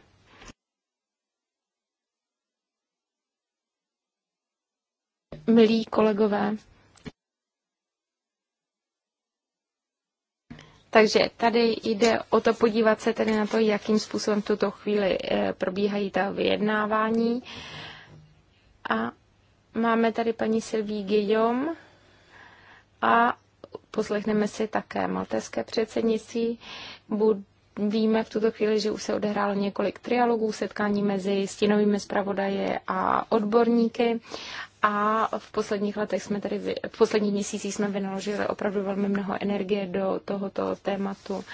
Milí kolegové, Takže tady jde o to podívat se tedy na to, jakým způsobem v tuto chvíli eh, probíhají ta vyjednávání. A máme tady paní Silví Guillaume a poslechneme si také malteské předsednictví. víme v tuto chvíli, že už se odehrálo několik trialogů, setkání mezi stínovými zpravodaje a odborníky a v posledních letech jsme tady, v posledních měsících jsme vynaložili opravdu velmi mnoho energie do tohoto tématu.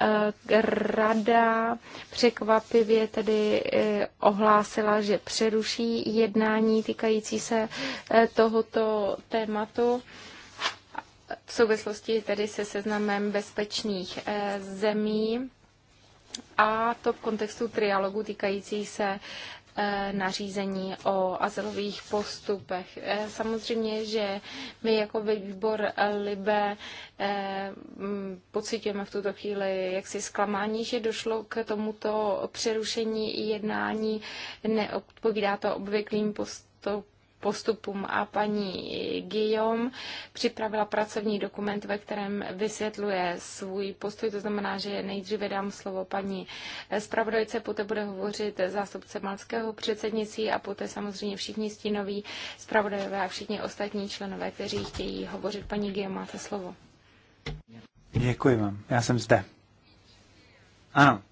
Eh, rada překvapivě tedy eh, ohlásila, že přeruší jednání týkající se eh, tohoto tématu v souvislosti tedy se seznamem bezpečných zemí a to v kontextu trialogu týkající se Eh, nařízení o azylových postupech. Eh, samozřejmě, že my jako výbor Libe eh, pocitujeme v tuto chvíli jaksi zklamání, že došlo k tomuto přerušení jednání. Neodpovídá to obvyklým postupům postupům. A paní Guillaume připravila pracovní dokument, ve kterém vysvětluje svůj postoj. To znamená, že nejdříve dám slovo paní zpravodajce, poté bude hovořit zástupce malského předsednictví a poté samozřejmě všichni stínoví zpravodajové a všichni ostatní členové, kteří chtějí hovořit. Paní Guillaume, máte slovo. Děkuji vám. Já jsem zde. Ano.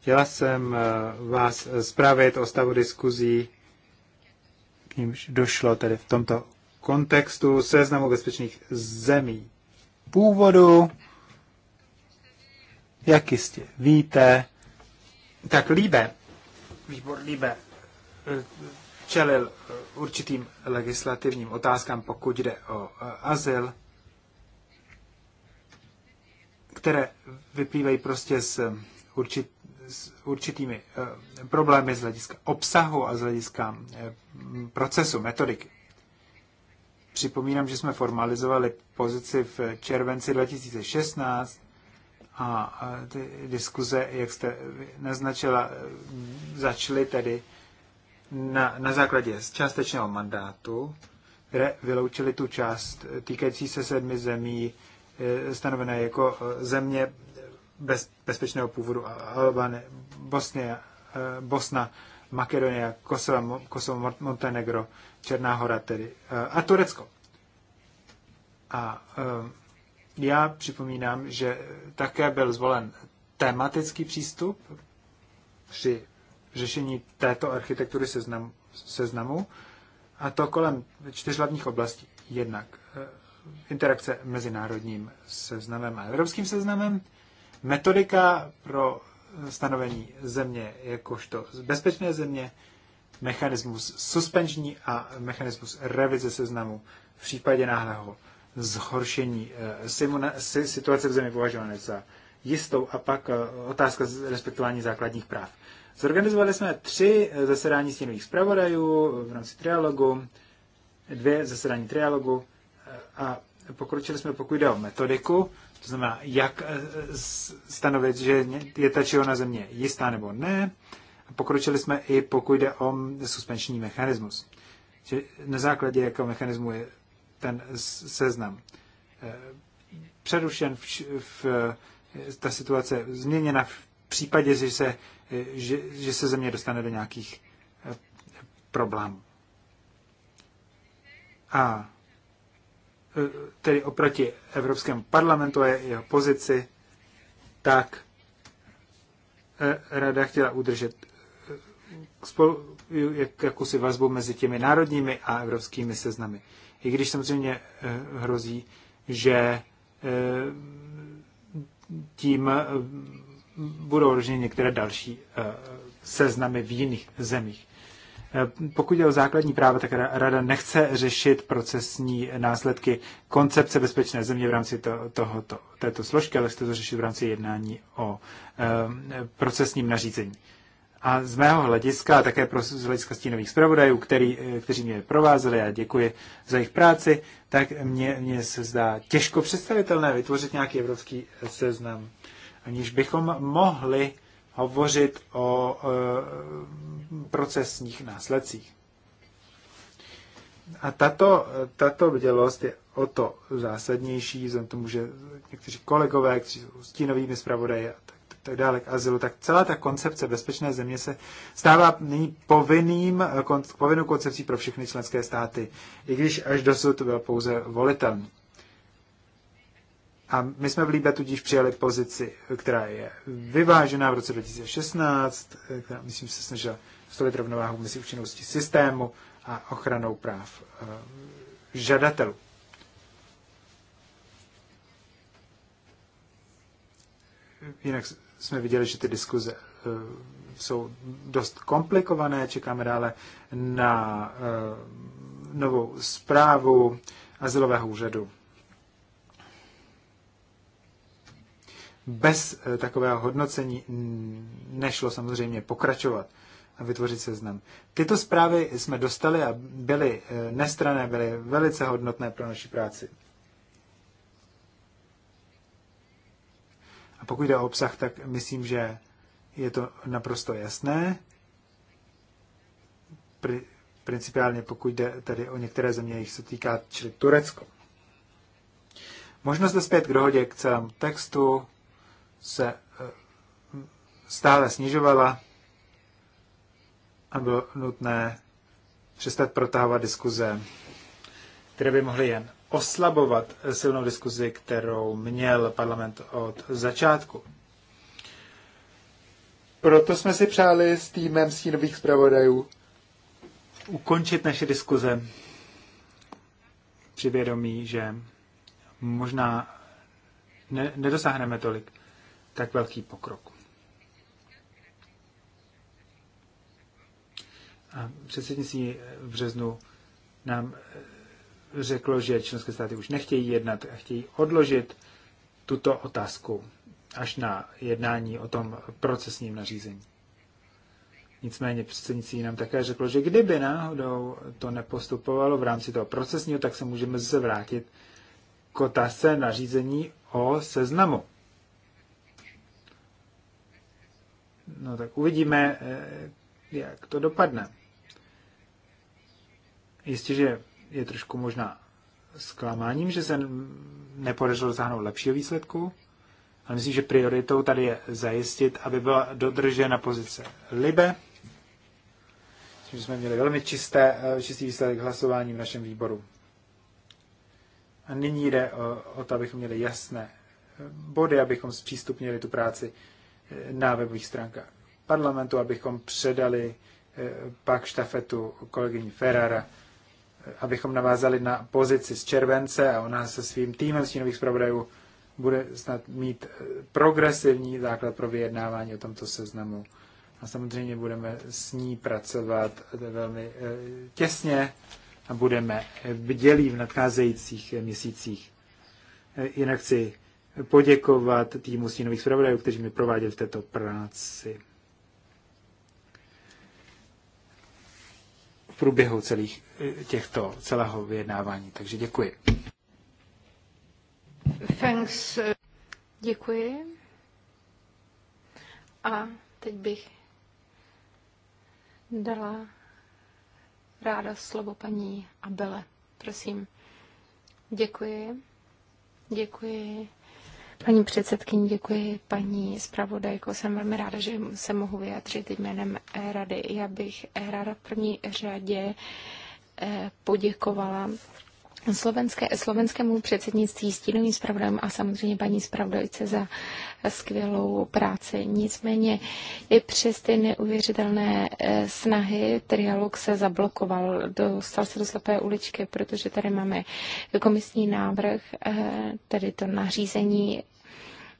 Chtěla jsem eh, vás zprávit o stavu diskuzí nímž došlo tedy v tomto kontextu seznamu bezpečných zemí původu. Jak jistě víte, tak Líbe, výbor Líbe, eh, čelil eh, určitým legislativním otázkám, pokud jde o eh, azyl, které vyplývají prostě z určit, s určitými eh, problémy z hlediska obsahu a z hlediska eh, procesu, metodiky. Připomínám, že jsme formalizovali pozici v červenci 2016 a ty diskuze, jak jste naznačila, eh, začaly tedy na, na základě částečného mandátu, které vyloučily tu část týkající se sedmi zemí, stanovené jako země bez, bezpečného původu Albany, Bosně, Bosna, Makedonie, Kosovo, Kosovo, Montenegro, Černá hora tedy a Turecko. A um, já připomínám, že také byl zvolen tematický přístup při řešení této architektury seznam, seznamu, a to kolem čtyř hlavních oblastí. Jednak eh, interakce mezinárodním seznamem a evropským seznamem, Metodika pro stanovení země jakožto bezpečné země, mechanismus suspenční a mechanismus revize seznamu v případě náhlého zhoršení eh, situace v zemi považované za jistou a pak eh, otázka respektování základních práv. Zorganizovali jsme tři eh, zasedání stínových zpravodajů v rámci trialogu, dvě zasedání trialogu a pokročili jsme, pokud jde o metodiku, to znamená, jak eh, stanovit, že je ta či ona země jistá nebo ne. Pokročili jsme i pokud jde o suspenční mechanismus. Že na základě jakého mechanismu je ten seznam eh, přerušen, v, v, eh, ta situace změněna v případě, že se, že, že se země dostane do nějakých problémů. A tedy oproti Evropskému parlamentu a jeho pozici, tak eh, rada chtěla udržet eh, spolu, jak, jakousi vazbu mezi těmi národními a evropskými seznamy. I když samozřejmě eh, hrozí, že tím budou rožně některé další seznamy v jiných zemích. Pokud je o základní práva, tak Rada nechce řešit procesní následky koncepce bezpečné země v rámci to, tohoto, této složky, ale chce to řešit v rámci jednání o procesním nařízení. A z mého hlediska, a také z hlediska stínových zpravodajů, který, eh, kteří mě provázeli, a děkuji za jejich práci, tak mně, mně se zdá těžko představitelné vytvořit nějaký evropský eh, seznam, aniž bychom mohli hovořit o procesních následcích. A tato, tato bdělost je o to zásadnější, vzhledem tomu, že někteří kolegové, kteří jsou stínovými zpravodaji a tak, tak, tak dále k azylu, tak celá ta koncepce bezpečné země se stává nyní povinným, povinnou koncepcí pro všechny členské státy, i když až dosud byl pouze volitelný. A my jsme v Líbe tudíž přijali pozici, která je vyvážená v roce 2016, eh, která, myslím, se snažila nastolit rovnováhu mezi účinností systému a ochranou práv eh, žadatelů. Jinak jsme viděli, že ty diskuze eh, jsou dost komplikované. Čekáme dále na novou zprávu azylového úřadu bez eh, takového hodnocení nešlo samozřejmě pokračovat a vytvořit seznam. Tyto zprávy jsme dostali a byly eh, nestrané, byly velice hodnotné pro naši práci. A pokud jde o obsah, tak myslím, že je to naprosto jasné. Pri, principiálně pokud jde tady o některé země, jich se týká, čili Turecko. Možnost zpět k dohodě k celému textu, se eh, stále snižovala a bylo nutné přestat protávat diskuze, které by mohly jen oslabovat silnou diskuzi, kterou měl parlament od začátku. Proto jsme si přáli s týmem stínových zpravodajů ukončit naše diskuze při vědomí, že možná ne, nedosáhneme tolik tak velký pokrok. A předsednictví v březnu nám eh, řeklo, že členské státy už nechtějí jednat a chtějí odložit tuto otázku až na jednání o tom procesním nařízení. Nicméně předsednictví nám také řeklo, že kdyby náhodou to nepostupovalo v rámci toho procesního, tak se můžeme zase vrátit k otázce nařízení o seznamu. No tak uvidíme, eh, jak to dopadne. Jistě, že je trošku možná zklamáním, že se nepodařilo dosáhnout lepšího výsledku, ale myslím, že prioritou tady je zajistit, aby byla dodržena pozice Libe. Myslím, že jsme měli velmi čisté, eh, čistý výsledek hlasování v našem výboru. A nyní jde o, o to, abychom měli jasné eh, body, abychom zpřístupnili tu práci na webových stránkách parlamentu, abychom předali eh, pak štafetu kolegyni Ferrara, eh, abychom navázali na pozici z července a ona se svým týmem stínových zpravodajů bude snad mít eh, progresivní základ pro vyjednávání o tomto seznamu. A samozřejmě budeme s ní pracovat velmi těsně a budeme bdělí v nadcházejících měsících. Jinak chci poděkovat týmu stínových zpravodajů, kteří mi prováděli v této práci. V průběhu celých těchto, celého vyjednávání. Takže děkuji. Thanks. Eh. Děkuji. A teď bych dala ráda slovo paní Abele. Prosím. Děkuji. Děkuji Paní předsedkyně, děkuji paní zpravodajko. Jsem velmi ráda, že se mohu vyjádřit jménem rady. Já bych ráda v první řadě eh, poděkovala slovenské, slovenskému předsednictví stínovým zpravodajem a samozřejmě paní zpravodajce za skvělou práci. Nicméně i přes ty neuvěřitelné eh, snahy trialog se zablokoval, dostal se do slepé uličky, protože tady máme komisní návrh, eh, tedy to nařízení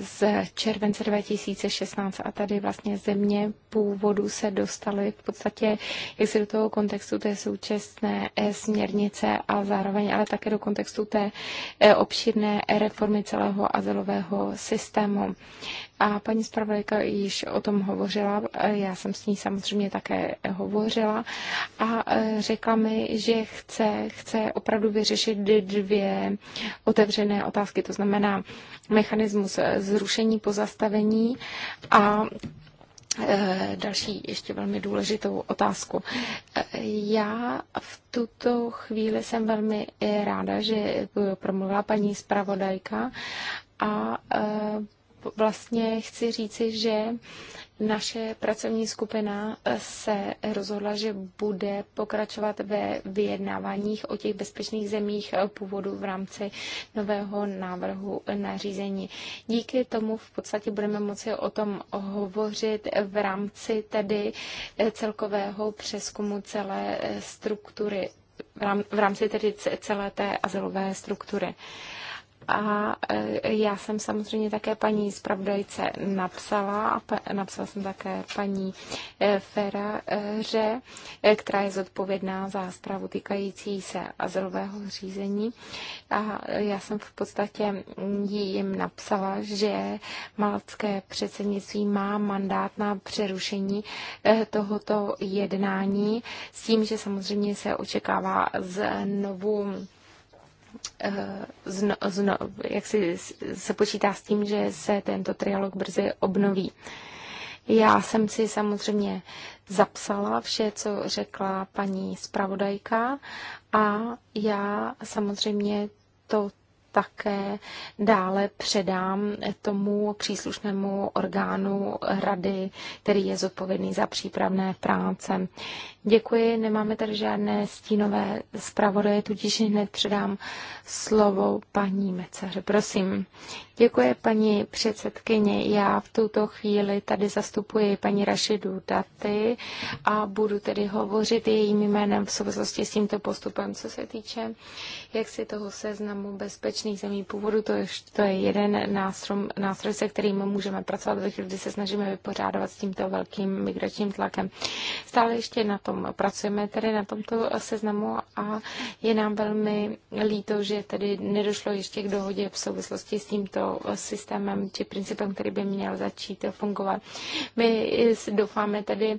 z července 2016 a tady vlastně země původu se dostaly v podstatě jak se do toho kontextu té současné eh, směrnice a zároveň ale také do kontextu té eh, obšírné eh, reformy celého azylového systému. A paní zpravodajka již o tom hovořila, já jsem s ní samozřejmě také hovořila a řekla mi, že chce, chce opravdu vyřešit dvě otevřené otázky, to znamená mechanismus zrušení pozastavení a eh, další ještě velmi důležitou otázku. Eh, já v tuto chvíli jsem velmi eh, ráda, že promluvila paní zpravodajka a vlastně chci říci, že naše pracovní skupina eh, se rozhodla, že bude pokračovat ve vyjednáváních o těch bezpečných zemích eh, původu v rámci nového návrhu nařízení. Díky tomu v podstatě budeme moci o tom hovořit v rámci tedy eh, celkového přeskumu celé struktury v rámci tedy celé té azylové struktury. A e, já jsem samozřejmě také paní zpravodajce napsala a napsala jsem také paní e, Feraře, e, která je zodpovědná za zprávu týkající se azylového řízení. A já jsem v podstatě jim napsala, že malacké předsednictví má mandát na přerušení tohoto jednání s tím, že samozřejmě se očekává znovu Eh, zno, zno, jak si se počítá s tím, že se tento trialog brzy obnoví. Já jsem si samozřejmě zapsala vše, co řekla paní zpravodajka a já samozřejmě to také dále předám tomu příslušnému orgánu rady, který je zodpovědný za přípravné práce. Děkuji, nemáme tady žádné stínové zpravodaje, tudíž hned předám slovo paní Mecaře. Prosím. Děkuji, paní předsedkyně. Já v tuto chvíli tady zastupuji paní Rašidu Daty a budu tedy hovořit jejím jménem v souvislosti s tímto postupem. Co se týče jak si toho seznamu bezpečných zemí původu, to je, to je jeden nástroj, nástroj, se kterým můžeme pracovat ve chvíli, kdy se snažíme vypořádávat s tímto velkým migračním tlakem. Stále ještě na tom pracujeme, tedy na tomto seznamu a je nám velmi líto, že tedy nedošlo ještě k dohodě v souvislosti s tímto systémem či principem, který by měl začít fungovat. My doufáme tedy,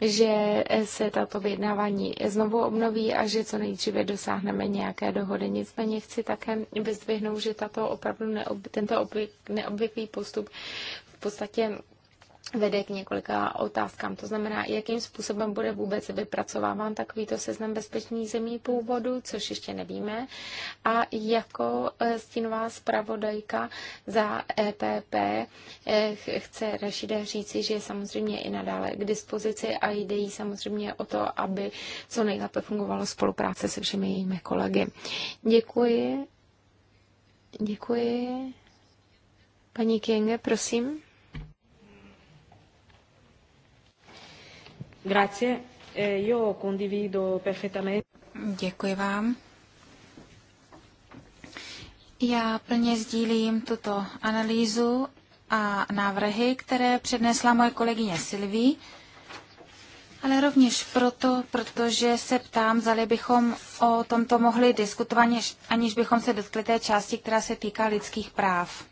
že se tato vyjednávání znovu obnoví a že co nejdříve dosáhneme nějaké dohody. Nicméně chci také vyzdvihnout, že tato opravdu neob, tento obvyklý neobvyklý postup v podstatě vede k několika otázkám. To znamená, jakým způsobem bude vůbec vypracováván takovýto seznam bezpečných zemí původu, což ještě nevíme. A jako eh, stínová zpravodajka za EPP eh, chce Rašide říci, že je samozřejmě i nadále k dispozici a jde jí samozřejmě o to, aby co nejlépe fungovalo spolupráce se všemi jejími kolegy. Děkuji. Děkuji. Paní Kienge, prosím. Grazie. Eh, io condivido perfettamente. Děkuji vám. Já plně sdílím tuto analýzu a návrhy, které přednesla moje kolegyně Silví, ale rovněž proto, protože se ptám, zali bychom o tomto mohli diskutovat, aniž bychom se dotkli té části, která se týká lidských práv.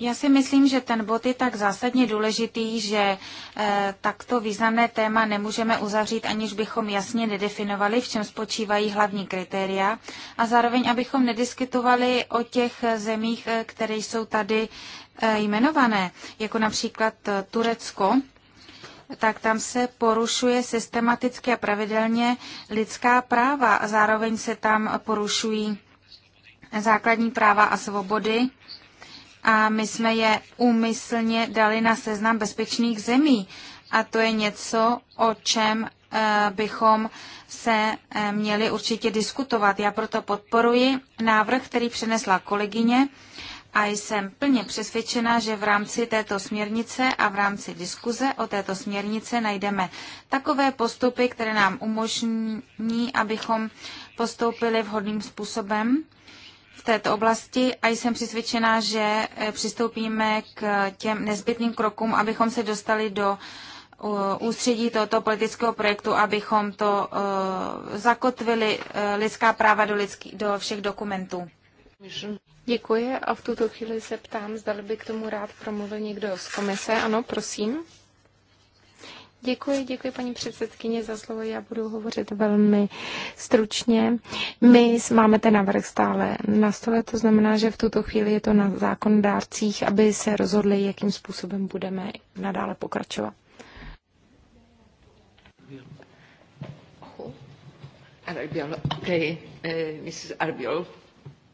Já si myslím, že ten bod je tak zásadně důležitý, že e, takto významné téma nemůžeme uzavřít, aniž bychom jasně nedefinovali, v čem spočívají hlavní kritéria a zároveň, abychom nediskutovali o těch eh, zemích, eh, které jsou tady e, jmenované, jako například Turecko, tak tam se porušuje systematicky a pravidelně lidská práva a zároveň se tam porušují základní práva a svobody a my jsme je úmyslně dali na seznam bezpečných zemí. A to je něco, o čem eh, bychom se eh, měli určitě diskutovat. Já proto podporuji návrh, který přinesla kolegyně a jsem plně přesvědčena, že v rámci této směrnice a v rámci diskuze o této směrnice najdeme takové postupy, které nám umožní, abychom postoupili vhodným způsobem v této oblasti a jsem přesvědčená, že eh, přistoupíme k těm nezbytným krokům, abychom se dostali do eh, ústředí tohoto politického projektu, abychom to eh, zakotvili lidská práva do, lidský, do všech dokumentů. Děkuji a v tuto chvíli se ptám, zda by k tomu rád promluvil někdo z komise. Ano, prosím. Děkuji, děkuji paní předsedkyně za slovo. Já budu hovořit velmi stručně. My máme ten návrh stále na stole, to znamená, že v tuto chvíli je to na zákondárcích, aby se rozhodli, jakým způsobem budeme nadále pokračovat. Arbiol, okay. Eh, Mrs. Arbiol,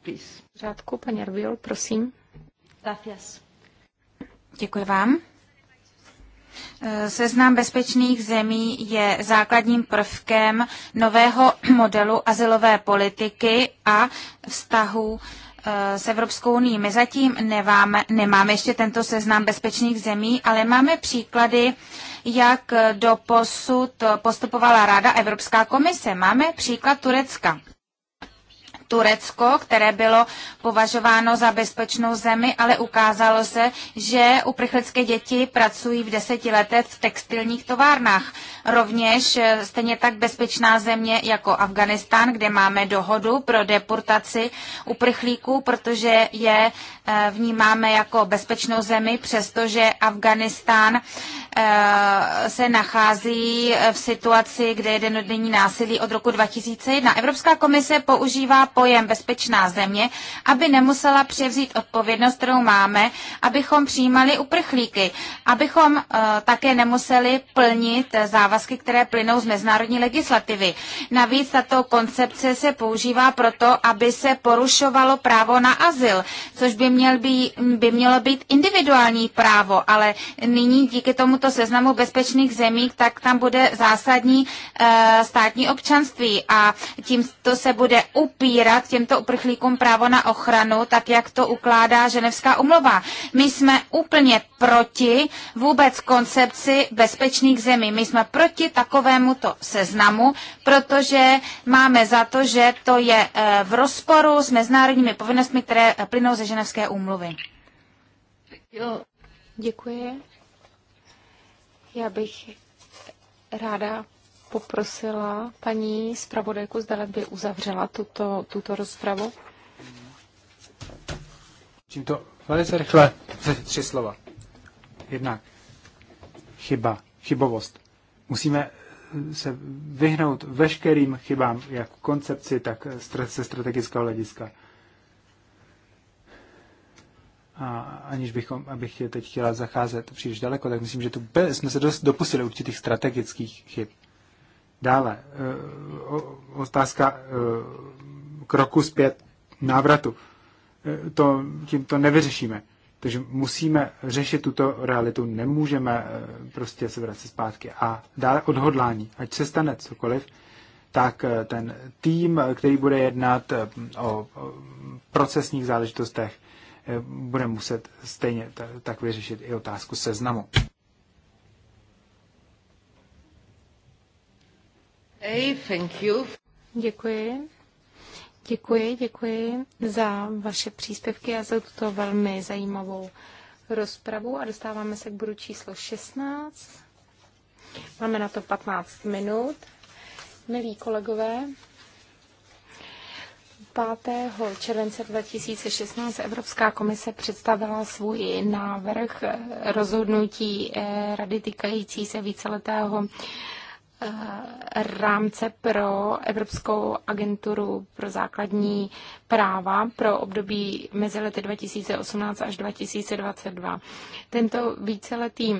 please. Řádku, paní Arbiol, prosím. Gracias. Děkuji vám. Eh, seznam bezpečných zemí je základním prvkem nového modelu asilové politiky a vztahu eh, s Evropskou unii. My zatím neváme, nemáme ještě tento seznam bezpečných zemí, ale máme příklady, jak do posud postupovala Rada Evropská komise. Máme příklad Turecka. Turecko, které bylo považováno za bezpečnou zemi, ale ukázalo se, že uprchlické děti pracují v deseti letech v textilních továrnách. Rovněž eh, stejně tak bezpečná země jako Afganistán, kde máme dohodu pro deportaci uprchlíků, protože je eh, vnímáme jako bezpečnou zemi, přestože Afganistán Eh, se nachází v situaci, kde je denodenní násilí od roku 2001. Evropská komise používá pojem bezpečná země, aby nemusela převzít odpovědnost, kterou máme, abychom přijímali uprchlíky, abychom eh, také nemuseli plnit závazky, které plynou z mezinárodní legislativy. Navíc tato koncepce se používá proto, aby se porušovalo právo na azyl, což by, měl být, by mělo být individuální právo, ale nyní díky tomuto tomto seznamu bezpečných zemí, tak tam bude zásadní eh, státní občanství a tímto se bude upírat těmto uprchlíkům právo na ochranu, tak jak to ukládá Ženevská umlova. My jsme úplně proti vůbec koncepci bezpečných zemí. My jsme proti takovémuto seznamu, protože máme za to, že to je eh, v rozporu s mezinárodními povinnostmi, které plynou ze Ženevské úmluvy. Jo. Děkuji. Já bych ráda poprosila paní zpravodajku, zda by uzavřela tuto, tuto rozpravu. to velice rychle tři slova. Jednak chyba, chybovost. Musíme eh, se vyhnout veškerým chybám, jak v koncepci, tak eh, se strategického hlediska a aniž bychom, abych je teď chtěla zacházet příliš daleko, tak myslím, že tu byli, jsme se dost dopustili určitých strategických chyb. Dále, eh, o, otázka eh, kroku zpět návratu. Eh, to, tím to nevyřešíme. Takže musíme řešit tuto realitu, nemůžeme prostě se vrátit zpátky. A dále odhodlání, ať se stane cokoliv, tak ten tým, který bude jednat o procesních záležitostech, budeme muset stejně tak vyřešit i otázku seznamu. Hey, thank you. Děkuji. Děkuji, děkuji za vaše příspěvky a za tuto velmi zajímavou rozpravu a dostáváme se k bodu číslo 16. Máme na to 15 minut. Milí kolegové, 5. července 2016 Evropská komise představila svůj návrh rozhodnutí eh, rady týkající se víceletého eh, rámce pro Evropskou agenturu pro základní práva pro období mezi lety 2018 až 2022. Tento víceletý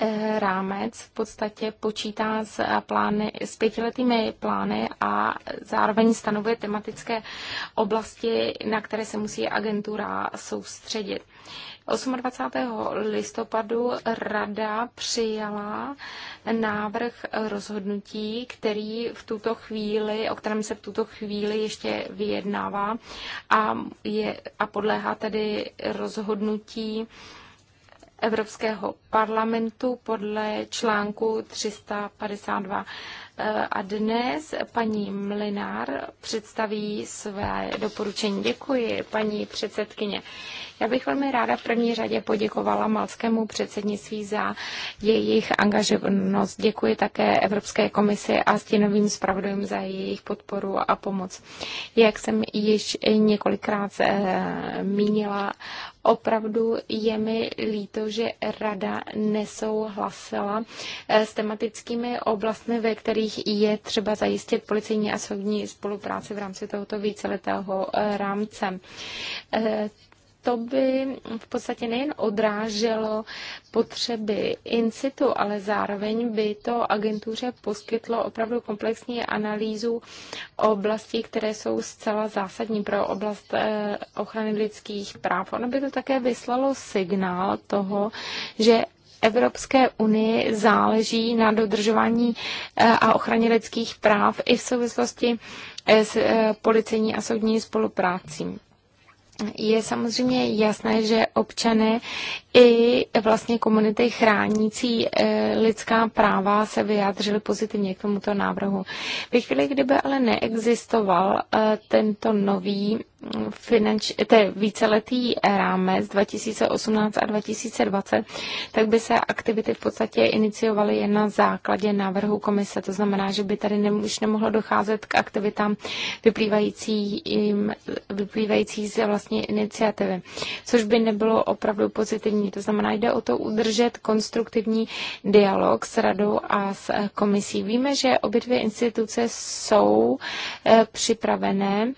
Eh, rámec v podstatě počítá s, eh, plány, s pětiletými plány a zároveň stanovuje tematické oblasti, na které se musí agentura soustředit. 28. listopadu rada přijala návrh rozhodnutí, který v tuto chvíli, o kterém se v tuto chvíli ještě vyjednává a, je, a podléhá tedy rozhodnutí Evropského parlamentu podle článku 352. E, a dnes paní Mlinár představí své doporučení. Děkuji, paní předsedkyně. Já bych velmi ráda v první řadě poděkovala malskému předsednictví za jejich angažovanost. Děkuji také Evropské komisi a stěnovým zpravodajům za jejich podporu a pomoc. Jak jsem již několikrát e, mínila, Opravdu je mi líto, že rada nesouhlasila eh, s tematickými oblastmi, ve kterých je třeba zajistit policejní a soudní spolupráci v rámci tohoto víceletého eh, rámce. Eh, to by v podstatě nejen odráželo potřeby in situ, ale zároveň by to agentuře poskytlo opravdu komplexní analýzu oblastí, které jsou zcela zásadní pro oblast eh, ochrany lidských práv. Ono by to také vyslalo signál toho, že Evropské unii záleží na dodržování eh, a ochraně lidských práv i v souvislosti eh, s policejní a soudní spoluprácí je samozřejmě jasné, že občané i vlastně komunity chránící eh, lidská práva se vyjádřily pozitivně k tomuto návrhu. Ve chvíli, kdyby ale neexistoval eh, tento nový mm, finanč, te víceletý rámec 2018 a 2020, tak by se aktivity v podstatě iniciovaly jen na základě návrhu komise. To znamená, že by tady už nemohlo docházet k aktivitám vyplývajícím, vyplývající z vlastně vlastní iniciativy, což by nebylo opravdu pozitivní. To znamená, jde o to udržet konstruktivní dialog s radou a s eh, komisí. Víme, že obě dvě instituce jsou eh, připravené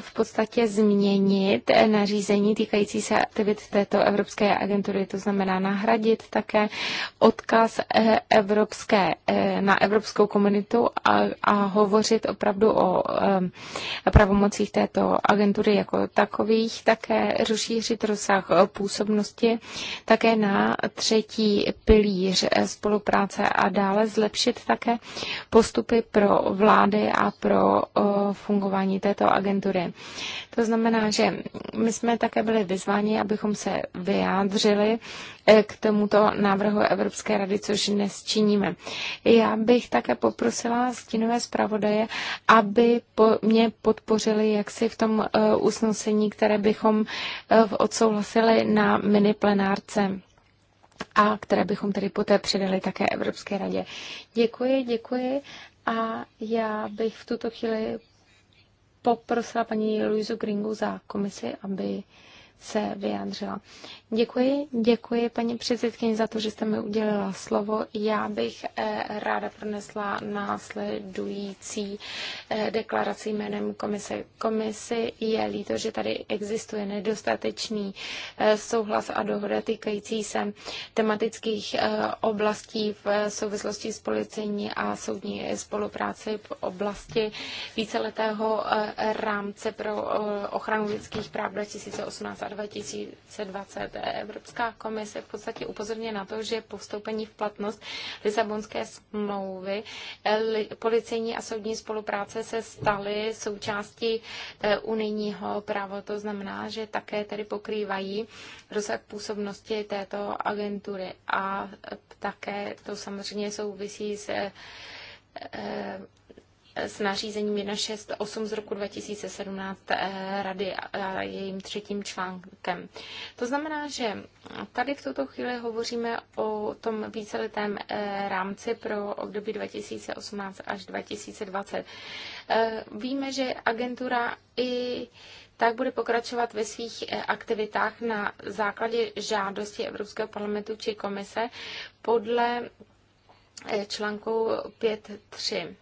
v podstatě změnit nařízení týkající se aktivit této Evropské agentury, to znamená nahradit také odkaz eh, evropské, eh, na Evropskou komunitu a, a hovořit opravdu o eh, pravomocích této agentury jako takových, také rozšířit rozsah působnosti také na třetí pilíř spolupráce a dále zlepšit také postupy pro vlády a pro fungování této agentury agentury. To znamená, že my jsme také byli vyzváni, abychom se vyjádřili eh, k tomuto návrhu Evropské rady, což nesčiníme. Já bych také poprosila stínové zpravodaje, aby po, mě podpořili jaksi v tom eh, usnesení, které bychom eh, odsouhlasili na mini plenárce a které bychom tedy poté předali také Evropské radě. Děkuji, děkuji a já bych v tuto chvíli poprosila paní Luizu Gringu za komisi, aby se vyjádřila. Děkuji, děkuji paní předsedkyni za to, že jste mi udělila slovo. Já bych eh, ráda pronesla následující eh, deklaraci jménem komise. Komisi je líto, že tady existuje nedostatečný eh, souhlas a dohoda týkající se tematických oblastí v souvislosti s policejní a soudní spolupráci v oblasti víceletého rámce pro ochranu lidských práv 2018 2020. Evropská komise v podstatě upozorně na to, že po v platnost Lisabonské smlouvy eh, policejní a soudní spolupráce se staly součástí eh, unijního práva. To znamená, že také tedy pokrývají rozsah působnosti této agentury a eh, také to samozřejmě souvisí s s nařízením 168 z roku 2017 eh, rady a jejím třetím článkem. To znamená, že tady v tuto chvíli hovoříme o tom víceletém eh, rámci pro období 2018 až 2020. Eh, víme, že agentura i tak bude pokračovat ve svých aktivitách na základě žádosti Evropského parlamentu či komise podle článku 5.3.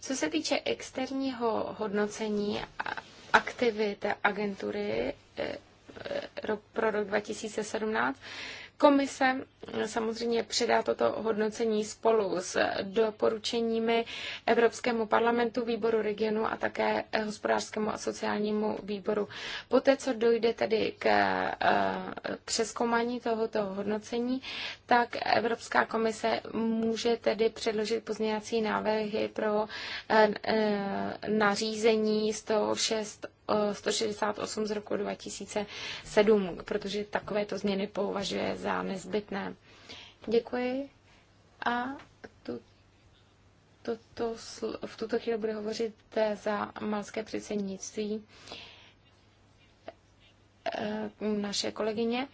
Co se týče externího hodnocení aktivit agentury eh, eh, pro rok 2017, komise samozřejmě předá toto hodnocení spolu s doporučeními Evropskému parlamentu, výboru regionu a také hospodářskému a sociálnímu výboru. Poté, co dojde tedy k eh, přeskoumání tohoto hodnocení, tak Evropská komise může tedy předložit pozměňovací návrhy pro eh, eh, nařízení 106 168 z roku 2007, protože takovéto změny považuje za nezbytné. Děkuji. A tu, tuto, v tuto chvíli bude hovořit za malské předsednictví eh, naše kolegyně.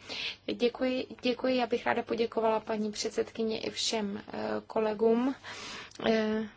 Děkuji, děkuji, já bych ráda poděkovala paní předsedkyně i všem eh, kolegům eh,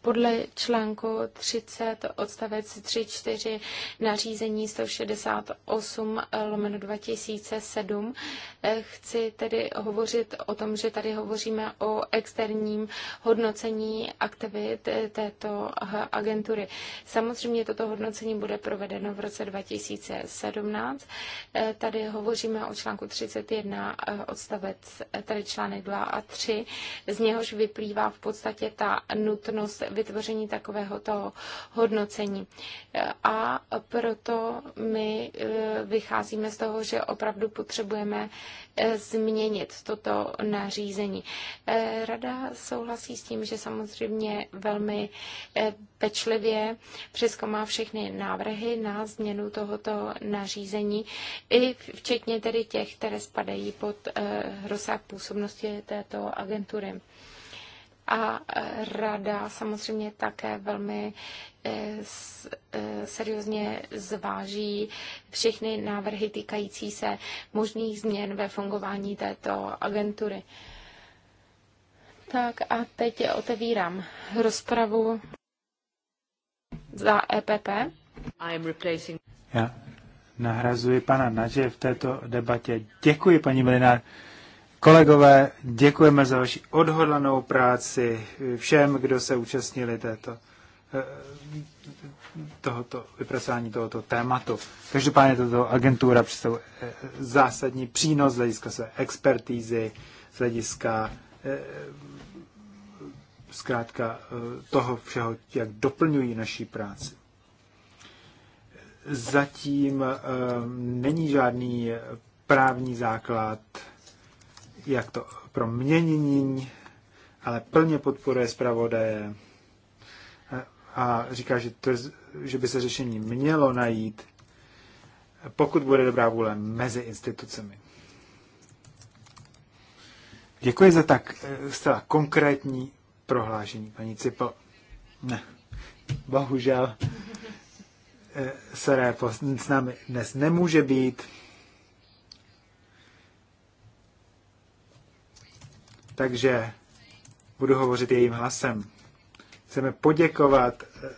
podle článku 30 odstavec 3.4 nařízení 168 lomeno 2007 eh, chci tedy hovořit o tom, že tady hovoříme o externím hodnocení aktivit eh, této agentury. Samozřejmě toto hodnocení bude provedeno v roce 2017. Eh, tady hovoříme o článku 31 odstavec, tady článek 2 a 3, z něhož vyplývá v podstatě ta nutnost možnost vytvoření takového toho hodnocení. A proto my e, vycházíme z toho, že opravdu potřebujeme e, změnit toto nařízení. E, Rada souhlasí s tím, že samozřejmě velmi pečlivě přeskomá všechny návrhy na změnu tohoto nařízení, i včetně tedy těch, které spadají pod rozsah působnosti této agentury a e, rada samozřejmě také velmi e, e, seriózně zváží všechny návrhy týkající se možných změn ve fungování této agentury. Tak a teď otevírám rozpravu za EPP. Já nahrazuji pana Naže v této debatě. Děkuji, paní Melinár. Kolegové, děkujeme za vaši odhodlanou práci všem, kdo se účastnili této, eh, tohoto, vypracování tohoto tématu. Každopádně tato agentura představuje eh, zásadní přínos z hlediska své expertízy, z hlediska eh, zkrátka toho všeho, jak doplňují naší práci. Zatím není žádný právní základ jak to pro měnění, ale plně podporuje zpravodaje a říká, že, to, že by se řešení mělo najít, pokud bude dobrá vůle mezi institucemi. Děkuji za tak eh, zcela konkrétní prohlášení, paní Cipo. Ne, bohužel eh, Saré s námi dnes nemůže být. takže budu hovořit jejím hlasem. Chceme poděkovat eh,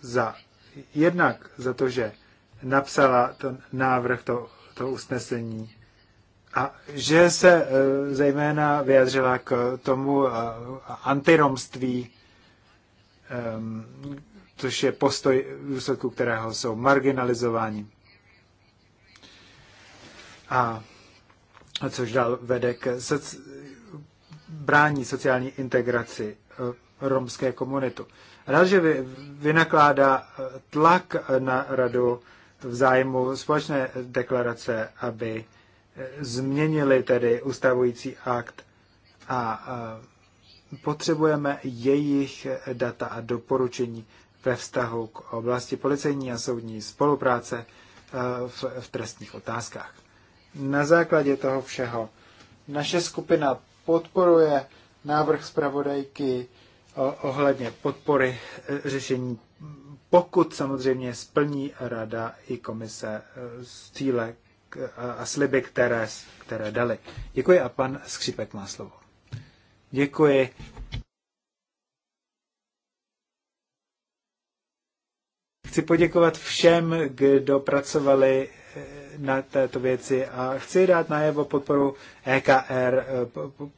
za jednak za to, že napsala ten návrh, to, to usnesení a že se eh, zejména vyjadřila k tomu eh, antiromství, ehm, což je postoj, v důsledku kterého jsou marginalizováni. A což dál vede k soc- brání sociální integraci eh, romské komunitu. Rád, že vy, vynakládá eh, tlak eh, na radu v zájmu společné deklarace, aby změnili tedy ustavující akt a potřebujeme jejich data a doporučení ve vztahu k oblasti policejní a soudní spolupráce v, v trestních otázkách. Na základě toho všeho naše skupina podporuje návrh zpravodajky ohledně podpory e, řešení, pokud samozřejmě splní rada i komise z e, cíle a sliby, které, které dali. Děkuji a pan Skřipek má slovo. Děkuji. Chci poděkovat všem, kdo pracovali na této věci a chci dát najevo podporu EKR eh,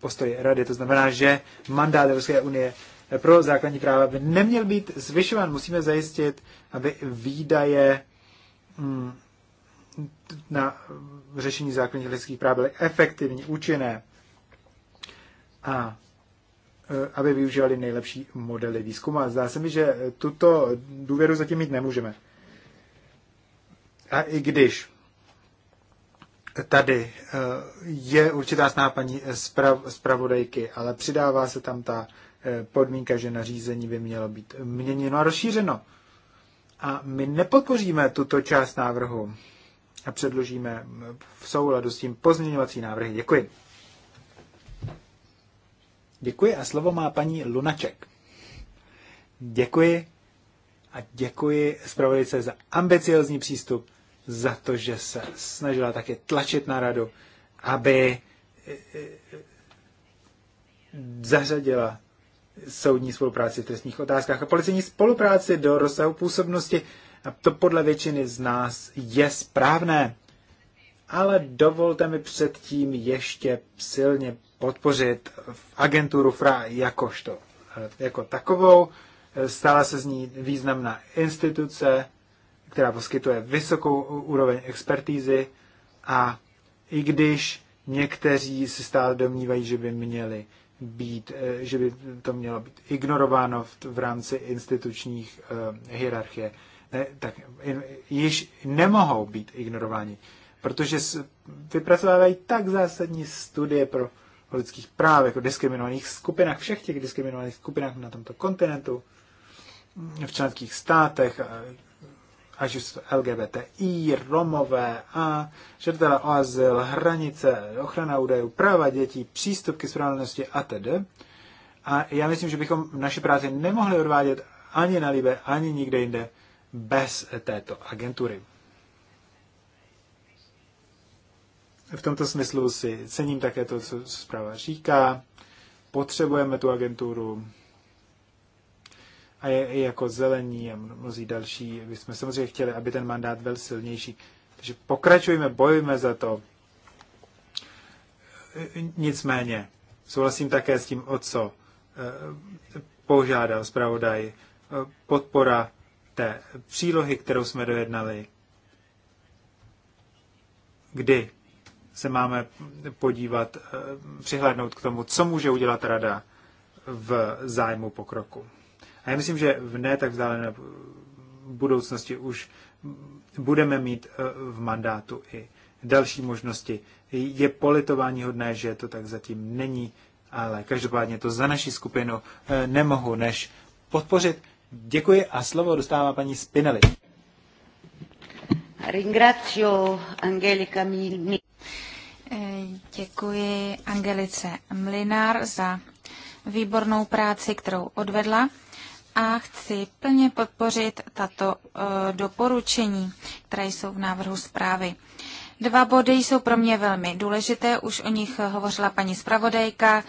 postoji rady. To znamená, že mandát Evropské unie pro základní práva by neměl být zvyšován. Musíme zajistit, aby výdaje mm, na řešení základních lidských práv byly efektivní, účinné a eh, aby využívali nejlepší modely výzkumu. A zdá se mi, že tuto důvěru zatím mít nemůžeme. A i když Tady eh, je určitá snaha paní zpravodajky, ale přidává se tam ta eh, podmínka, že nařízení by mělo být měněno a rozšířeno. A my nepodpoříme tuto část návrhu a předložíme v souladu s tím pozměňovací návrhy. Děkuji. Děkuji a slovo má paní Lunaček. Děkuji a děkuji zpravodajce za ambiciozní přístup za to, že se snažila taky tlačit na radu, aby e, e, zařadila soudní spolupráci v trestních otázkách a policejní spolupráci do rozsahu působnosti. A to podle většiny z nás je správné. Ale dovolte mi předtím ještě silně podpořit agenturu FRA jakožto, e, jako takovou. Stala se z ní významná instituce, která poskytuje vysokou úroveň expertízy a i když někteří se stále domnívají, že by měli být, eh, že by to mělo být ignorováno v, v rámci institučních eh, hierarchie, ne, tak již nemohou být ignorováni, protože s, vypracovávají tak zásadní studie pro lidských práv, jako diskriminovaných skupinách, všech těch diskriminovaných skupinách na tomto kontinentu, v členských státech, Až jsou LGBTI, Romové a žadatelé o azyl, hranice, ochrana údajů, práva dětí, přístup ke spravedlnosti a tedy. A já myslím, že bychom naše práci nemohli odvádět ani na Libe, ani nikde jinde bez této agentury. V tomto smyslu si cením také to, co zpráva říká. Potřebujeme tu agenturu, a je i jako zelení a mnozí další. My jsme samozřejmě chtěli, aby ten mandát byl silnější. Takže pokračujeme, bojujeme za to. Nicméně, souhlasím také s tím, o co eh, požádal zpravodaj eh, podpora té přílohy, kterou jsme dojednali, kdy se máme podívat, eh, přihlédnout k tomu, co může udělat rada v zájmu pokroku. A já myslím, že v ne tak vzdálené budoucnosti už budeme mít eh, v mandátu i další možnosti. Je politování hodné, že to tak zatím není, ale každopádně to za naši skupinu eh, nemohu než podpořit. Děkuji a slovo dostává paní Spinelli. Ringrazio Milni. Eh, děkuji Angelice Mlinár za výbornou práci, kterou odvedla a chci plně podpořit tato eh, doporučení, které jsou v návrhu zprávy. Dva body jsou pro mě velmi důležité, už o nich hovořila paní zpravodajka.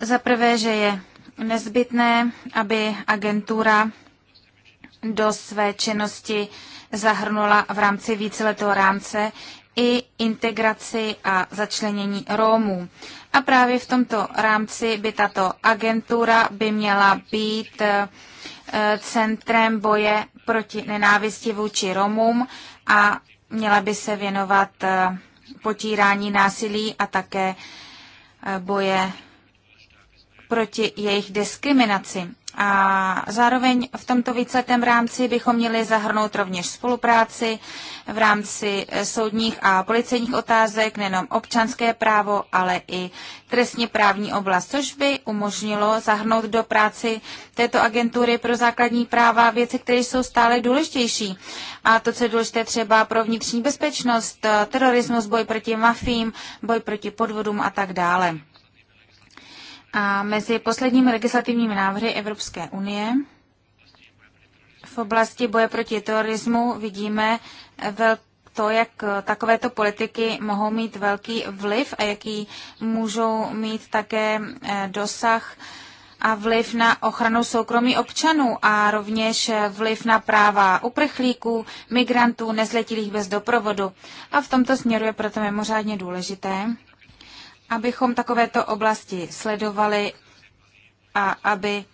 Za prvé, že je nezbytné, aby agentura do své činnosti zahrnula v rámci víceletého rámce i integraci a začlenění Rómů. A právě v tomto rámci by tato agentura by měla být eh, centrem boje proti nenávisti vůči Romům a měla by se věnovat eh, potírání násilí a také eh, boje proti jejich diskriminaci. A zároveň v tomto víceletém rámci bychom měli zahrnout rovněž spolupráci v rámci eh, soudních a policejních otázek, nejenom občanské právo, ale i trestně právní oblast, což by umožnilo zahrnout do práci této agentury pro základní práva věci, které jsou stále důležitější. A to, co je důležité třeba pro vnitřní bezpečnost, eh, terorismus, boj proti mafím, boj proti podvodům a tak dále. A mezi posledními legislativními návrhy Evropské unie v oblasti boje proti terorismu vidíme velký to, jak takovéto politiky mohou mít velký vliv a jaký můžou mít také eh, dosah a vliv na ochranu soukromí občanů a rovněž eh, vliv na práva uprchlíků, migrantů, nezletilých bez doprovodu. A v tomto směru je proto mimořádně důležité, abychom takovéto oblasti sledovali a aby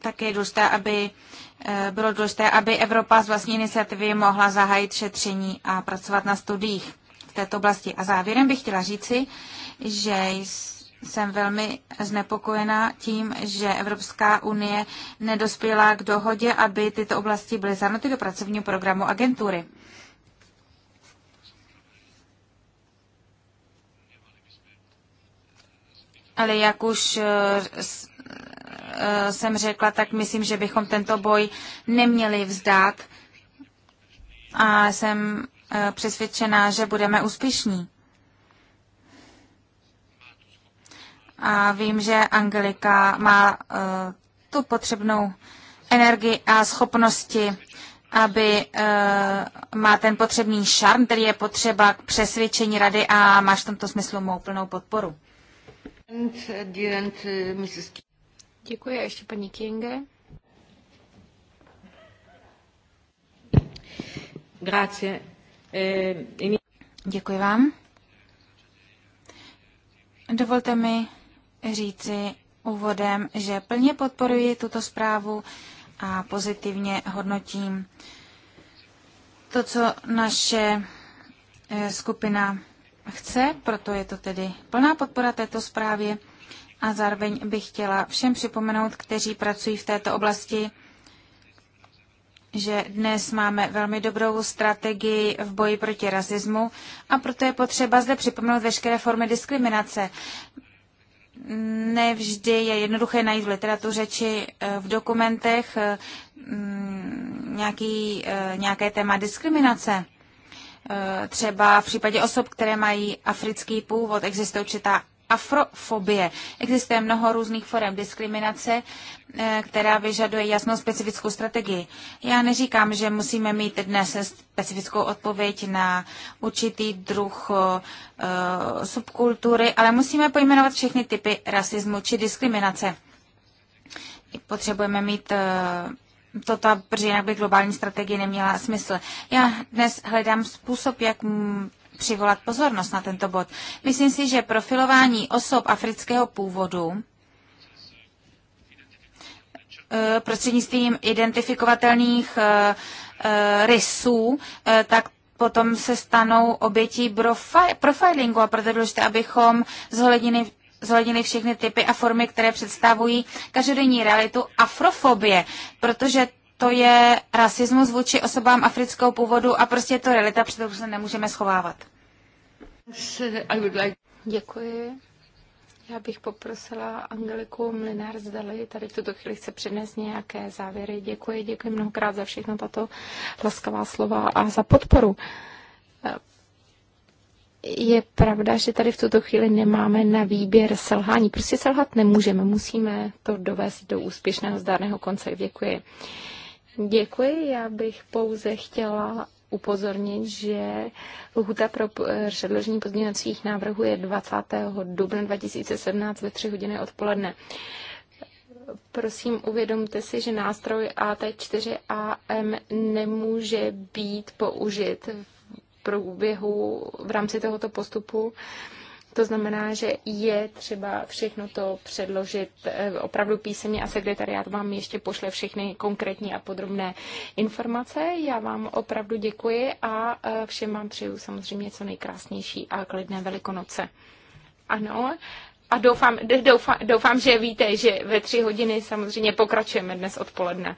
také důležité, aby eh, bylo důležité, aby Evropa z vlastní iniciativy mohla zahájit šetření a pracovat na studiích v této oblasti. A závěrem bych chtěla říci, že jsem velmi znepokojena tím, že Evropská unie nedospěla k dohodě, aby tyto oblasti byly zahrnuty do pracovního programu agentury. Ale jak už eh, eh, jsem řekla, tak myslím, že bychom tento boj neměli vzdát a jsem eh, přesvědčená, že budeme úspěšní. A vím, že Angelika má tu potřebnou energii a schopnosti, aby má ten potřebný šarm, který je potřeba k přesvědčení rady a máš v tomto smyslu mou plnou podporu. Uh, uh, Děkuji a ještě paní Kinge. Eh, Děkuji vám. Dovolte mi říci úvodem, že plně podporuji tuto zprávu a pozitivně hodnotím to, co naše eh, skupina chce, proto je to tedy plná podpora této zprávě. A zároveň bych chtěla všem připomenout, kteří pracují v této oblasti, že dnes máme velmi dobrou strategii v boji proti rasismu a proto je potřeba zde připomenout veškeré formy diskriminace. Nevždy je jednoduché najít v literatuře či eh, v dokumentech eh, nějaký, eh, nějaké téma diskriminace. Eh, třeba v případě osob, které mají africký původ, existuje určitá afrofobie. Existuje mnoho různých forem diskriminace, eh, která vyžaduje jasnou specifickou strategii. Já neříkám, že musíme mít dnes specifickou odpověď na určitý druh eh, subkultury, ale musíme pojmenovat všechny typy rasismu či diskriminace. Potřebujeme mít to ta, protože jinak by globální strategie neměla smysl. Já dnes hledám způsob, jak přivolat pozornost na tento bod. Myslím si, že profilování osob afrického původu e, prostřednictvím identifikovatelných e, e, rysů, tak potom se stanou oběti profilingu a proto je důležité, abychom zohlednili zohlednili všechny typy a formy, které představují každodenní realitu afrofobie, protože to je rasismus vůči osobám afrického původu a prostě je to realita, přitom se nemůžeme schovávat. Děkuji. Já bych poprosila Angeliku Mlinár zdali, tady v tuto chvíli chce přednést nějaké závěry. Děkuji, děkuji mnohokrát za všechno tato laskavá slova a za podporu je pravda, že tady v tuto chvíli nemáme na výběr selhání. Prostě selhat nemůžeme, musíme to dovést do úspěšného zdárného konce. Děkuji. Děkuji, já bych pouze chtěla upozornit, že lhuta pro předložení pozměňovacích návrhů je 20. dubna 2017 ve 3 hodiny odpoledne. Prosím, uvědomte si, že nástroj AT4AM nemůže být použit průběhu v rámci tohoto postupu. To znamená, že je třeba všechno to předložit eh, opravdu písemně a sekretariát vám ještě pošle všechny konkrétní a podrobné informace. Já vám opravdu děkuji a eh, všem vám přeju samozřejmě co nejkrásnější a klidné velikonoce. Ano, a doufám, doufám, doufám, že víte, že ve tři hodiny samozřejmě pokračujeme dnes odpoledne.